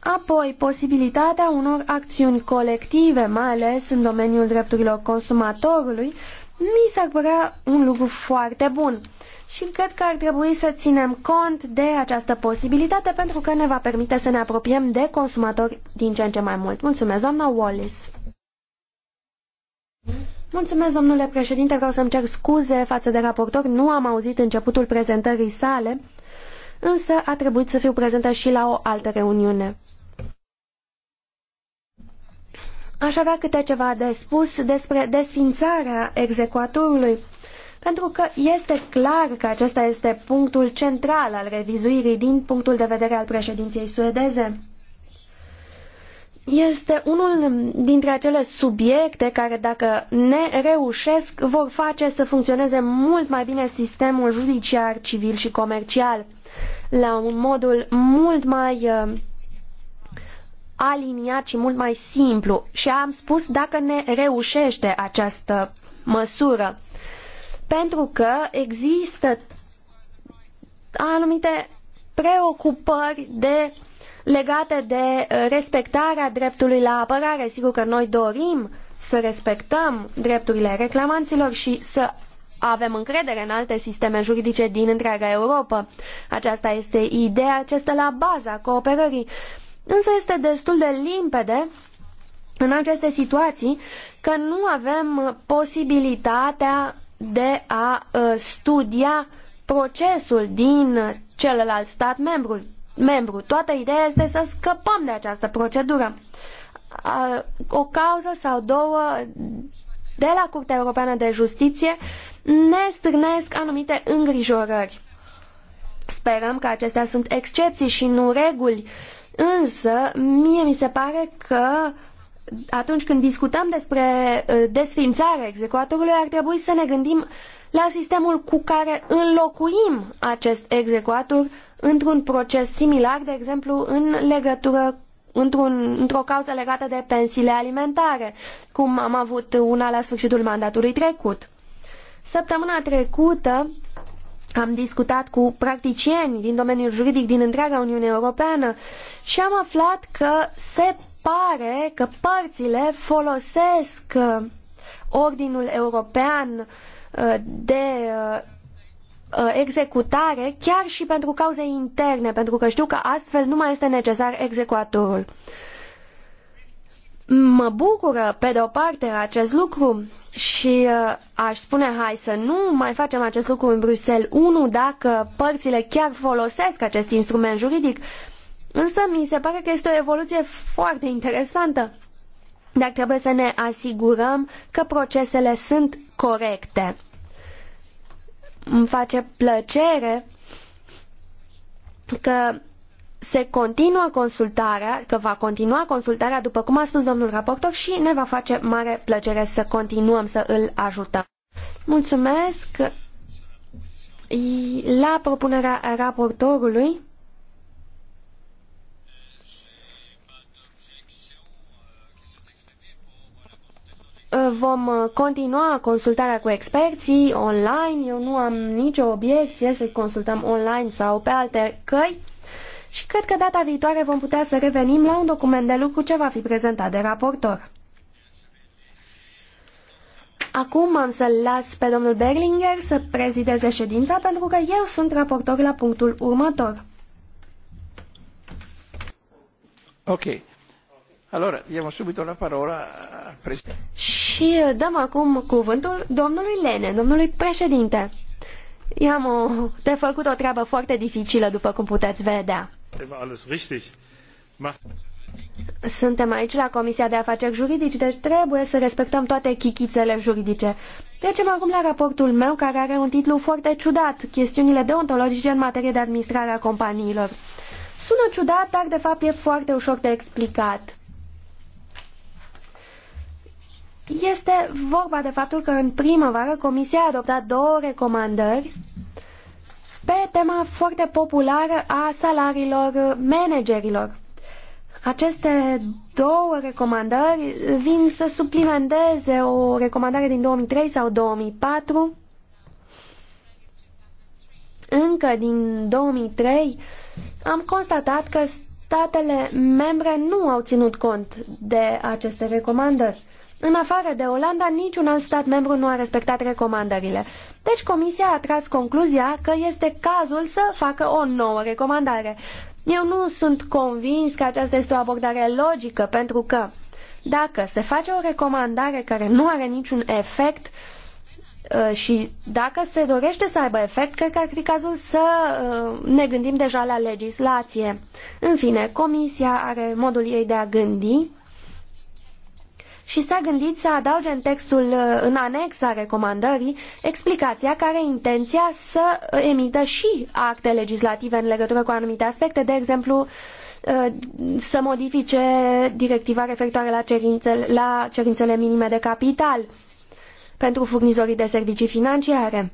Apoi, posibilitatea unor acțiuni colective, mai ales în domeniul drepturilor consumatorului, mi s-ar părea un lucru foarte bun. Și cred că ar trebui să ținem cont de această posibilitate pentru că ne va permite să ne apropiem de consumatori din ce în ce mai mult. Mulțumesc, doamna Wallis. Mulțumesc, domnule președinte, vreau să-mi cer scuze față de raportor, nu am auzit începutul prezentării sale, însă a trebuit să fiu prezentă și la o altă reuniune aș avea câte ceva de spus despre desfințarea execuatorului, pentru că este clar că acesta este punctul central al revizuirii din punctul de vedere al președinției suedeze. Este unul dintre acele subiecte care, dacă ne reușesc, vor face să funcționeze mult mai bine sistemul judiciar, civil și comercial, la un modul mult mai uh, aliniat și mult mai simplu și am spus dacă ne reușește această măsură. Pentru că există anumite preocupări de, legate de respectarea dreptului la apărare. Sigur că noi dorim să respectăm drepturile reclamanților și să avem încredere în alte sisteme juridice din întreaga Europa. Aceasta este ideea ce stă la baza cooperării. Însă este destul de limpede în aceste situații că nu avem posibilitatea de a ă, studia procesul din celălalt stat membru. membru. Toată ideea este să scăpăm de această procedură. O cauză sau două de la Curtea Europeană de Justiție ne strânesc anumite îngrijorări. Sperăm că acestea sunt excepții și nu reguli Însă, mie mi se pare că atunci când discutăm despre uh, desfințarea executorului, ar trebui să ne gândim la sistemul cu care înlocuim acest executor într-un proces similar, de exemplu, în legătură într-un, într-o cauză legată de pensiile alimentare, cum am avut una la sfârșitul mandatului trecut. Săptămâna trecută am discutat cu practicieni din domeniul juridic din întreaga Uniune Europeană și am aflat că se pare că părțile folosesc uh, ordinul european uh, de uh, executare chiar și pentru cauze interne, pentru că știu că astfel nu mai este necesar execuatorul. Mă bucură, pe de o parte, acest lucru și uh, aș spune, hai să nu mai facem acest lucru în Bruxelles 1 dacă părțile chiar folosesc acest instrument juridic, însă mi se pare că este o evoluție foarte interesantă. Dar trebuie să ne asigurăm că procesele sunt corecte. Îmi face plăcere că se continuă consultarea, că va continua consultarea, după cum a spus domnul raportor, și ne va face mare plăcere să continuăm să îl ajutăm. Mulțumesc! La propunerea raportorului, vom continua consultarea cu experții online. Eu nu am nicio obiecție să consultăm online sau pe alte căi și cred că data viitoare vom putea să revenim la un document de lucru ce va fi prezentat de raportor. Acum am să-l las pe domnul Berlinger să prezideze ședința pentru că eu sunt raportor la punctul următor. Ok. Allora, diamo subito la parola al presidente. Și uh, dăm acum cuvântul domnului Lene, domnului președinte. I-am uh, de făcut o treabă foarte dificilă, după cum puteți vedea. Suntem aici la Comisia de Afaceri Juridici, deci trebuie să respectăm toate chichițele juridice. Trecem acum la raportul meu, care are un titlu foarte ciudat, chestiunile deontologice în materie de administrare a companiilor. Sună ciudat, dar de fapt e foarte ușor de explicat. Este vorba de faptul că în primăvară Comisia a adoptat două recomandări pe tema foarte populară a salariilor managerilor. Aceste două recomandări vin să suplimenteze o recomandare din 2003 sau 2004 încă din 2003 am constatat că statele membre nu au ținut cont de aceste recomandări. În afară de Olanda, niciun alt stat membru nu a respectat recomandările. Deci Comisia a tras concluzia că este cazul să facă o nouă recomandare. Eu nu sunt convins că aceasta este o abordare logică, pentru că dacă se face o recomandare care nu are niciun efect uh, și dacă se dorește să aibă efect, cred că ar fi cazul să uh, ne gândim deja la legislație. În fine, Comisia are modul ei de a gândi și s-a gândit să adauge în textul, în anexa recomandării, explicația care intenția să emită și acte legislative în legătură cu anumite aspecte, de exemplu uh, să modifice directiva referitoare la cerințele, la cerințele minime de capital pentru furnizorii de servicii financiare.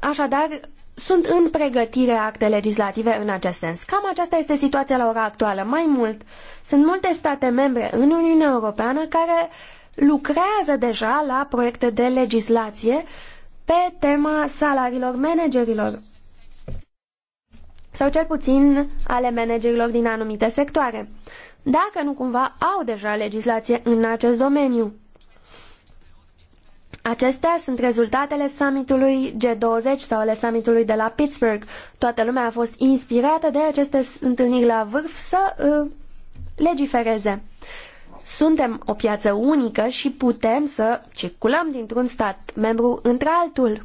Așadar, sunt în pregătire acte legislative în acest sens. Cam aceasta este situația la ora actuală. Mai mult, sunt multe state membre în Uniunea Europeană care lucrează deja la proiecte de legislație pe tema salariilor managerilor sau cel puțin ale managerilor din anumite sectoare, dacă nu cumva au deja legislație în acest domeniu. Acestea sunt rezultatele summitului G20 sau ale summitului de la Pittsburgh. Toată lumea a fost inspirată de aceste întâlniri la vârf să uh, legifereze. Suntem o piață unică și putem să circulăm dintr-un stat membru într-altul.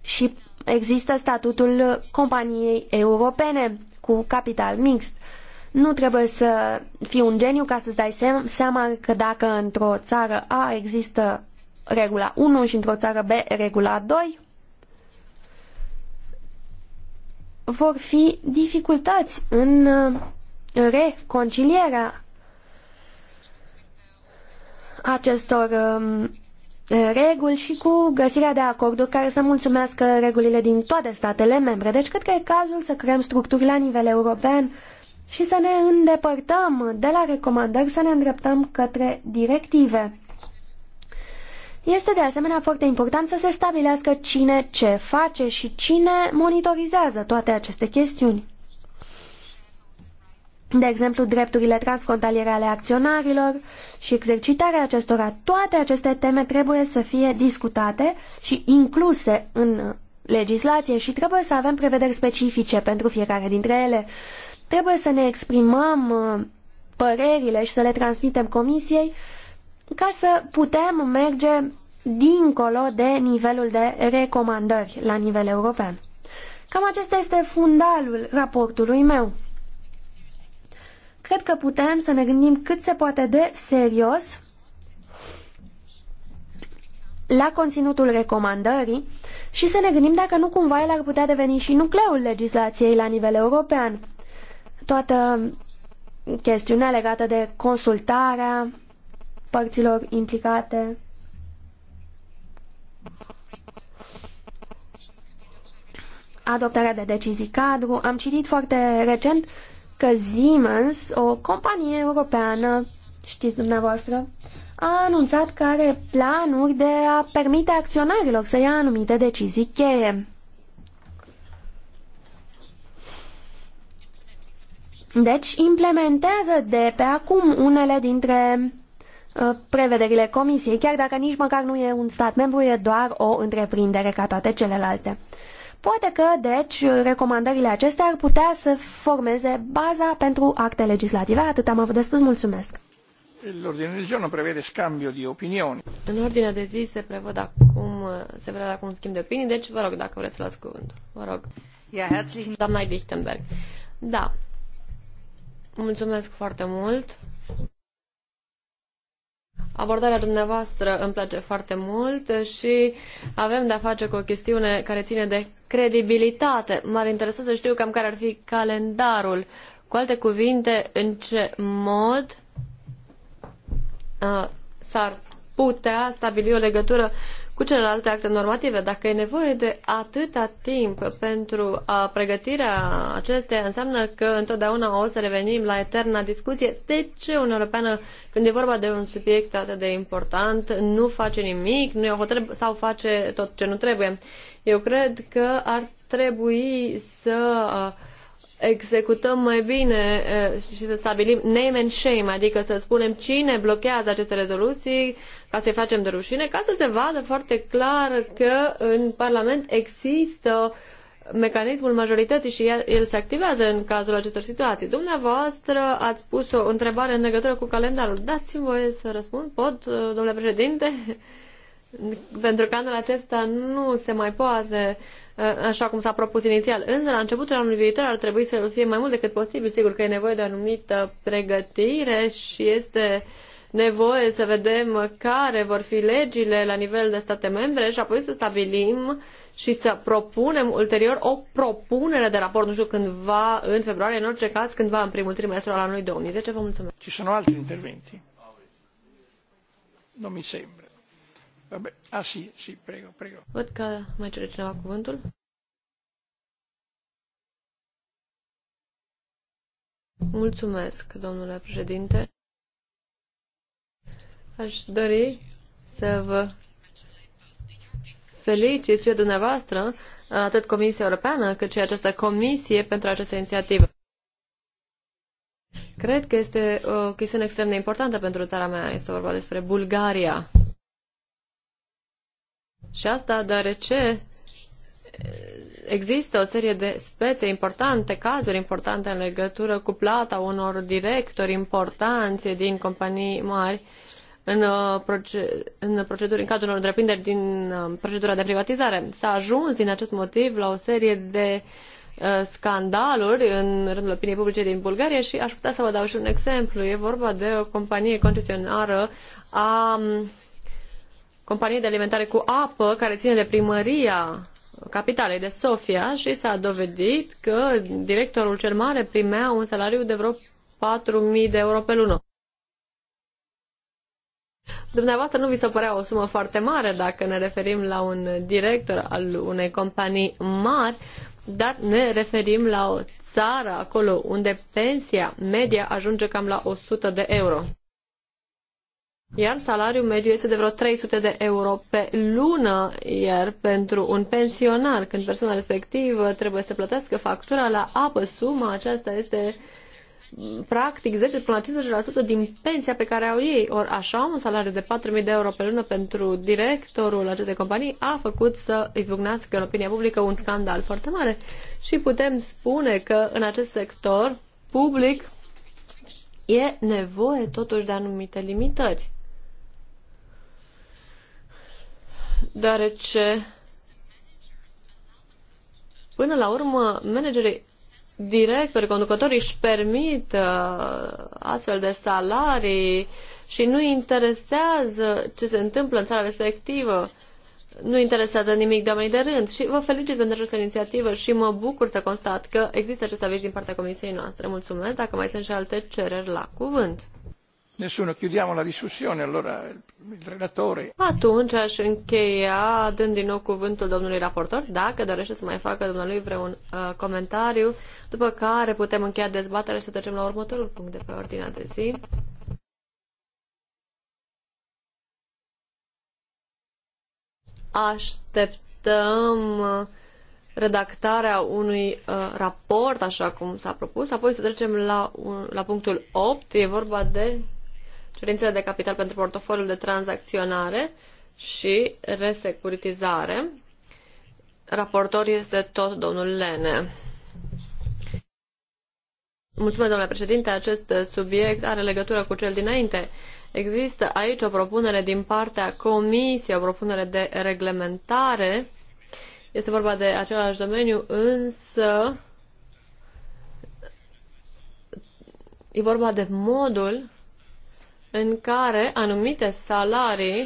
Și există statutul companiei europene cu capital mixt. Uh, nu trebuie să fii un geniu ca să-ți dai seama că dacă într-o țară A există regula 1 și într-o țară B regula 2, vor fi dificultăți în uh, reconcilierea acestor um, reguli și cu găsirea de acorduri care să mulțumească regulile din toate statele membre. Deci cred că e cazul să creăm structuri la nivel european și să ne îndepărtăm de la recomandări, să ne îndreptăm către directive. Este de asemenea foarte important să se stabilească cine ce face și cine monitorizează toate aceste chestiuni. De exemplu, drepturile transfrontaliere ale acționarilor și exercitarea acestora, toate aceste teme trebuie să fie discutate și incluse în legislație și trebuie să avem prevederi specifice pentru fiecare dintre ele. Trebuie să ne exprimăm uh, părerile și să le transmitem comisiei ca să putem merge dincolo de nivelul de recomandări la nivel european. Cam acesta este fundalul raportului meu. Cred că putem să ne gândim cât se poate de serios la conținutul recomandării și să ne gândim dacă nu cumva el ar putea deveni și nucleul legislației la nivel european toată chestiunea legată de consultarea părților implicate. adoptarea de decizii cadru. Am citit foarte recent că Siemens, o companie europeană, știți dumneavoastră, a anunțat că are planuri de a permite acționarilor să ia anumite decizii cheie. Deci implementează de pe acum unele dintre uh, prevederile comisiei, chiar dacă nici măcar nu e un stat membru, e doar o întreprindere ca toate celelalte. Poate că, deci, recomandările acestea ar putea să formeze baza pentru acte legislative. Atât am avut de spus. Mulțumesc. L'ordine del giorno prevede scambio di opinioni. În ordine de zi se prevăd acum, se prevede acum un schimb de opinii, deci vă rog dacă vreți să luați cuvântul. Vă rog. Ja, herzlichen... Doamna Lichtenberg. Da, Mulțumesc foarte mult. Abordarea dumneavoastră îmi place foarte mult și avem de-a face cu o chestiune care ține de credibilitate. M-ar interesa să știu cam care ar fi calendarul. Cu alte cuvinte, în ce mod uh, s-ar putea stabili o legătură cu celelalte acte normative. Dacă e nevoie de atâta timp pentru a pregătirea acesteia, înseamnă că întotdeauna o să revenim la eterna discuție de ce Uniunea Europeană, când e vorba de un subiect atât de important, nu face nimic, nu e hotărâre sau face tot ce nu trebuie. Eu cred că ar trebui să uh, executăm mai bine și să stabilim name and shame, adică să spunem cine blochează aceste rezoluții ca să-i facem de rușine, ca să se vadă foarte clar că în Parlament există mecanismul majorității și el se activează în cazul acestor situații. Dumneavoastră ați pus o întrebare în legătură cu calendarul. Dați-mi voie să răspund. Pot, domnule președinte? pentru că anul acesta nu se mai poate ă, așa cum s-a propus inițial. Însă, la începutul anului viitor ar trebui să fie mai mult decât posibil. Sigur că e nevoie de anumită pregătire și este nevoie să vedem care vor fi legile la nivel de state membre și apoi să stabilim și să propunem ulterior o propunere de raport, nu știu, cândva în februarie, în orice caz, cândva în primul trimestru al anului 2010. Vă mulțumesc. Și sunt altri interventi? Nu mi sembra. Ah, sì, prego, prego. Văd că mai cere cineva cuvântul. Mulțumesc, domnule președinte. Aș dori să vă felicit și dumneavoastră, atât Comisia Europeană, cât și această comisie pentru această inițiativă. Cred că este o chestiune extrem de importantă pentru țara mea. Este vorba despre Bulgaria. Și asta deoarece eh, există o serie de spețe importante, cazuri importante în legătură cu plata unor directori importanți din companii mari în, eh, în proceduri, în cadrul unor întreprinderi din eh, procedura de privatizare. S-a ajuns din acest motiv la o serie de scandaluri în rândul opiniei publice din Bulgaria și aș putea să vă dau și un exemplu. E vorba de o companie concesionară a companie de alimentare cu apă care ține de primăria capitalei de Sofia și s-a dovedit că directorul cel mare primea un salariu de vreo 4.000 de euro pe lună. Dumneavoastră nu vi se părea o sumă foarte mare dacă ne referim la un director al unei companii mari, dar ne referim la o țară acolo unde pensia media ajunge cam la 100 de euro iar salariul mediu este de vreo 300 de euro pe lună, iar pentru un pensionar, când persoana respectivă trebuie să plătească factura la apă, suma aceasta este practic 10 până la 50% din pensia pe care au ei. Ori așa, un salariu de 4.000 de euro pe lună pentru directorul acestei companii a făcut să izbucnească în opinia publică un scandal foarte mare. Și putem spune că în acest sector public e nevoie totuși de anumite limitări. deoarece până la urmă managerii directori, conducătorii își permit uh, astfel de salarii și nu interesează ce se întâmplă în țara respectivă. Nu interesează nimic de oamenii de rând și vă felicit pentru această inițiativă și mă bucur să constat că există acest aviz din partea comisiei noastre. Mulțumesc dacă mai sunt și alte cereri la cuvânt. Nessuno, chiudiamo la discussione, allora il relatore. Atunci aș încheia dând din nou cuvântul domnului raportor, dacă dorește să mai facă dumnealui vreun uh, comentariu, după care putem încheia dezbaterea și să trecem la următorul punct de pe ordinea de zi. Așteptăm redactarea unui uh, raport, așa cum s-a propus, apoi să trecem la, un, la punctul 8, e vorba de cerințele de capital pentru portofoliul de tranzacționare și resecuritizare. Raportor este tot domnul Lene. Mulțumesc, domnule președinte. Acest subiect are legătură cu cel dinainte. Există aici o propunere din partea Comisiei, o propunere de reglementare. Este vorba de același domeniu, însă e vorba de modul în care anumite salarii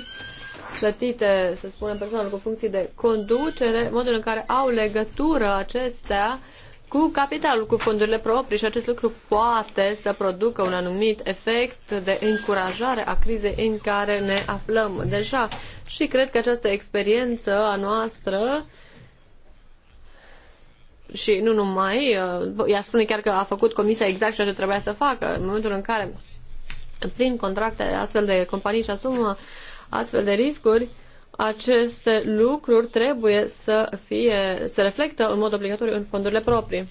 plătite, să spunem, persoanelor cu funcții de conducere, modul în care au legătură acestea cu capitalul, cu fondurile proprii și acest lucru poate să producă un anumit efect de încurajare a crizei în care ne aflăm deja. Și cred că această experiență a noastră și nu numai, uh, ea spune chiar că a făcut comisia exact ceea ce trebuia să facă în momentul în care prin contracte astfel de companii și asumă astfel de riscuri, aceste lucruri trebuie să fie, se reflectă în mod obligatoriu în fondurile proprii.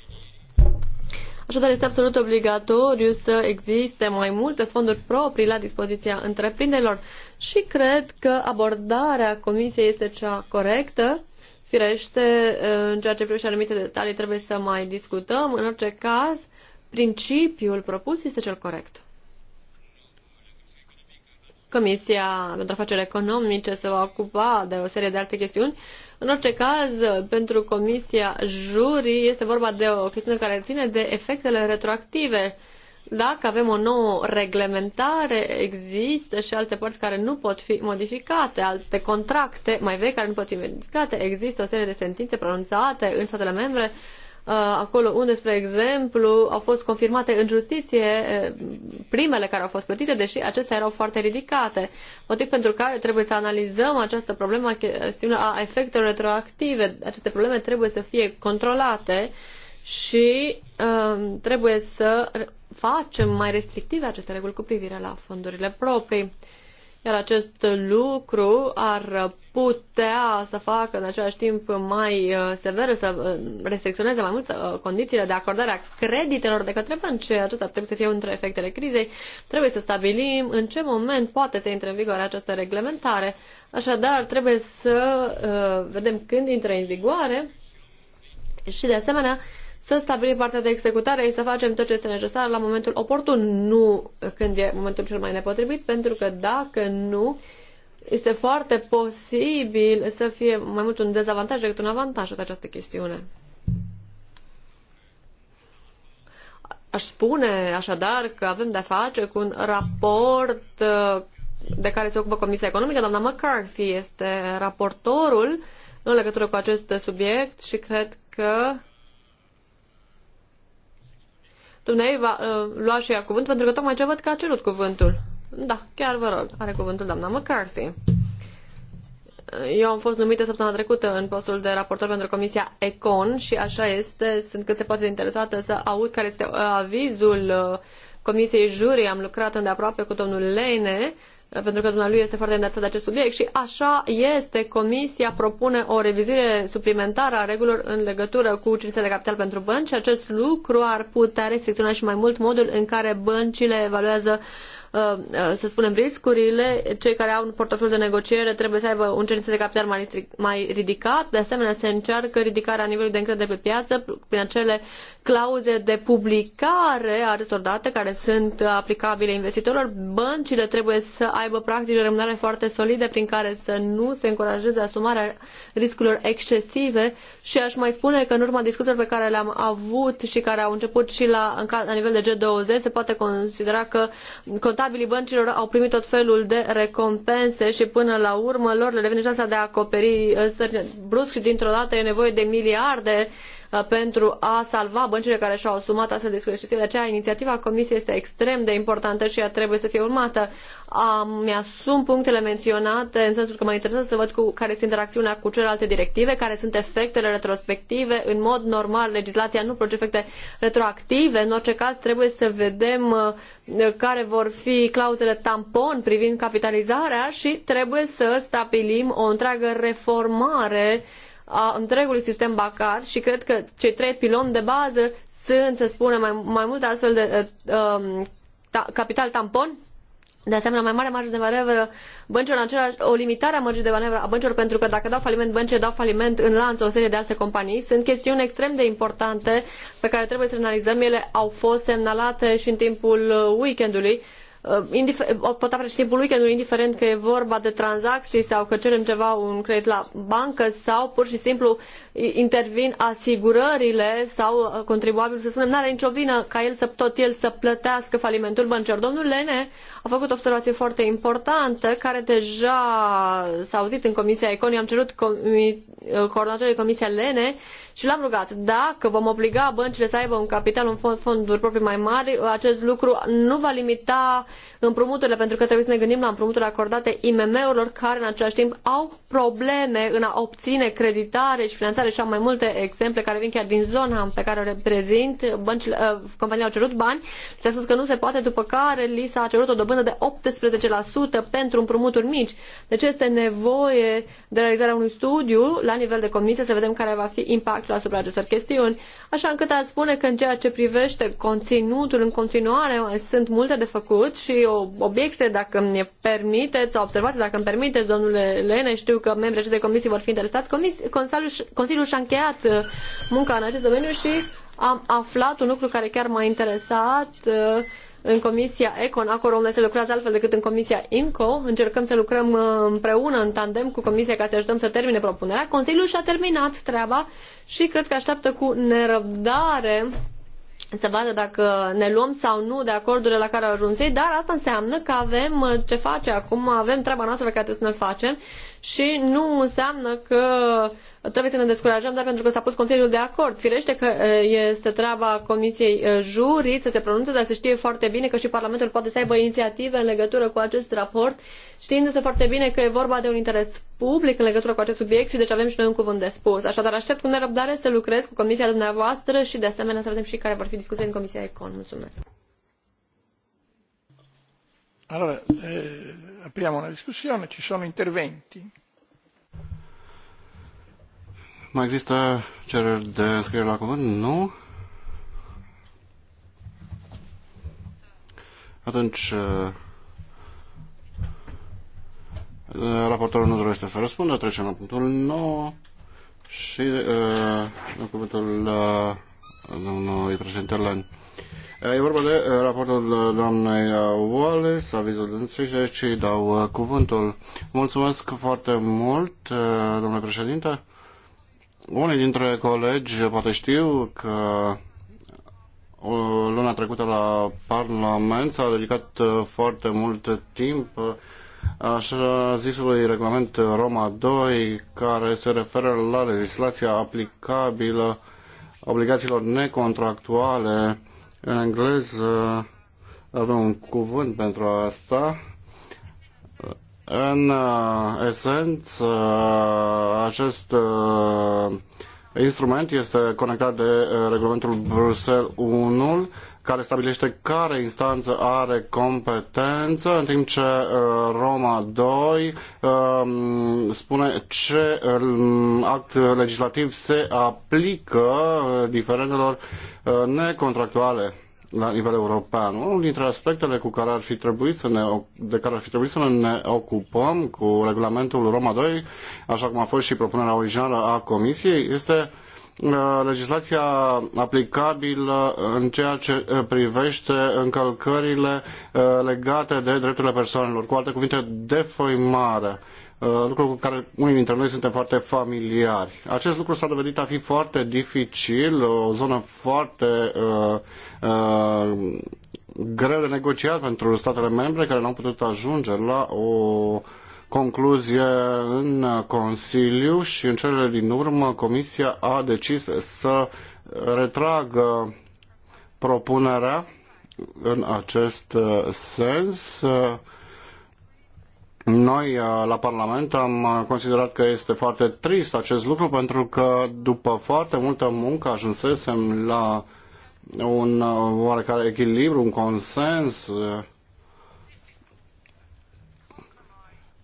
Așadar, este absolut obligatoriu să existe mai multe fonduri proprii la dispoziția întreprinderilor și cred că abordarea Comisiei este cea corectă. Firește, în ceea ce privește anumite detalii, trebuie să mai discutăm. În orice caz, principiul propus este cel corect. Comisia pentru Afaceri Economice se va ocupa de o serie de alte chestiuni. În orice caz, pentru Comisia Juri este vorba de o chestiune care ține de efectele retroactive. Dacă avem o nouă reglementare, există și alte părți care nu pot fi modificate, alte contracte mai vechi care nu pot fi modificate, există o serie de sentințe pronunțate în statele membre Uh, acolo unde, spre exemplu, au fost confirmate în justiție uh, primele care au fost plătite, deși acestea erau foarte ridicate. Motiv pentru care trebuie să analizăm această problemă, chestiunea a efectelor retroactive. Aceste probleme trebuie să fie controlate și uh, trebuie să facem mai restrictive aceste reguli cu privire la fondurile proprii. Iar acest lucru ar putea să facă în același timp mai uh, severă, să uh, restricționeze mai mult uh, condițiile de acordare a creditelor de către bănci. Acesta trebuie să fie unul dintre efectele crizei. Trebuie să stabilim în ce moment poate să intre în vigoare această reglementare. Așadar, trebuie să vedem când intră în vigoare și, de asemenea, să stabilim partea de executare și să facem tot ce este necesar la momentul oportun, nu când e momentul cel mai nepotrivit, pentru că dacă nu, uh, este foarte posibil să fie mai mult un dezavantaj decât un avantaj toată această chestiune. Aș spune așadar că avem de-a face cu un raport uh, de care se ocupă Comisia Economică. Doamna McCarthy este raportorul în legătură cu acest subiect și cred că dumneavoastră va uh, lua și ea cuvânt pentru că tocmai ce văd că a cerut cuvântul. Da, chiar vă rog, are cuvântul doamna McCarthy. Eu am fost numită săptămâna trecută în postul de raportor pentru Comisia Econ și așa este, sunt cât se poate interesată să aud care este uh, avizul uh, Comisiei Jurii. Am lucrat îndeaproape cu domnul Leine uh, pentru că dumnealui este foarte îndată de acest subiect și așa este, Comisia propune o revizuire suplimentară a regulilor în legătură cu cerințe de capital pentru bănci. Acest lucru ar putea restricționa și mai mult modul în care băncile evaluează Uh, uh, să spunem, riscurile. Cei care au un portofel de negociere trebuie să aibă un cerință de capital mai, mai ridicat. De asemenea, se încearcă ridicarea nivelului de încredere pe piață prin acele clauze de publicare a acestor date care sunt aplicabile investitorilor, băncile trebuie să aibă practici de rămânare foarte solide prin care să nu se încurajeze asumarea riscurilor excesive și aș mai spune că în urma discuțiilor pe care le-am avut și care au început și la, la nivel de G20 se poate considera că contabilii băncilor au primit tot felul de recompense și până la urmă lor le revine șansa de a acoperi uh, sări brusc și dintr-o dată e nevoie de miliarde Uh, pentru a salva băncile care și-au asumat astfel de discuții. De aceea, inițiativa Comisiei este extrem de importantă și ea trebuie să fie urmată. Mi-asum punctele menționate în sensul că mă interesează să văd cu care este interacțiunea cu celelalte directive, care sunt efectele retrospective. În mod normal, legislația nu produce efecte retroactive. În orice caz, trebuie să vedem uh, care vor fi clauzele tampon privind capitalizarea și trebuie să stabilim o întreagă reformare a întregului sistem bancar și cred că cei trei piloni de bază sunt, să spunem, mai, mai multe astfel de uh, um, ta, capital tampon de asemenea, mai mare marjă de manevră băncilor, în același, o limitare a mărgii de manevră a băncilor, pentru că dacă dau faliment băncile, dau faliment în lanț o serie de alte companii. Sunt chestiuni extrem de importante pe care trebuie să le analizăm. Ele au fost semnalate și în timpul weekendului Uh, pot avea și timpul weekendului, indiferent că e vorba de tranzacții sau că cerem ceva, un credit la bancă sau pur și simplu intervin asigurările sau uh, contribuabilul să spunem, n-are nicio vină ca el să tot el să plătească falimentul băncilor. Domnul Lene a făcut o observație foarte importantă care deja s a auzit în Comisia Econi. am cerut comi- coordonatorului Comisia Lene și l-am rugat. Dacă vom obliga băncile să aibă un capital, un fond, fonduri proprii mai mari, acest lucru nu va limita împrumuturile, pentru că trebuie să ne gândim la împrumuturile acordate IMM-urilor care în același timp au probleme în a obține creditare și finanțare și am mai multe exemple care vin chiar din zona pe care o reprezint. Băncile, ă, compania au cerut bani, s-a spus că nu se poate, după care li s-a cerut o dobândă dobândă de 18% pentru împrumuturi mici. Deci este nevoie de realizarea unui studiu la nivel de comisie să vedem care va fi impactul asupra acestor chestiuni, așa încât a spune că în ceea ce privește conținutul în continuare mai sunt multe de făcut și o obiecție, dacă îmi permiteți, sau observații, dacă îmi permiteți, domnule Lene, știu că membrii acestei comisii vor fi interesați. Comis, Consiliul, Consiliul și-a încheiat uh, munca în acest domeniu și am aflat un lucru care chiar m-a interesat uh, în Comisia Econ, acolo unde se lucrează altfel decât în Comisia IMCO. Încercăm să lucrăm uh, împreună, în tandem cu Comisia, ca să ajutăm să termine propunerea. Consiliul și-a terminat treaba și cred că așteaptă cu nerăbdare să vadă dacă ne luăm sau nu de acordurile la care au ajuns ei, dar asta înseamnă că avem uh, ce face acum, avem treaba noastră pe care trebuie să ne facem și nu înseamnă că trebuie să ne descurajăm dar pentru că s-a pus Consiliul de acord. Firește că este treaba Comisiei Juri să se pronunțe, dar se știe foarte bine că și Parlamentul poate să aibă inițiative în legătură cu acest raport, știindu-se foarte bine că e vorba de un interes public în legătură cu acest subiect și deci avem și noi un cuvânt de spus. Așadar, aștept cu nerăbdare să lucrez cu Comisia dumneavoastră și de asemenea să vedem și care vor fi discuții în Comisia Econ. Mulțumesc! Alors, euh apriamo una discussione, ci sono interventi. Ma există cereri de înscriere la cuvânt? Nu. Atunci, uh, raportorul nu dorește să răspundă, trecem la punctul 9 și uh, cuvântul uh, domnului președinte Lani. E vorba de raportul doamnei Wallace, avizul dânsei și deci îi dau cuvântul. Mulțumesc foarte mult, domnule președinte. Unii dintre colegi poate știu că luna trecută la Parlament s-a dedicat foarte mult timp așa zisului regulament Roma 2 care se referă la legislația aplicabilă obligațiilor necontractuale în engleză avem un cuvânt pentru asta. În uh, esență, uh, acest uh, instrument este conectat de regulamentul Bruxelles 1 care stabilește care instanță are competență, în timp ce uh, Roma 2 um, spune ce um, act legislativ se aplică uh, diferendelor uh, necontractuale la nivel european. Unul dintre aspectele cu care ar fi trebuit să ne, de care ar fi trebuit să ne ocupăm cu regulamentul Roma 2, așa cum a fost și propunerea originală a Comisiei, este uh, Uh, legislația aplicabilă în ceea ce uh, privește încălcările uh, legate de drepturile persoanelor, cu alte cuvinte, defăimarea lucru cu care unii dintre noi suntem foarte familiari. Acest lucru s-a dovedit a fi foarte dificil, o zonă foarte uh, uh, greu de negociat pentru statele membre care nu au putut ajunge la o concluzie în Consiliu și în cele din urmă Comisia a decis să retragă propunerea în acest sens. Noi la Parlament am considerat că este foarte trist acest lucru pentru că după foarte multă muncă ajunsesem la un oarecare echilibru, un consens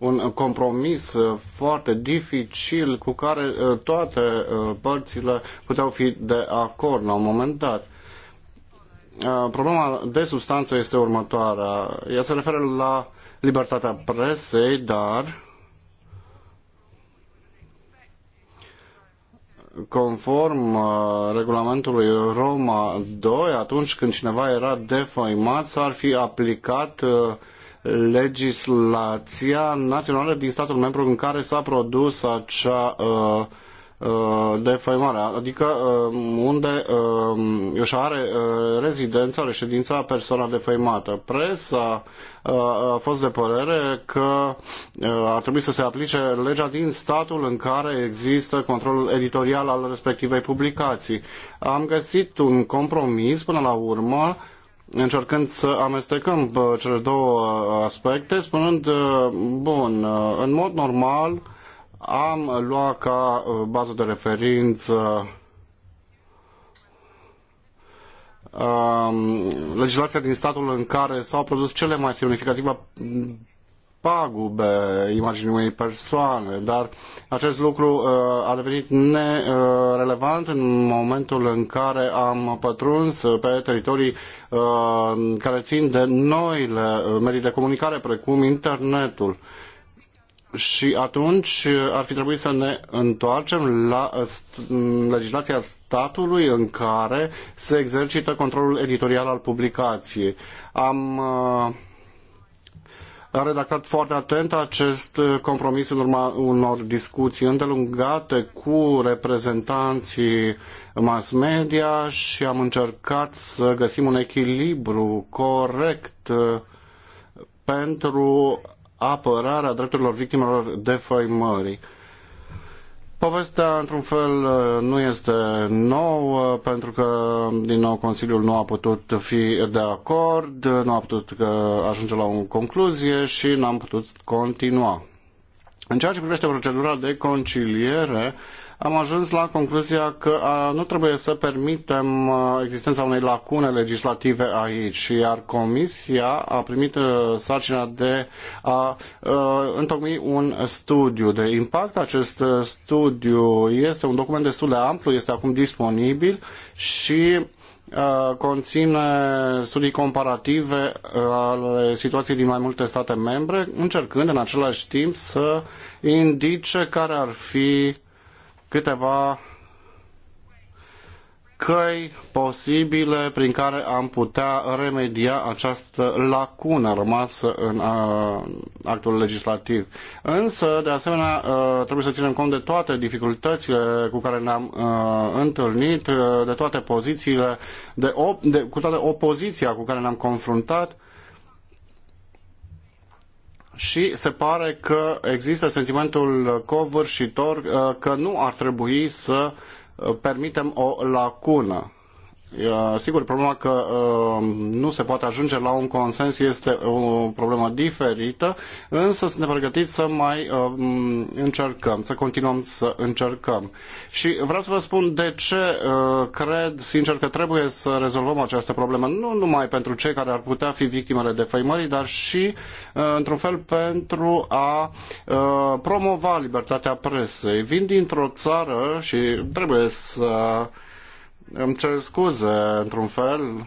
un compromis uh, foarte dificil cu care uh, toate uh, părțile puteau fi de acord la un moment dat. Problema de substanță este următoarea. Ea se referă la libertatea presei, dar conform regulamentului Roma 2, atunci când cineva era defăimat, s-ar fi aplicat uh, legislația națională din statul membru în care s-a produs acea uh, uh, defăimare, adică uh, unde uh, își are uh, rezidența, reședința persoana defăimată. Presa uh, a fost de părere că uh, ar trebui să se aplice legea din statul în care există controlul editorial al respectivei publicații. Am găsit un compromis până la urmă încercând să amestecăm cele două uh, aspecte, spunând, uh, bun, uh, în mod normal am luat ca bază de referință um, legislația din statul în care s-au produs cele mai semnificative pagube imaginii unei persoane, dar acest lucru uh, a devenit nerelevant în momentul în care am pătruns pe teritorii uh, care țin de noile medii de comunicare, precum internetul. Și atunci ar fi trebuit să ne întoarcem la legislația statului în care se exercită controlul editorial al publicației. Am uh, a redactat foarte atent acest uh, compromis în urma unor discuții îndelungate cu reprezentanții mass media și am încercat să găsim un echilibru corect uh, pentru apărarea drepturilor victimelor defăimării. Povestea, într-un fel, uh, nu este nouă, pentru că, din nou, Consiliul nu a putut fi de acord, nu a putut uh, ajunge la o concluzie și n-am putut continua. În ceea ce privește procedura de conciliere, am ajuns la concluzia că nu trebuie să permitem existența unei lacune legislative aici, iar Comisia a primit sarcina de a întocmi un studiu de impact. Acest studiu este un document destul de amplu, este acum disponibil și conține studii comparative ale situației din mai multe state membre, încercând în același timp să indice care ar fi câteva căi posibile prin care am putea remedia această lacună rămasă în actul legislativ. Însă, de asemenea, trebuie să ținem cont de toate dificultățile cu care ne-am întâlnit, de toate pozițiile, de, de, cu toată opoziția cu care ne-am confruntat și se pare că există sentimentul covârșitor uh, că nu ar trebui să uh, permitem o lacună. Sigur, problema că uh, nu se poate ajunge la un consens este o problemă diferită, însă suntem pregătiți să mai uh, încercăm, să continuăm să încercăm. Și vreau să vă spun de ce uh, cred sincer că trebuie să rezolvăm această problemă, nu numai pentru cei care ar putea fi victimele defăimării, dar și într-un fel pentru a promova libertatea presei. Vin dintr-o țară și trebuie să îmi cer scuze, într-un fel,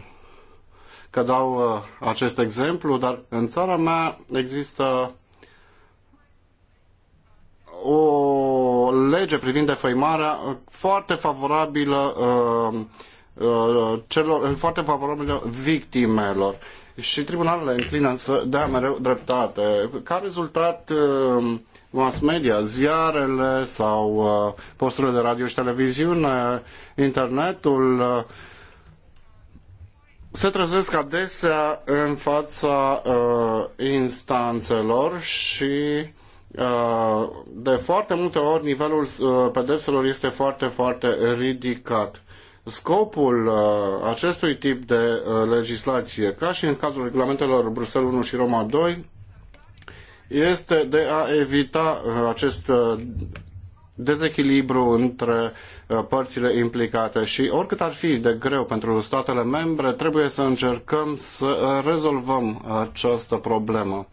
că dau uh, acest exemplu, dar în țara mea există o lege privind defăimarea foarte favorabilă uh, uh, celor foarte favorabilă victimelor și tribunalele înclină să dea mereu dreptate. Ca rezultat, mass media, ziarele sau uh, posturile de radio și televiziune, internetul, uh, se trezesc adesea în fața uh, instanțelor și uh, de foarte multe ori nivelul uh, pedepselor este foarte, foarte ridicat. Scopul uh, acestui tip de uh, legislație, ca și în cazul regulamentelor Bruxelles 1 și Roma 2, este de a evita uh, acest uh, dezechilibru între uh, părțile implicate și oricât ar fi de greu pentru statele membre, trebuie să încercăm să rezolvăm această problemă.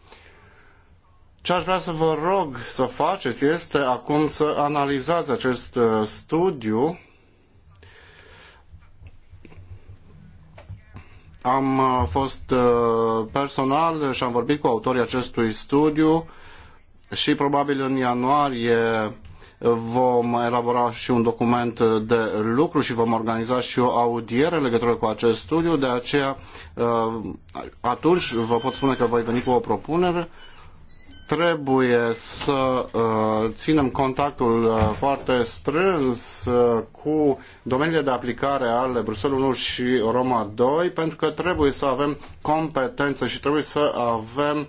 Ce aș vrea să vă rog să faceți este acum să analizați acest studiu Am uh, fost uh, personal și am vorbit cu autorii acestui studiu și probabil în ianuarie vom elabora și un document de lucru și vom organiza și o audiere în legătură cu acest studiu, de aceea uh, atunci vă pot spune că voi veni cu o propunere trebuie să uh, ținem contactul uh, foarte strâns uh, cu domeniile de aplicare ale Bruxelles 1 și Roma 2 pentru că trebuie să avem competențe și trebuie să avem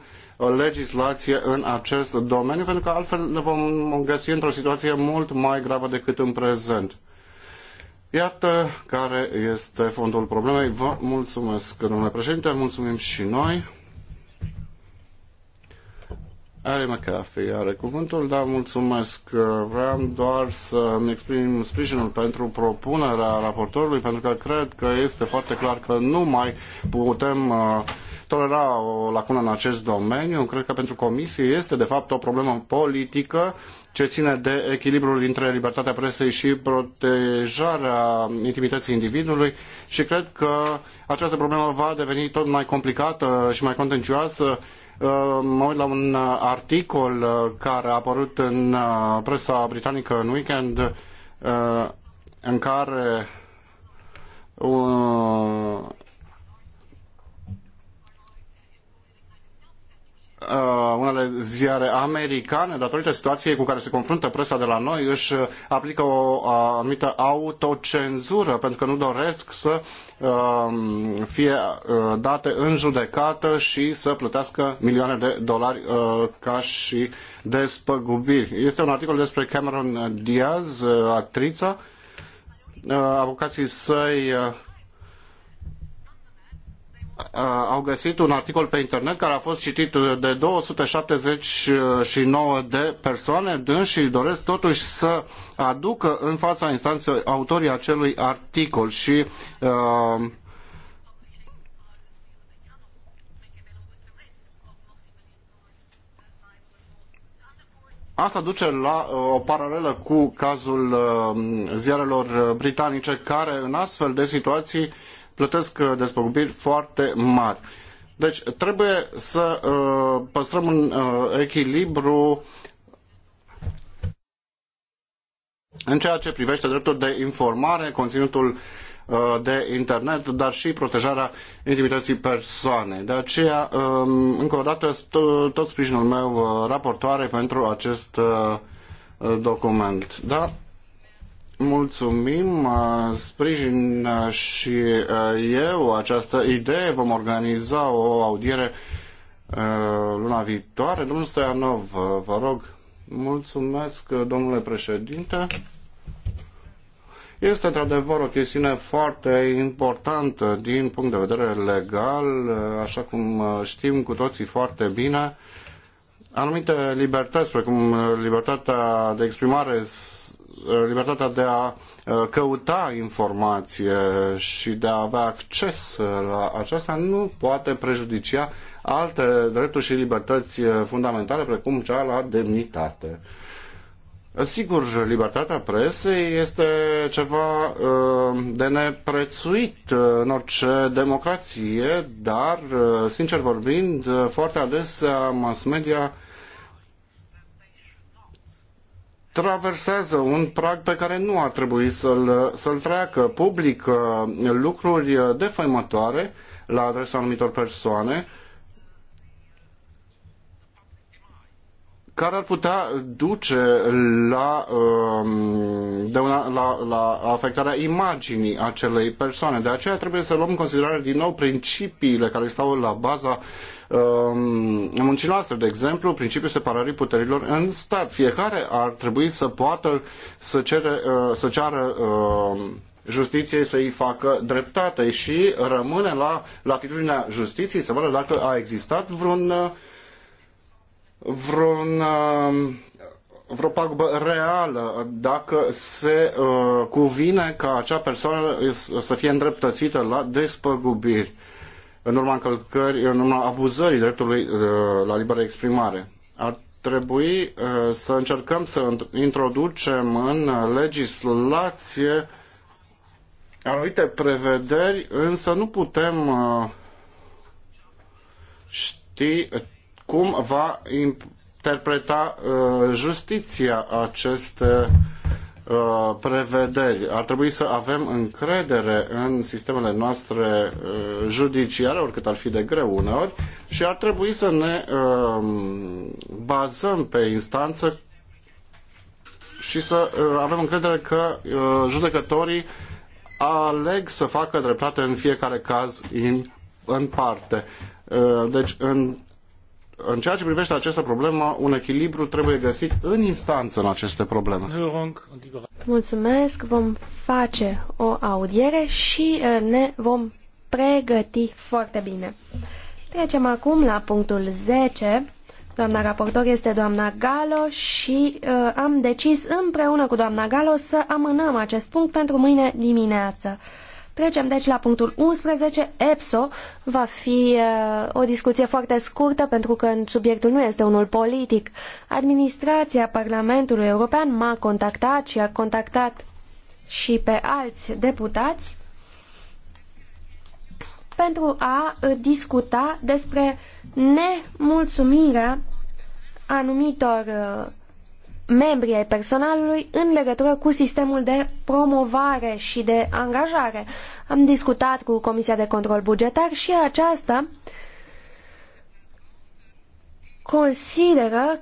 legislație în acest domeniu pentru că altfel ne vom găsi într-o situație mult mai gravă decât în prezent. Iată care este fondul problemei. Vă mulțumesc, domnule președinte, mulțumim și noi. Are McAfee are cuvântul, da, mulțumesc. Vreau doar să-mi exprim sprijinul pentru propunerea raportorului, pentru că cred că este foarte clar că nu mai putem uh, tolera o lacună în acest domeniu. Cred că pentru comisie este, de fapt, o problemă politică ce ține de echilibrul dintre libertatea presei și protejarea intimității individului și cred că această problemă va deveni tot mai complicată și mai contencioasă Uh, mă uit la un uh, articol uh, care a apărut în presa britanică în weekend în care Uh, unele ziare americane, datorită situației cu care se confruntă presa de la noi, își uh, aplică o anumită autocenzură, pentru că nu doresc să um, fie uh, date în judecată și să plătească milioane de dolari ca și despăgubiri. Este un articol despre Cameron Diaz, actrița. Avocații săi Uh, au găsit un articol pe internet care a fost citit de 279 de persoane și doresc totuși să aducă în fața instanței autorii acelui articol și uh, Asta duce la uh, o paralelă cu cazul uh, ziarelor britanice care în astfel de situații plătesc uh, despăgubiri foarte mari. Deci trebuie să uh, păstrăm un uh, echilibru în ceea ce privește dreptul de informare, conținutul de internet, dar și protejarea intimității persoanei. De aceea, um, încă o dată, tot sprijinul meu raportoare pentru acest document. Da? Mulțumim, sprijin uh, și uh, eu această idee. Vom organiza o audiere uh, luna viitoare. Domnul Stoianov, vă rog. Mulțumesc, domnule președinte. Este într-adevăr o chestiune foarte importantă din punct de vedere legal, așa cum știm cu toții foarte bine. Anumite libertăți, precum libertatea de exprimare Uh, libertatea de a uh, căuta informație și de a avea acces la aceasta nu poate prejudicia alte drepturi și libertăți uh, fundamentale, precum cea la demnitate. Sigur, libertatea presei este ceva de neprețuit în orice democrație, dar, sincer vorbind, foarte adesea mass media traversează un prag pe care nu ar trebui să-l, să treacă. Public uh, lucruri uh, defăimătoare la adresa anumitor persoane care ar putea duce la, um, una, la, la afectarea imaginii acelei persoane. De aceea trebuie să luăm în considerare din nou principiile care stau la baza uh, Um, în muncii noastre, de exemplu, principiul separării puterilor în stat. Fiecare ar trebui să poată să, cere, uh, să ceară um, justiției să-i facă dreptate și rămâne la latitudinea justiției să vadă dacă a existat vreun vreun um, vreo pagubă reală, dacă se uh, cuvine ca acea persoană să fie îndreptățită la despăgubiri în urma încălcării, în urma abuzării dreptului uh, la liberă exprimare. Ar trebui uh, să încercăm să introducem în legislație anumite prevederi, însă nu putem uh, ști cum va interpreta justiția aceste Uh, prevederi. Ar trebui să avem încredere în sistemele noastre uh, judiciare, oricât ar fi de greu uneori, și ar trebui să ne um, bazăm pe instanță și să uh, avem încredere că judecătorii aleg să facă dreptate în fiecare caz în, în parte. Deci, în în ceea ce privește această problemă, un echilibru trebuie găsit în instanță în aceste probleme. Mulțumesc, vom face o audiere și ne vom pregăti foarte bine. Trecem acum la punctul 10. Doamna raportor este doamna Galo și uh, am decis împreună cu doamna Galo să amânăm acest punct pentru mâine dimineață. Uh, Trecem deci la punctul 11. EPSO va fi uh, o discuție foarte scurtă pentru că subiectul nu este unul politic. Administrația Parlamentului European m-a contactat și a contactat și pe alți deputați pentru a uh, discuta despre nemulțumirea anumitor uh, membrii ai personalului în legătură cu sistemul de promovare și de angajare. Am discutat cu Comisia de Control Bugetar și aceasta consideră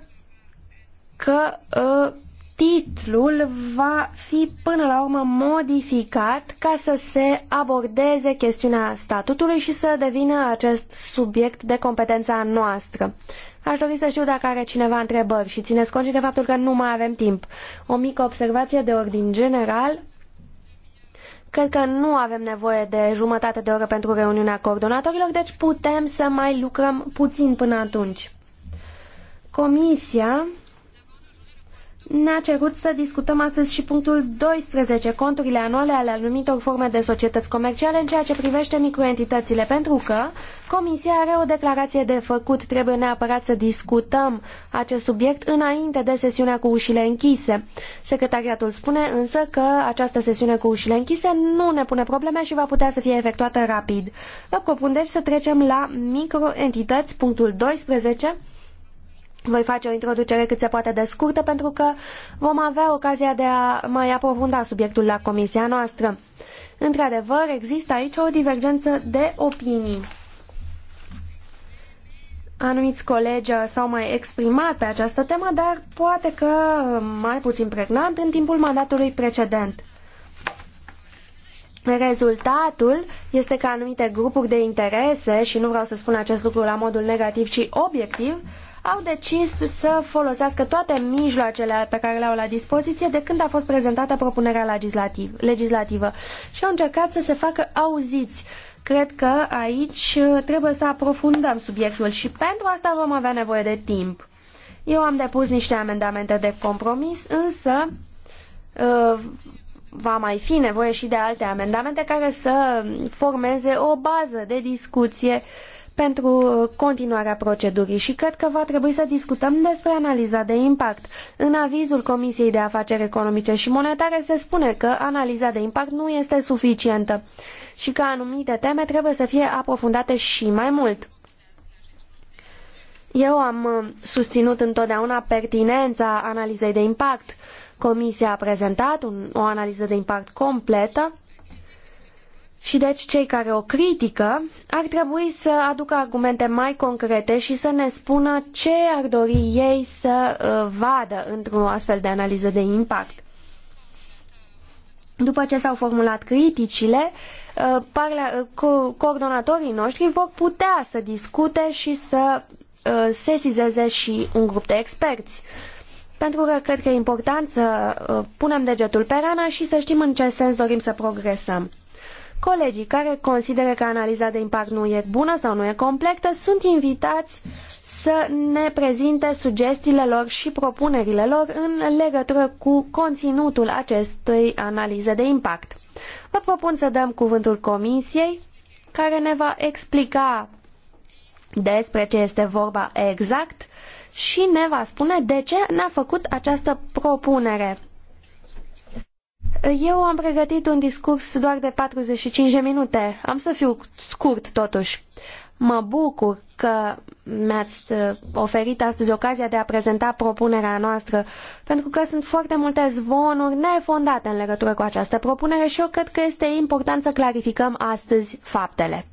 că uh, titlul va fi până la urmă modificat ca să se abordeze chestiunea statutului și să devină acest subiect de competența noastră. Aș dori să știu dacă are cineva întrebări și țineți cont și de faptul că nu mai avem timp. O mică observație de ordin general. Cred că nu avem nevoie de jumătate de oră pentru reuniunea coordonatorilor, deci putem să mai lucrăm puțin până atunci. Comisia ne-a cerut să discutăm astăzi și punctul 12, conturile anuale ale anumitor forme de societăți comerciale în ceea ce privește microentitățile, pentru că Comisia are o declarație de făcut. Trebuie neapărat să discutăm acest subiect înainte de sesiunea cu ușile închise. Secretariatul spune însă că această sesiune cu ușile închise nu ne pune probleme și va putea să fie efectuată rapid. Vă propun deci să trecem la microentități, punctul 12, voi face o introducere cât se poate de scurtă pentru că vom avea ocazia de a mai aprofunda subiectul la comisia noastră. Într-adevăr, există aici o divergență de opinii. Anumiți colegi s-au mai exprimat pe această temă, dar poate că mai puțin pregnant în timpul mandatului precedent. Rezultatul este că anumite grupuri de interese, și nu vreau să spun acest lucru la modul negativ, ci obiectiv, au decis să folosească toate mijloacele pe care le au la dispoziție de când a fost prezentată propunerea legislativ, legislativă și au încercat să se facă auziți. Cred că aici trebuie să aprofundăm subiectul și pentru asta vom avea nevoie de timp. Eu am depus niște amendamente de compromis, însă uh, va mai fi nevoie și de alte amendamente care să formeze o bază de discuție uh, pentru uh, continuarea procedurii și cred că va trebui să discutăm despre analiza de impact. În avizul Comisiei de Afaceri Economice și Monetare se spune că analiza de impact nu este suficientă și că anumite teme trebuie să fie aprofundate și mai mult. Eu am uh, susținut întotdeauna pertinența analizei de impact. Comisia a prezentat un, o analiză de impact completă și deci cei care o critică ar trebui să aducă argumente mai concrete și să ne spună ce ar dori ei să uh, vadă într-o astfel de analiză de impact. După ce s-au formulat criticile, uh, uh, coordonatorii noștri vor putea să discute și să sesizeze și un grup de experți. Pentru că cred că e important să punem degetul pe rană și să știm în ce sens dorim să progresăm. Colegii care consideră că analiza de impact nu e bună sau nu e completă sunt invitați să ne prezinte sugestiile lor și propunerile lor în legătură cu conținutul acestei analize de impact. Vă propun să dăm cuvântul comisiei care ne va explica despre ce este vorba exact și ne va spune de ce ne-a făcut această propunere. Eu am pregătit un discurs doar de 45 de minute. Am să fiu scurt, totuși. Mă bucur că mi-ați uh, oferit astăzi ocazia de a prezenta propunerea noastră, pentru că sunt foarte multe zvonuri nefondate în legătură cu această propunere și eu cred că este important să clarificăm astăzi faptele.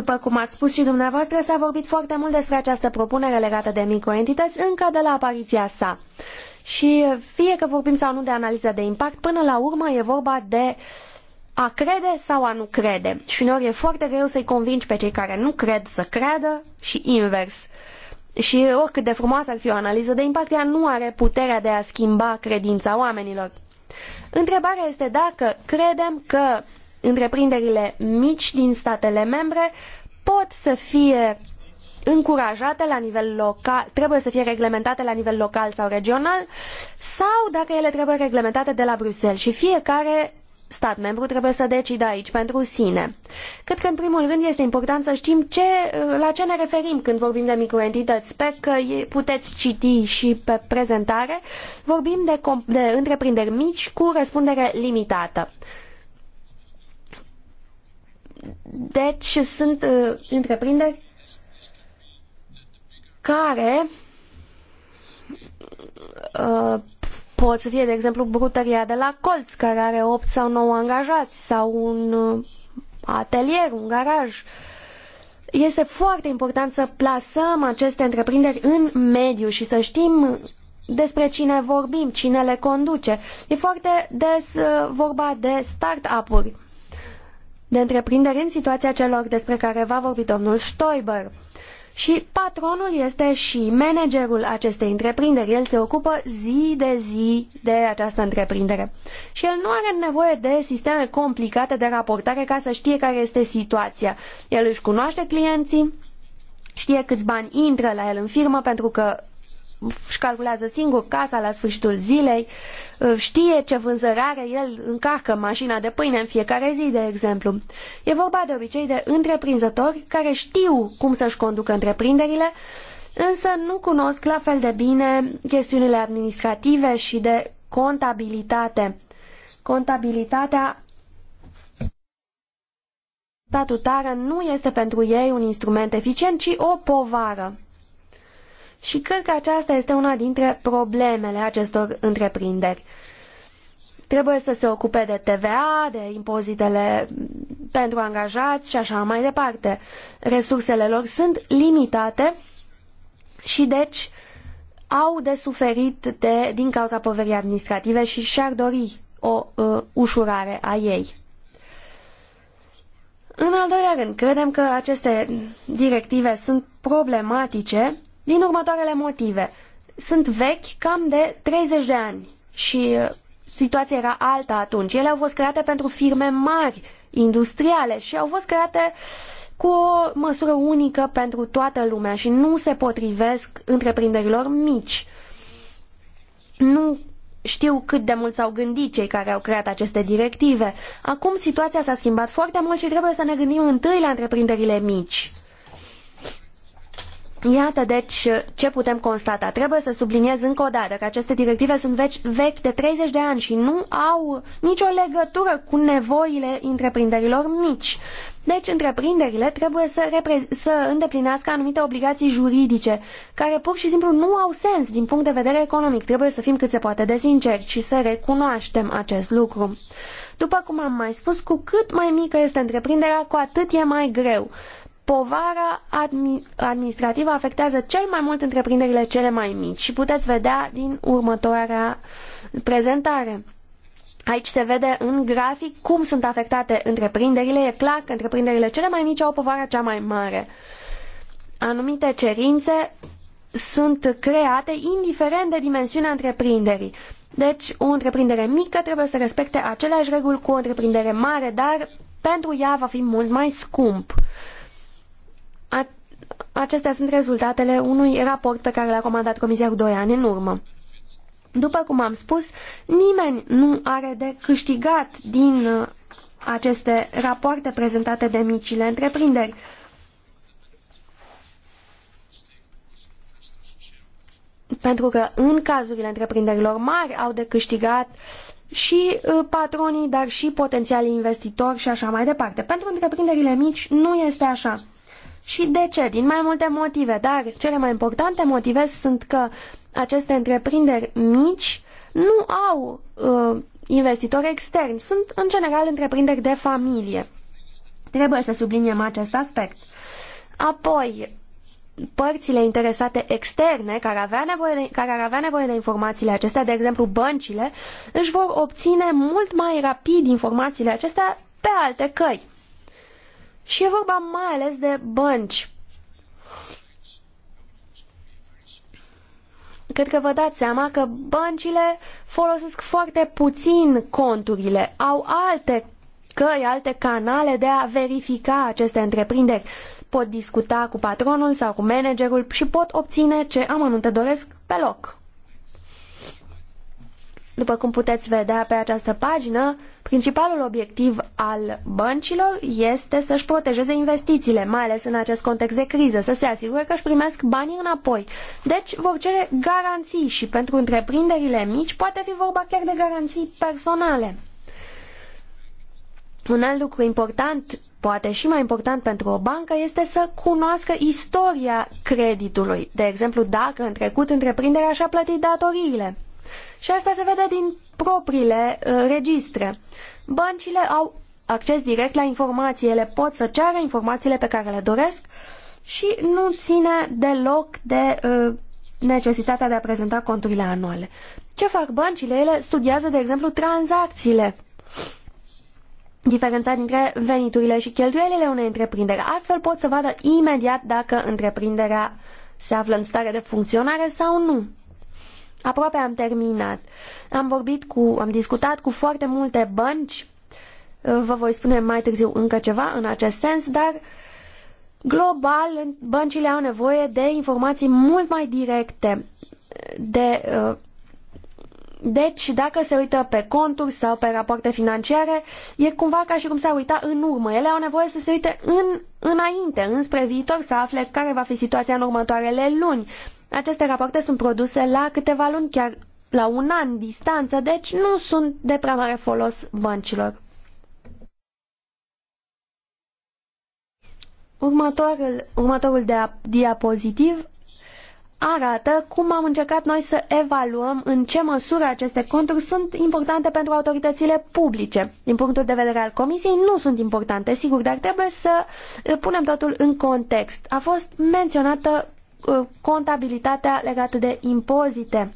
După cum ați spus și dumneavoastră, s-a vorbit foarte mult despre această propunere legată de microentități încă de la apariția sa. Și fie că vorbim sau nu de analiză de impact, până la urmă e vorba de a crede sau a nu crede. Și uneori e foarte greu să-i convingi pe cei care nu cred să creadă și invers. Și oricât de frumoasă ar fi o analiză de impact, ea nu are puterea de a schimba credința oamenilor. Întrebarea este dacă credem că întreprinderile mici din statele membre pot să fie încurajate la nivel local, trebuie să fie reglementate la nivel local sau regional, sau dacă ele trebuie reglementate de la Bruxelles și fiecare stat membru trebuie să decidă aici pentru sine. Cred că în primul rând este important să știm ce, la ce ne referim când vorbim de microentități. Sper că puteți citi și pe prezentare. Vorbim de, de întreprinderi mici cu răspundere limitată. Deci sunt uh, întreprinderi care uh, pot să fie, de exemplu, brutăria de la Colț, care are 8 sau 9 angajați, sau un uh, atelier, un garaj. Este foarte important să plasăm aceste întreprinderi în mediu și să știm despre cine vorbim, cine le conduce. E foarte des uh, vorba de start-up-uri de întreprindere în situația celor despre care va vorbi domnul Stoiber. Și patronul este și managerul acestei întreprinderi. El se ocupă zi de zi de această întreprindere. Și el nu are nevoie de sisteme complicate de raportare ca să știe care este situația. El își cunoaște clienții, știe câți bani intră la el în firmă pentru că își calculează singur casa la sfârșitul zilei, uh, știe ce vânzări are, el încarcă mașina de pâine în fiecare zi, de exemplu. E vorba de obicei de întreprinzători care știu cum să-și conducă întreprinderile, însă nu cunosc la fel de bine chestiunile administrative și de contabilitate. Contabilitatea statutară nu este pentru ei un instrument eficient, ci o povară. Și cred că aceasta este una dintre problemele acestor întreprinderi. Trebuie să se ocupe de TVA, de impozitele pentru angajați și așa mai departe. Resursele lor sunt limitate și deci au de suferit de, din cauza poverii administrative și și-ar dori o uh, ușurare a ei. În al doilea rând, credem că aceste directive sunt problematice din următoarele motive. Sunt vechi cam de 30 de ani și uh, situația era alta atunci. Ele au fost create pentru firme mari, industriale și au fost create cu o măsură unică pentru toată lumea și nu se potrivesc întreprinderilor mici. Nu știu cât de mult s-au gândit cei care au creat aceste directive. Acum situația s-a schimbat foarte mult și trebuie să ne gândim întâi la întreprinderile mici. Iată, deci, ce putem constata. Trebuie să subliniez încă o dată că aceste directive sunt vechi, vechi de 30 de ani și nu au nicio legătură cu nevoile întreprinderilor mici. Deci, întreprinderile trebuie să, să îndeplinească anumite obligații juridice, care pur și simplu nu au sens din punct de vedere economic. Trebuie să fim cât se poate de sinceri și să recunoaștem acest lucru. După cum am mai spus, cu cât mai mică este întreprinderea, cu atât e mai greu povara administrativă afectează cel mai mult întreprinderile cele mai mici și puteți vedea din următoarea prezentare. Aici se vede în grafic cum sunt afectate întreprinderile. E clar că întreprinderile cele mai mici au povara cea mai mare. Anumite cerințe sunt create indiferent de dimensiunea întreprinderii. Deci, o întreprindere mică trebuie să respecte aceleași reguli cu o întreprindere mare, dar pentru ea va fi mult mai scump. Uh, Acestea sunt rezultatele unui raport pe care l-a comandat Comisia cu 2 ani în urmă. După cum am spus, nimeni nu are de câștigat din uh, aceste rapoarte prezentate de micile întreprinderi. Pentru că în cazurile întreprinderilor mari au de câștigat și uh, patronii, dar și potențialii investitori și așa mai departe. Pentru întreprinderile mici nu este așa. Și de ce? Din mai multe motive, dar cele mai importante motive sunt că aceste întreprinderi mici nu au uh, investitori externi, sunt în general întreprinderi de familie. Trebuie să subliniem acest aspect. Apoi, părțile interesate externe care, avea nevoie de, care ar avea nevoie de informațiile acestea, de exemplu băncile, își vor obține mult mai rapid informațiile acestea pe alte căi. Și e vorba mai ales de bănci. Cred că vă dați seama că băncile folosesc foarte puțin conturile, au alte căi, alte canale de a verifica aceste întreprinderi. Pot discuta cu patronul sau cu managerul și pot obține ce amănunte doresc pe loc. După cum puteți vedea pe această pagină, Principalul obiectiv al băncilor este să-și protejeze investițiile, mai ales în acest context de criză, să se asigure că își primesc banii înapoi. Deci vor cere garanții și pentru întreprinderile mici poate fi vorba chiar de garanții personale. Un alt lucru important, poate și mai important pentru o bancă, este să cunoască istoria creditului. De exemplu, dacă în trecut întreprinderea și-a plătit datoriile. Și asta se vede din propriile uh, registre. Băncile au acces direct la informații, ele pot să ceară informațiile pe care le doresc și nu ține deloc de uh, necesitatea de a prezenta conturile anuale. Ce fac băncile? Ele studiază, de exemplu, tranzacțiile diferența dintre veniturile și cheltuielile unei întreprinderi. Astfel pot să vadă imediat dacă întreprinderea se află în stare de funcționare sau nu. Aproape am terminat. Am vorbit cu, am discutat cu foarte multe bănci. Vă voi spune mai târziu încă ceva în acest sens, dar global băncile au nevoie de informații mult mai directe. De, uh, deci, dacă se uită pe conturi sau pe rapoarte financiare, e cumva ca și cum s-ar uita în urmă. Ele au nevoie să se uite în, înainte, înspre viitor, să afle care va fi situația în următoarele luni, aceste rapoarte sunt produse la câteva luni, chiar la un an distanță, deci nu sunt de prea mare folos băncilor. Următorul, următorul de diapozitiv arată cum am încercat noi să evaluăm în ce măsură aceste conturi sunt importante pentru autoritățile publice. Din punctul de vedere al Comisiei, nu sunt importante, sigur, dar trebuie să punem totul în context. A fost menționată Uh, contabilitatea legată de impozite.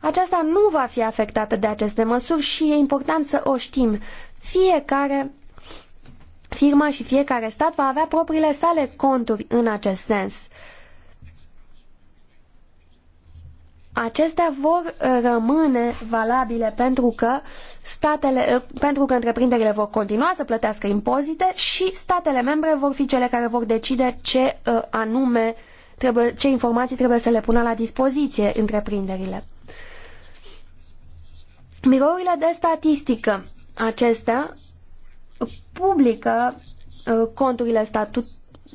Aceasta nu va fi afectată de aceste măsuri și e important să o știm. Fiecare firmă și fiecare stat va avea propriile sale conturi în acest sens. Acestea vor uh, rămâne valabile pentru că statele, uh, pentru că întreprinderile vor continua să plătească impozite și statele membre vor fi cele care vor decide ce anume uh, trebuie, ce informații trebuie să le pună la dispoziție întreprinderile. Mirourile de statistică acestea publică uh, conturile statut,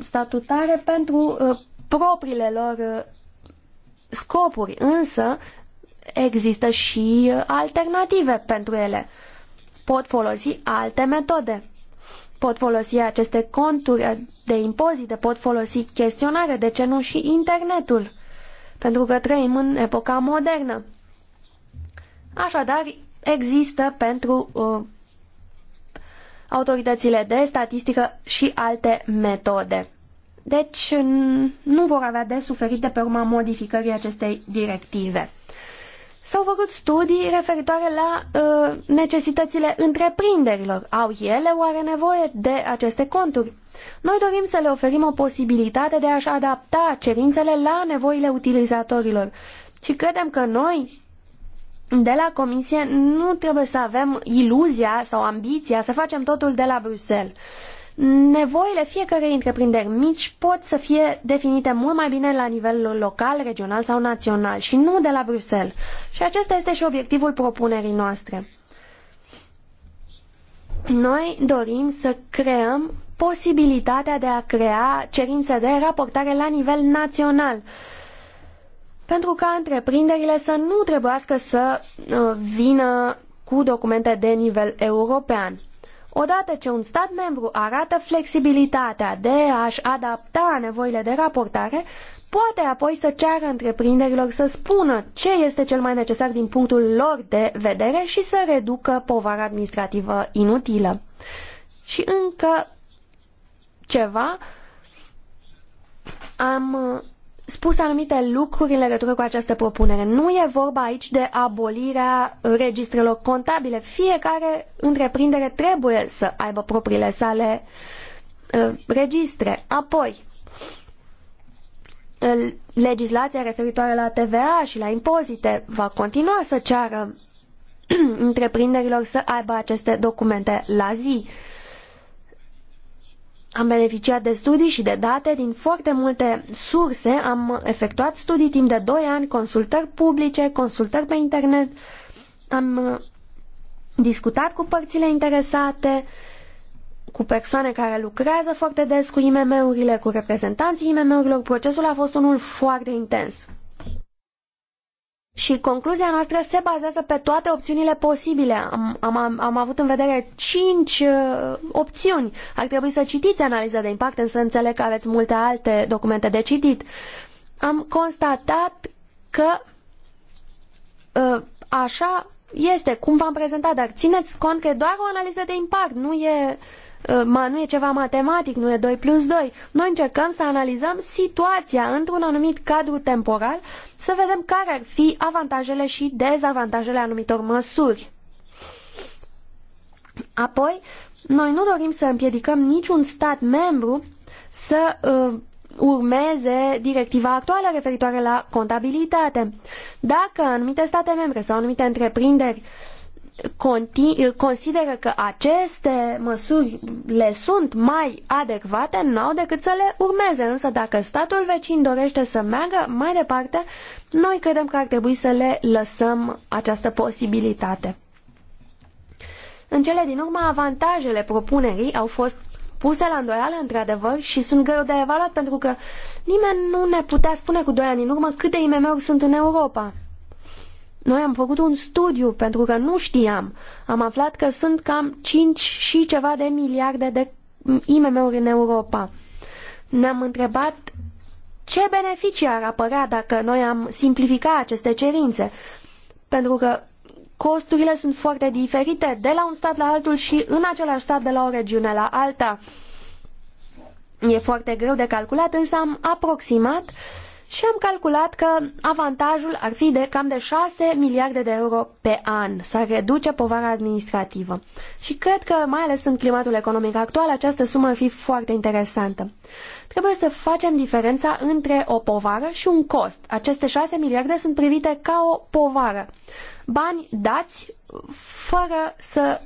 statutare pentru uh, propriile lor uh, scopuri, însă există și alternative pentru ele. Pot folosi alte metode pot folosi aceste conturi de impozite, pot folosi chestionare, de ce nu și internetul, pentru că trăim în epoca modernă. Așadar, există pentru uh, autoritățile de statistică și alte metode. Deci nu vor avea de suferit de pe urma modificării acestei directive. S-au făcut studii referitoare la uh, necesitățile întreprinderilor. Au ele oare nevoie de aceste conturi? Noi dorim să le oferim o posibilitate de a-și adapta cerințele la nevoile utilizatorilor. Și credem că noi, de la Comisie, nu trebuie să avem iluzia sau ambiția să facem totul de la Bruxelles nevoile fiecarei întreprinderi mici pot să fie definite mult mai bine la nivel local, regional sau național și nu de la Bruxelles. Și acesta este și obiectivul propunerii noastre. Noi dorim să creăm posibilitatea de a crea cerințe de raportare la nivel național pentru ca întreprinderile să nu trebuiască să uh, vină cu documente de nivel european. Odată ce un stat membru arată flexibilitatea de a-și adapta nevoile de raportare, poate apoi să ceară întreprinderilor să spună ce este cel mai necesar din punctul lor de vedere și să reducă povara administrativă inutilă. Și încă ceva, am spus anumite lucruri în legătură cu această propunere. Nu e vorba aici de abolirea registrelor contabile. Fiecare întreprindere trebuie să aibă propriile sale uh, registre. Apoi, uh, legislația referitoare la TVA și la impozite va continua să ceară întreprinderilor să aibă aceste documente la zi. Uh, am beneficiat de studii și de date din foarte multe surse, am efectuat studii timp de 2 ani, consultări publice, consultări pe internet, am uh, discutat cu părțile interesate, cu persoane care lucrează foarte des cu IMM-urile, cu reprezentanții IMM-urilor. Procesul a fost unul foarte intens. Și concluzia noastră se bazează pe toate opțiunile posibile. Am, am, am avut în vedere cinci uh, opțiuni. Ar trebui să citiți analiza de impact, însă înțeleg că aveți multe alte documente de citit. Am constatat că uh, așa este, cum v-am prezentat, dar țineți cont că e doar o analiză de impact, nu e uh, Uh, ma, nu e ceva matematic, nu e 2 plus 2. Noi încercăm să analizăm situația într-un anumit cadru temporal, să vedem care ar fi avantajele și dezavantajele anumitor măsuri. Apoi, noi nu dorim să împiedicăm niciun stat membru să uh, urmeze directiva actuală referitoare la contabilitate. Dacă anumite state membre sau anumite întreprinderi uh, consideră că aceste măsuri le sunt mai adecvate, nu au decât să le urmeze. Însă dacă statul vecin dorește să meargă mai departe, noi credem că ar trebui să le lăsăm această posibilitate. În cele din urmă, avantajele propunerii au fost puse la îndoială, într-adevăr, și sunt greu de evaluat pentru că nimeni nu ne putea spune cu doi ani în urmă câte IMM-uri sunt în Europa. Noi am făcut un studiu pentru că nu știam. Am aflat că sunt cam 5 și ceva de miliarde de IMM-uri în Europa. Ne-am întrebat ce beneficii ar apărea dacă noi am simplifica aceste cerințe. Pentru că costurile sunt foarte diferite de la un stat la altul și în același stat de la o regiune la alta. E foarte greu de calculat, însă am aproximat uh, și am calculat că avantajul ar fi de cam de 6 miliarde de euro pe an, să reduce povara administrativă. Și cred că, mai ales în climatul economic actual, această sumă ar fi foarte interesantă. Trebuie să facem diferența între o povară și un cost. Aceste 6 miliarde sunt privite ca o povară. Bani dați fără să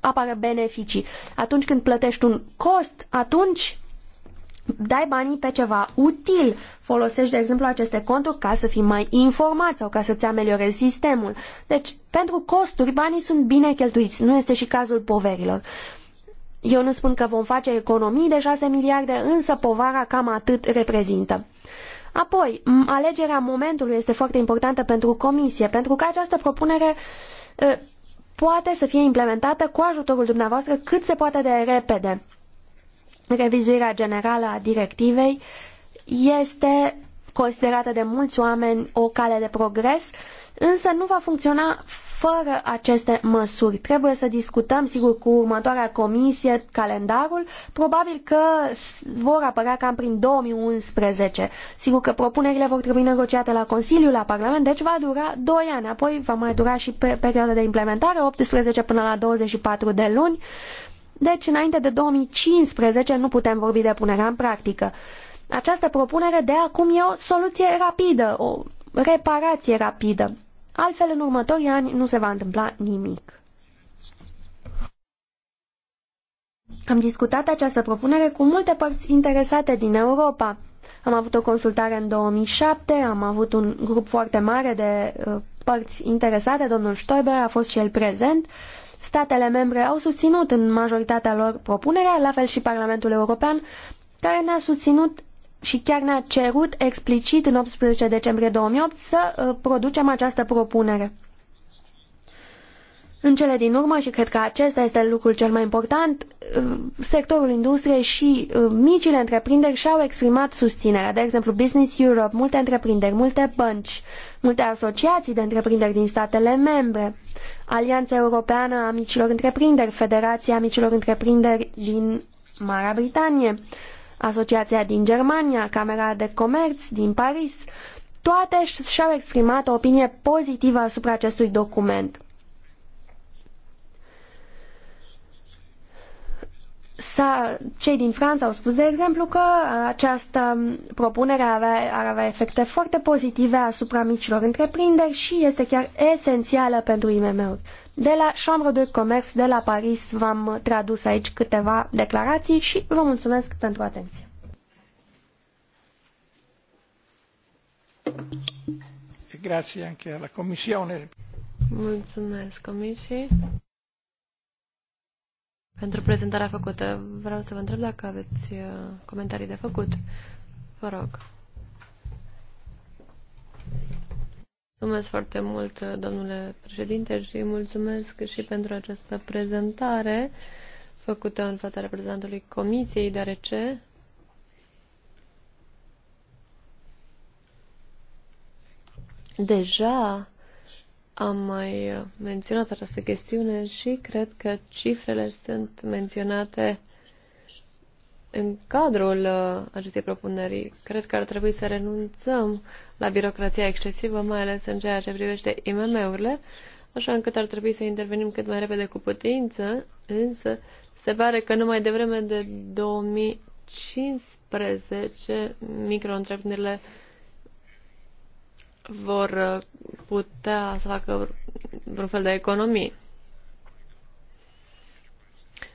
apară beneficii. Atunci când plătești un cost, atunci dai banii pe ceva util. Folosești, de exemplu, aceste conturi ca să fii mai informat sau ca să-ți ameliorezi sistemul. Deci, pentru costuri, banii sunt bine cheltuiți. Nu este și cazul poverilor. Eu nu spun că vom face economii de 6 miliarde, însă povara cam atât reprezintă. Apoi, alegerea momentului este foarte importantă pentru comisie, pentru că această propunere poate să fie implementată cu ajutorul dumneavoastră cât se poate de repede revizuirea generală a directivei este considerată de mulți oameni o cale de progres, însă nu va funcționa fără aceste măsuri. Trebuie să discutăm, sigur, cu următoarea comisie calendarul. Probabil că vor apărea cam prin 2011. Sigur că propunerile vor trebui negociate la Consiliu, la Parlament, deci va dura 2 ani. Apoi va mai dura și pe perioada de implementare, 18 până la 24 de luni. Deci, înainte de 2015 nu putem vorbi de punerea în practică. Această propunere de acum e o soluție rapidă, o reparație rapidă. Altfel, în următorii ani nu se va întâmpla nimic. Am discutat această propunere cu multe părți interesate din Europa. Am avut o consultare în 2007, am avut un grup foarte mare de uh, părți interesate, domnul Stoiber a fost și el prezent Statele membre au susținut în majoritatea lor propunerea, la fel și Parlamentul European, care ne-a susținut și chiar ne-a cerut explicit în 18 decembrie 2008 să uh, producem această propunere. În cele din urmă, și cred că acesta este lucrul cel mai important, uh, sectorul industriei și uh, micile întreprinderi și-au exprimat susținerea. De exemplu, Business Europe, multe întreprinderi, multe bănci, multe asociații de întreprinderi din statele membre, Alianța Europeană a Micilor Întreprinderi, Federația Micilor Întreprinderi din Marea Britanie, Asociația din Germania, Camera de Comerț din Paris, toate și-au exprimat o opinie pozitivă asupra acestui document. cei din Franța au spus, de exemplu, că această propunere avea, ar avea efecte foarte pozitive asupra micilor întreprinderi și este chiar esențială pentru IMM-uri. De la Chambre de Comerț de la Paris v-am tradus aici câteva declarații și vă mulțumesc pentru atenție. Grazie anche alla Commissione. Mulțumesc Comisie pentru prezentarea făcută. Vreau să vă întreb dacă aveți uh, comentarii de făcut. Vă rog. Mulțumesc foarte mult, domnule președinte, și mulțumesc și pentru această prezentare făcută în fața reprezentantului Comisiei, deoarece deja am mai menționat această chestiune și cred că cifrele sunt menționate în cadrul uh, acestei propuneri. Cred că ar trebui să renunțăm la birocrația excesivă, mai ales în ceea ce privește IMM-urile, așa încât ar trebui să intervenim cât mai repede cu putință, însă se pare că numai devreme de 2015 micro-întreprinderile vor uh, putea să facă vreun fel de economii.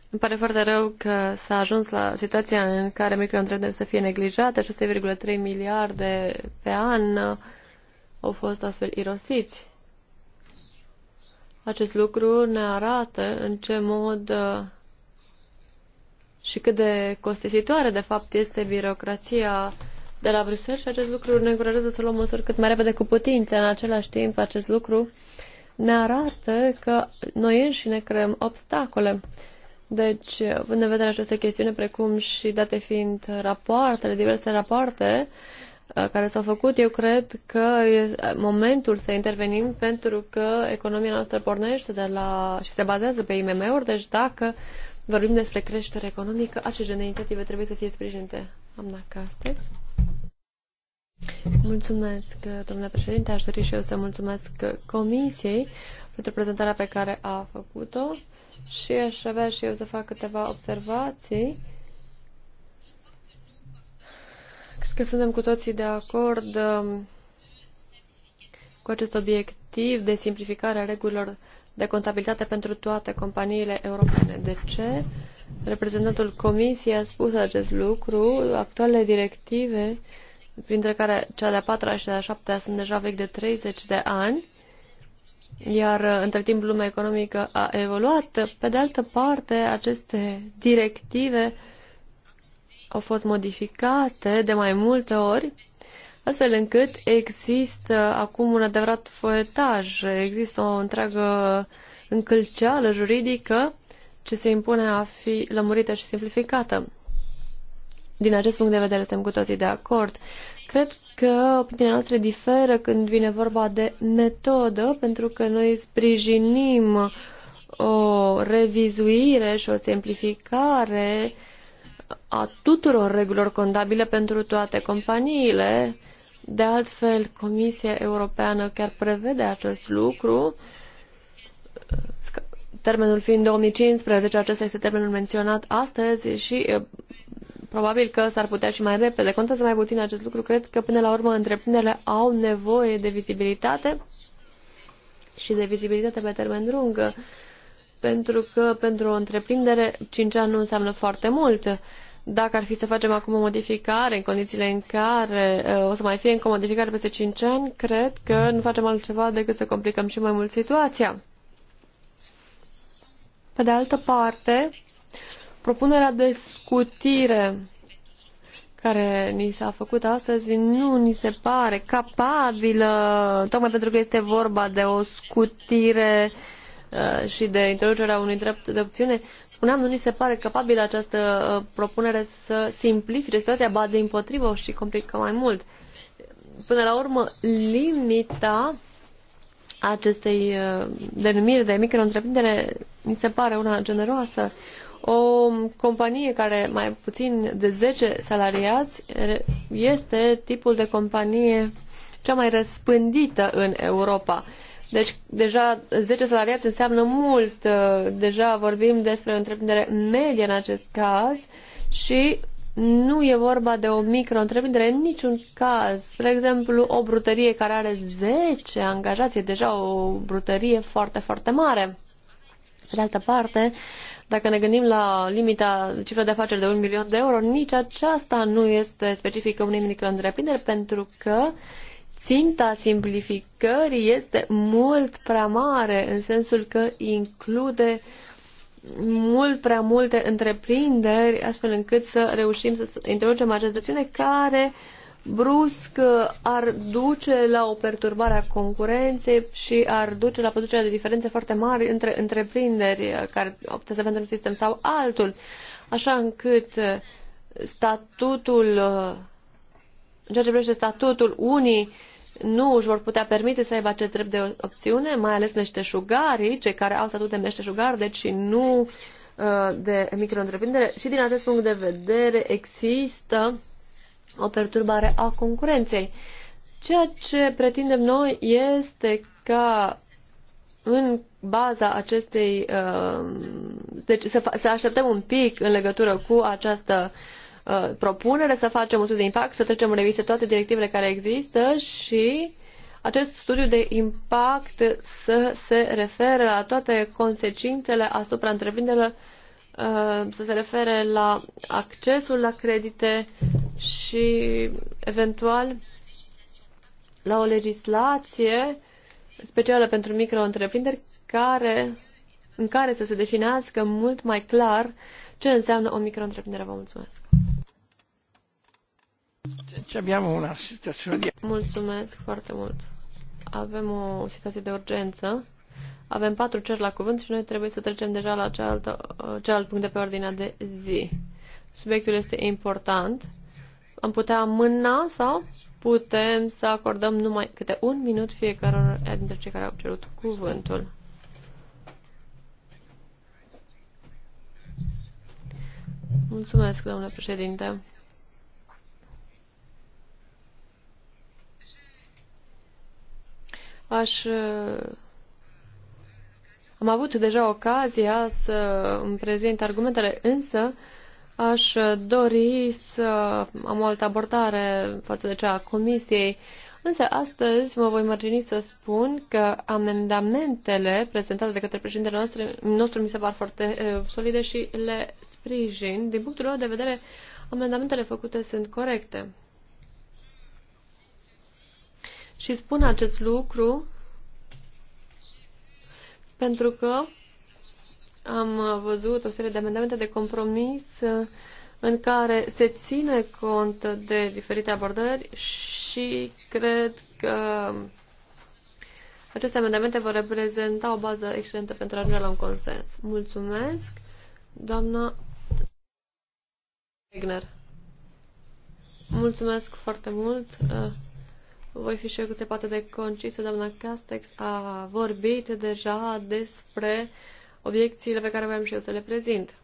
Îmi pare foarte rău că s-a ajuns la situația în care micro să fie neglijate, 6,3 miliarde pe an uh, au fost astfel irosiți. Acest lucru ne arată în ce mod uh, și cât de costisitoare, de fapt, este birocrația de la Bruxelles și acest lucru ne încurajează să luăm măsuri cât mai repede cu putință. În același timp, acest lucru ne arată că noi înșine creăm obstacole. Deci, în vedere aceste chestiune, precum și date fiind rapoartele, diverse rapoarte uh, care s-au făcut, eu cred că e momentul să intervenim pentru că economia noastră pornește de la, și se bazează pe IMM-uri, deci dacă vorbim despre creștere economică, aceste inițiative trebuie să fie sprijinite. Am Doamna Castex. Mulțumesc, domnule președinte. Aș dori și eu să mulțumesc Comisiei pentru prezentarea pe care a făcut-o și aș avea și eu să fac câteva observații. Cred că suntem cu toții de acord um, cu acest obiectiv de simplificare a regulilor de contabilitate pentru toate companiile europene. De ce? Reprezentantul Comisiei a spus acest lucru. Actualele directive uh, printre care cea de-a patra și de-a șaptea sunt deja vechi de 30 de ani, iar uh, între timp lumea economică a evoluat. Pe de altă parte, aceste directive au fost modificate de mai multe ori, astfel încât există acum un adevărat foetaj, există o întreagă încălceală juridică ce se impune a fi lămurită și simplificată din acest punct de vedere suntem cu toții de acord. Cred că opiniile noastre diferă când vine vorba de metodă, pentru că noi sprijinim o revizuire și o simplificare a tuturor regulilor contabile pentru toate companiile. De altfel, Comisia Europeană chiar prevede acest lucru termenul fiind 2015, acesta este termenul menționat astăzi și Probabil că s-ar putea și mai repede. Contează mai puțin acest lucru. Cred că, până la urmă, întreprinderile au nevoie de vizibilitate și de vizibilitate pe termen lung. Pentru că, pentru o întreprindere, 5 ani nu înseamnă foarte mult. Dacă ar fi să facem acum o modificare, în condițiile în care uh, o să mai fie încă o modificare peste 5 ani, cred că nu facem altceva decât să complicăm și mai mult situația. Pe de altă parte, Propunerea de scutire care ni s-a făcut astăzi nu ni se pare capabilă, tocmai pentru că este vorba de o scutire uh, și de introducerea unui drept de opțiune. Spuneam, nu ni se pare capabilă această uh, propunere să simplifice situația, ba de împotrivă și complică mai mult. Până la urmă, limita acestei uh, denumiri de micro-întreprindere mi se pare una generoasă o companie care mai puțin de 10 salariați este tipul de companie cea mai răspândită în Europa. Deci, deja 10 salariați înseamnă mult. Deja vorbim despre o întreprindere medie în acest caz și nu e vorba de o micro-întreprindere în niciun caz. Spre exemplu, o brutărie care are 10 angajați e deja o brutărie foarte, foarte mare. Pe de altă parte, dacă ne gândim la limita cifră de afaceri de un milion de euro, nici aceasta nu este specifică unei mică întreprinderi, pentru că ținta simplificării este mult prea mare, în sensul că include mult prea multe întreprinderi, astfel încât să reușim să introducem această acțiune care uh, brusc uh, ar duce la o perturbare a concurenței și ar duce la producerea de diferențe foarte mari între întreprinderi uh, care optează pentru un sistem sau altul, așa încât uh, statutul, în ceea ce privește statutul, unii nu își vor putea permite să aibă acest drept de opțiune, mai ales meșteșugarii, cei care au statut de meșteșugar, deci nu de micro -întreprindere. Și din acest punct de vedere există o perturbare a concurenței. Ceea ce pretindem noi este ca în baza acestei. Uh, deci să, să așteptăm un pic în legătură cu această uh, propunere, să facem un studiu de impact, să trecem în revistă toate directivele care există și acest studiu de impact să se referă la toate consecințele asupra întreprinderilor Uh, să se refere la accesul la credite și eventual la o legislație specială pentru micro-întreprinderi care, în care să se definească mult mai clar ce înseamnă o micro-întreprindere. Vă mulțumesc! Deci, mulțumesc foarte mult! Avem o situație de urgență avem patru cer la cuvânt și noi trebuie să trecem deja la cealaltă, uh, cealalt punct de pe ordinea de zi. Subiectul este important. Am putea mâna sau putem să acordăm numai câte un minut fiecare dintre cei care au cerut cuvântul. Mulțumesc, domnule președinte. Aș uh, am avut deja ocazia să îmi prezint argumentele, însă aș dori să am o altă abordare față de cea a Comisiei. Însă astăzi mă voi mărgini să spun că amendamentele prezentate de către președintele nostru, nostru mi se par foarte uh, solide și le sprijin. Din punctul meu de vedere, amendamentele făcute sunt corecte. Și spun acest lucru pentru că am văzut o serie de amendamente de compromis uh, în care se ține cont de diferite abordări și cred că aceste amendamente vor reprezenta o bază excelentă pentru a ajunge la un consens. Mulțumesc, doamna Regner. Mulțumesc foarte mult, uh, voi fi și eu cât se poate de concisă. Doamna Castex a vorbit deja despre obiecțiile pe care voiam și eu să le prezint.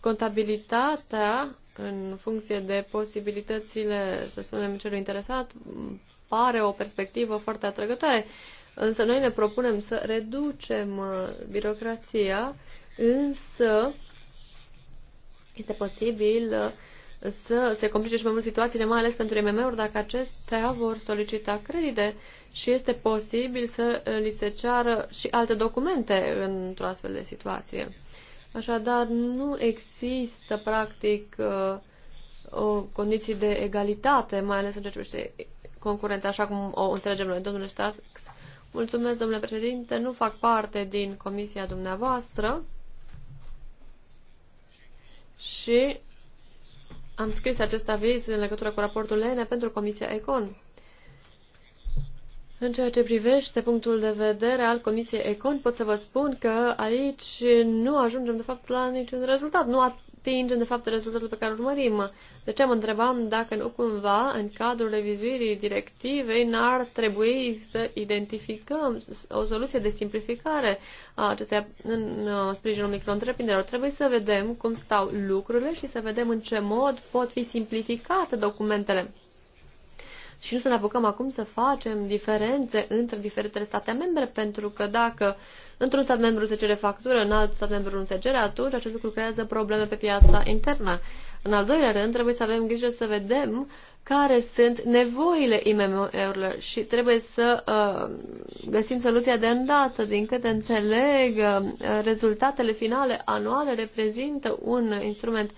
Contabilitatea, în funcție de posibilitățile, să spunem, celui interesat, pare o perspectivă foarte atrăgătoare. Însă noi ne propunem să reducem uh, birocrația, însă este posibil uh, să se complice și mai mult situațiile, mai ales pentru MM-uri, dacă acestea vor solicita credite și este posibil să li se ceară și alte documente într-o astfel de situație. Așadar, nu există, practic, uh, o condiții de egalitate, mai ales în ceea ce privește concurența, așa cum o înțelegem noi. Domnule Stax. mulțumesc, domnule președinte, nu fac parte din comisia dumneavoastră și am scris acest aviz în legătură cu raportul Lene pentru Comisia Econ. În ceea ce privește punctul de vedere al Comisiei Econ, pot să vă spun că aici nu ajungem, de fapt, la niciun rezultat. Nu atingem, de fapt, rezultatul pe care urmărim. De ce mă întrebam dacă nu cumva, în cadrul revizuirii directivei, n-ar trebui să identificăm o soluție de simplificare a acestea în uh, sprijinul micro Trebuie să vedem cum stau lucrurile și să vedem în ce mod pot fi simplificate documentele și nu să ne apucăm acum să facem diferențe între diferitele state membre, pentru că dacă într-un stat membru se cere factură, în alt stat membru nu se cere, atunci acest lucru creează probleme pe piața internă. În al doilea rând, trebuie să avem grijă să vedem care sunt nevoile IMM-urilor și trebuie să uh, găsim soluția de îndată. Din câte înțeleg, uh, rezultatele finale anuale reprezintă un instrument uh,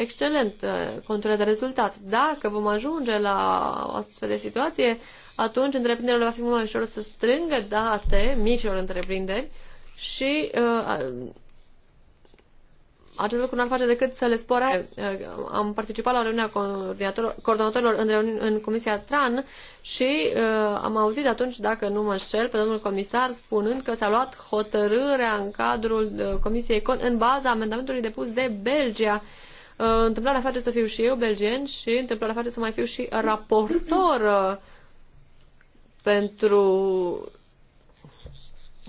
excelent uh, conturile de rezultat. Dacă vom ajunge la o astfel de situație, atunci întreprinderile va fi mult mai ușor să strângă date micilor întreprinderi și uh, acest lucru n-ar face decât să le spore. Uh, am participat la reuniunea coordonatorilor în, reuni- în Comisia TRAN și uh, am auzit atunci, dacă nu mă șel, pe domnul comisar spunând că s-a luat hotărârea în cadrul uh, Comisiei CON în baza amendamentului depus de Belgia. Uh, Uh, întâmplarea face să fiu și eu belgen și întâmplarea face să mai fiu și raportor uh, pentru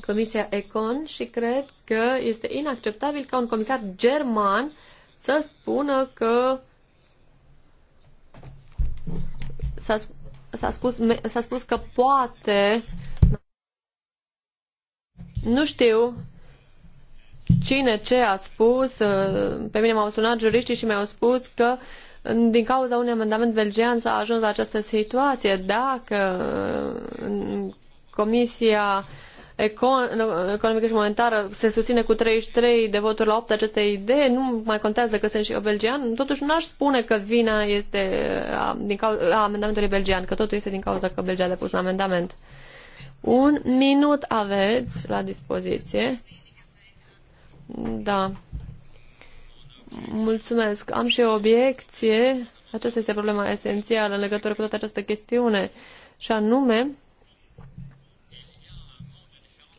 Comisia Econ și cred că este inacceptabil ca un comisar german să spună că s-a spus, s-a spus că poate nu știu cine ce a spus. Uh, pe mine m-au sunat juriștii și mi-au spus că din cauza unui amendament belgian s-a ajuns la această situație. Dacă uh, Comisia economică și monetară se susține cu 33 de voturi la 8 aceste idei, nu mai contează că sunt și eu belgian, totuși nu aș spune că vina este a, din cauza, a amendamentului belgian, că totul este din cauza că Belgia a depus un amendament. Un minut aveți la dispoziție. Da. Mulțumesc. Am și o obiecție. Aceasta este problema esențială în legătură cu toată această chestiune. Și anume,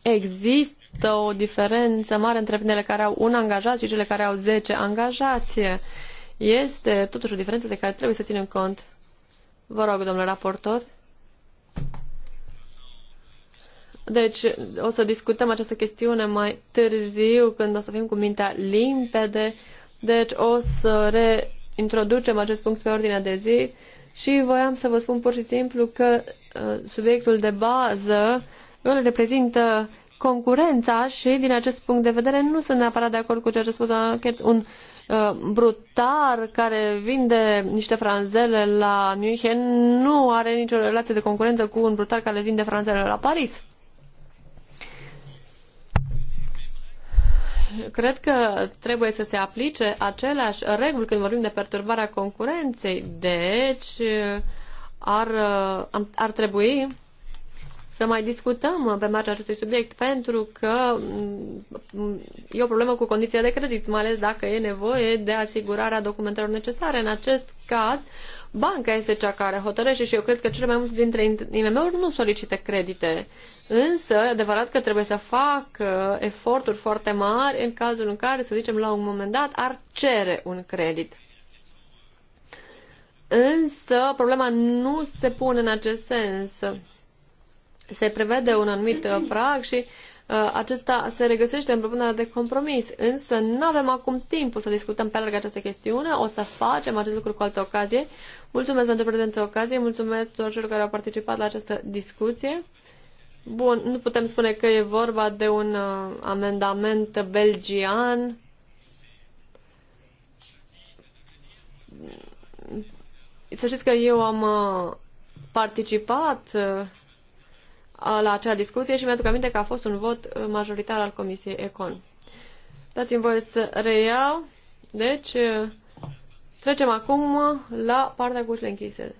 există o diferență mare între cele care au un angajat și cele care au 10 angajații. Este totuși o diferență de care trebuie să ținem cont. Vă rog, domnule raportor. Deci o să discutăm această chestiune mai târziu, când o să fim cu mintea limpede. Deci o să reintroducem acest punct pe ordinea de zi și voiam să vă spun pur și simplu că uh, subiectul de bază îl reprezintă concurența și din acest punct de vedere nu sunt neapărat de acord cu ceea ce a spus un uh, brutar care vinde niște franzele la München nu are nicio relație de concurență cu un brutar care vinde franzele la Paris. cred că trebuie să se aplice aceleași reguli când vorbim de perturbarea concurenței. Deci, ar, ar trebui să mai discutăm pe marginea acestui subiect, pentru că mm, e o problemă cu condiția de credit, mai ales dacă e nevoie de asigurarea documentelor necesare. În acest caz, banca este cea care hotărăște și eu cred că cele mai multe dintre IMM-uri nu solicită credite Însă, e adevărat că trebuie să facă eforturi foarte mari în cazul în care, să zicem, la un moment dat ar cere un credit. Însă, problema nu se pune în acest sens. Se prevede un anumit uh, prag și uh, acesta se regăsește în propunerea de compromis. Însă, nu avem acum timpul să discutăm pe larg această chestiune. O să facem acest lucru cu altă ocazie. Mulțumesc pentru prezența ocaziei, mulțumesc tuturor celor care au participat la această discuție. Bun, nu putem spune că e vorba de un uh, amendament belgian. Să știți că eu am uh, participat uh, la acea discuție și mi-aduc aminte că a fost un vot majoritar al Comisiei Econ. Dați-mi voie să reiau. Deci, trecem acum la partea cu ușile închise.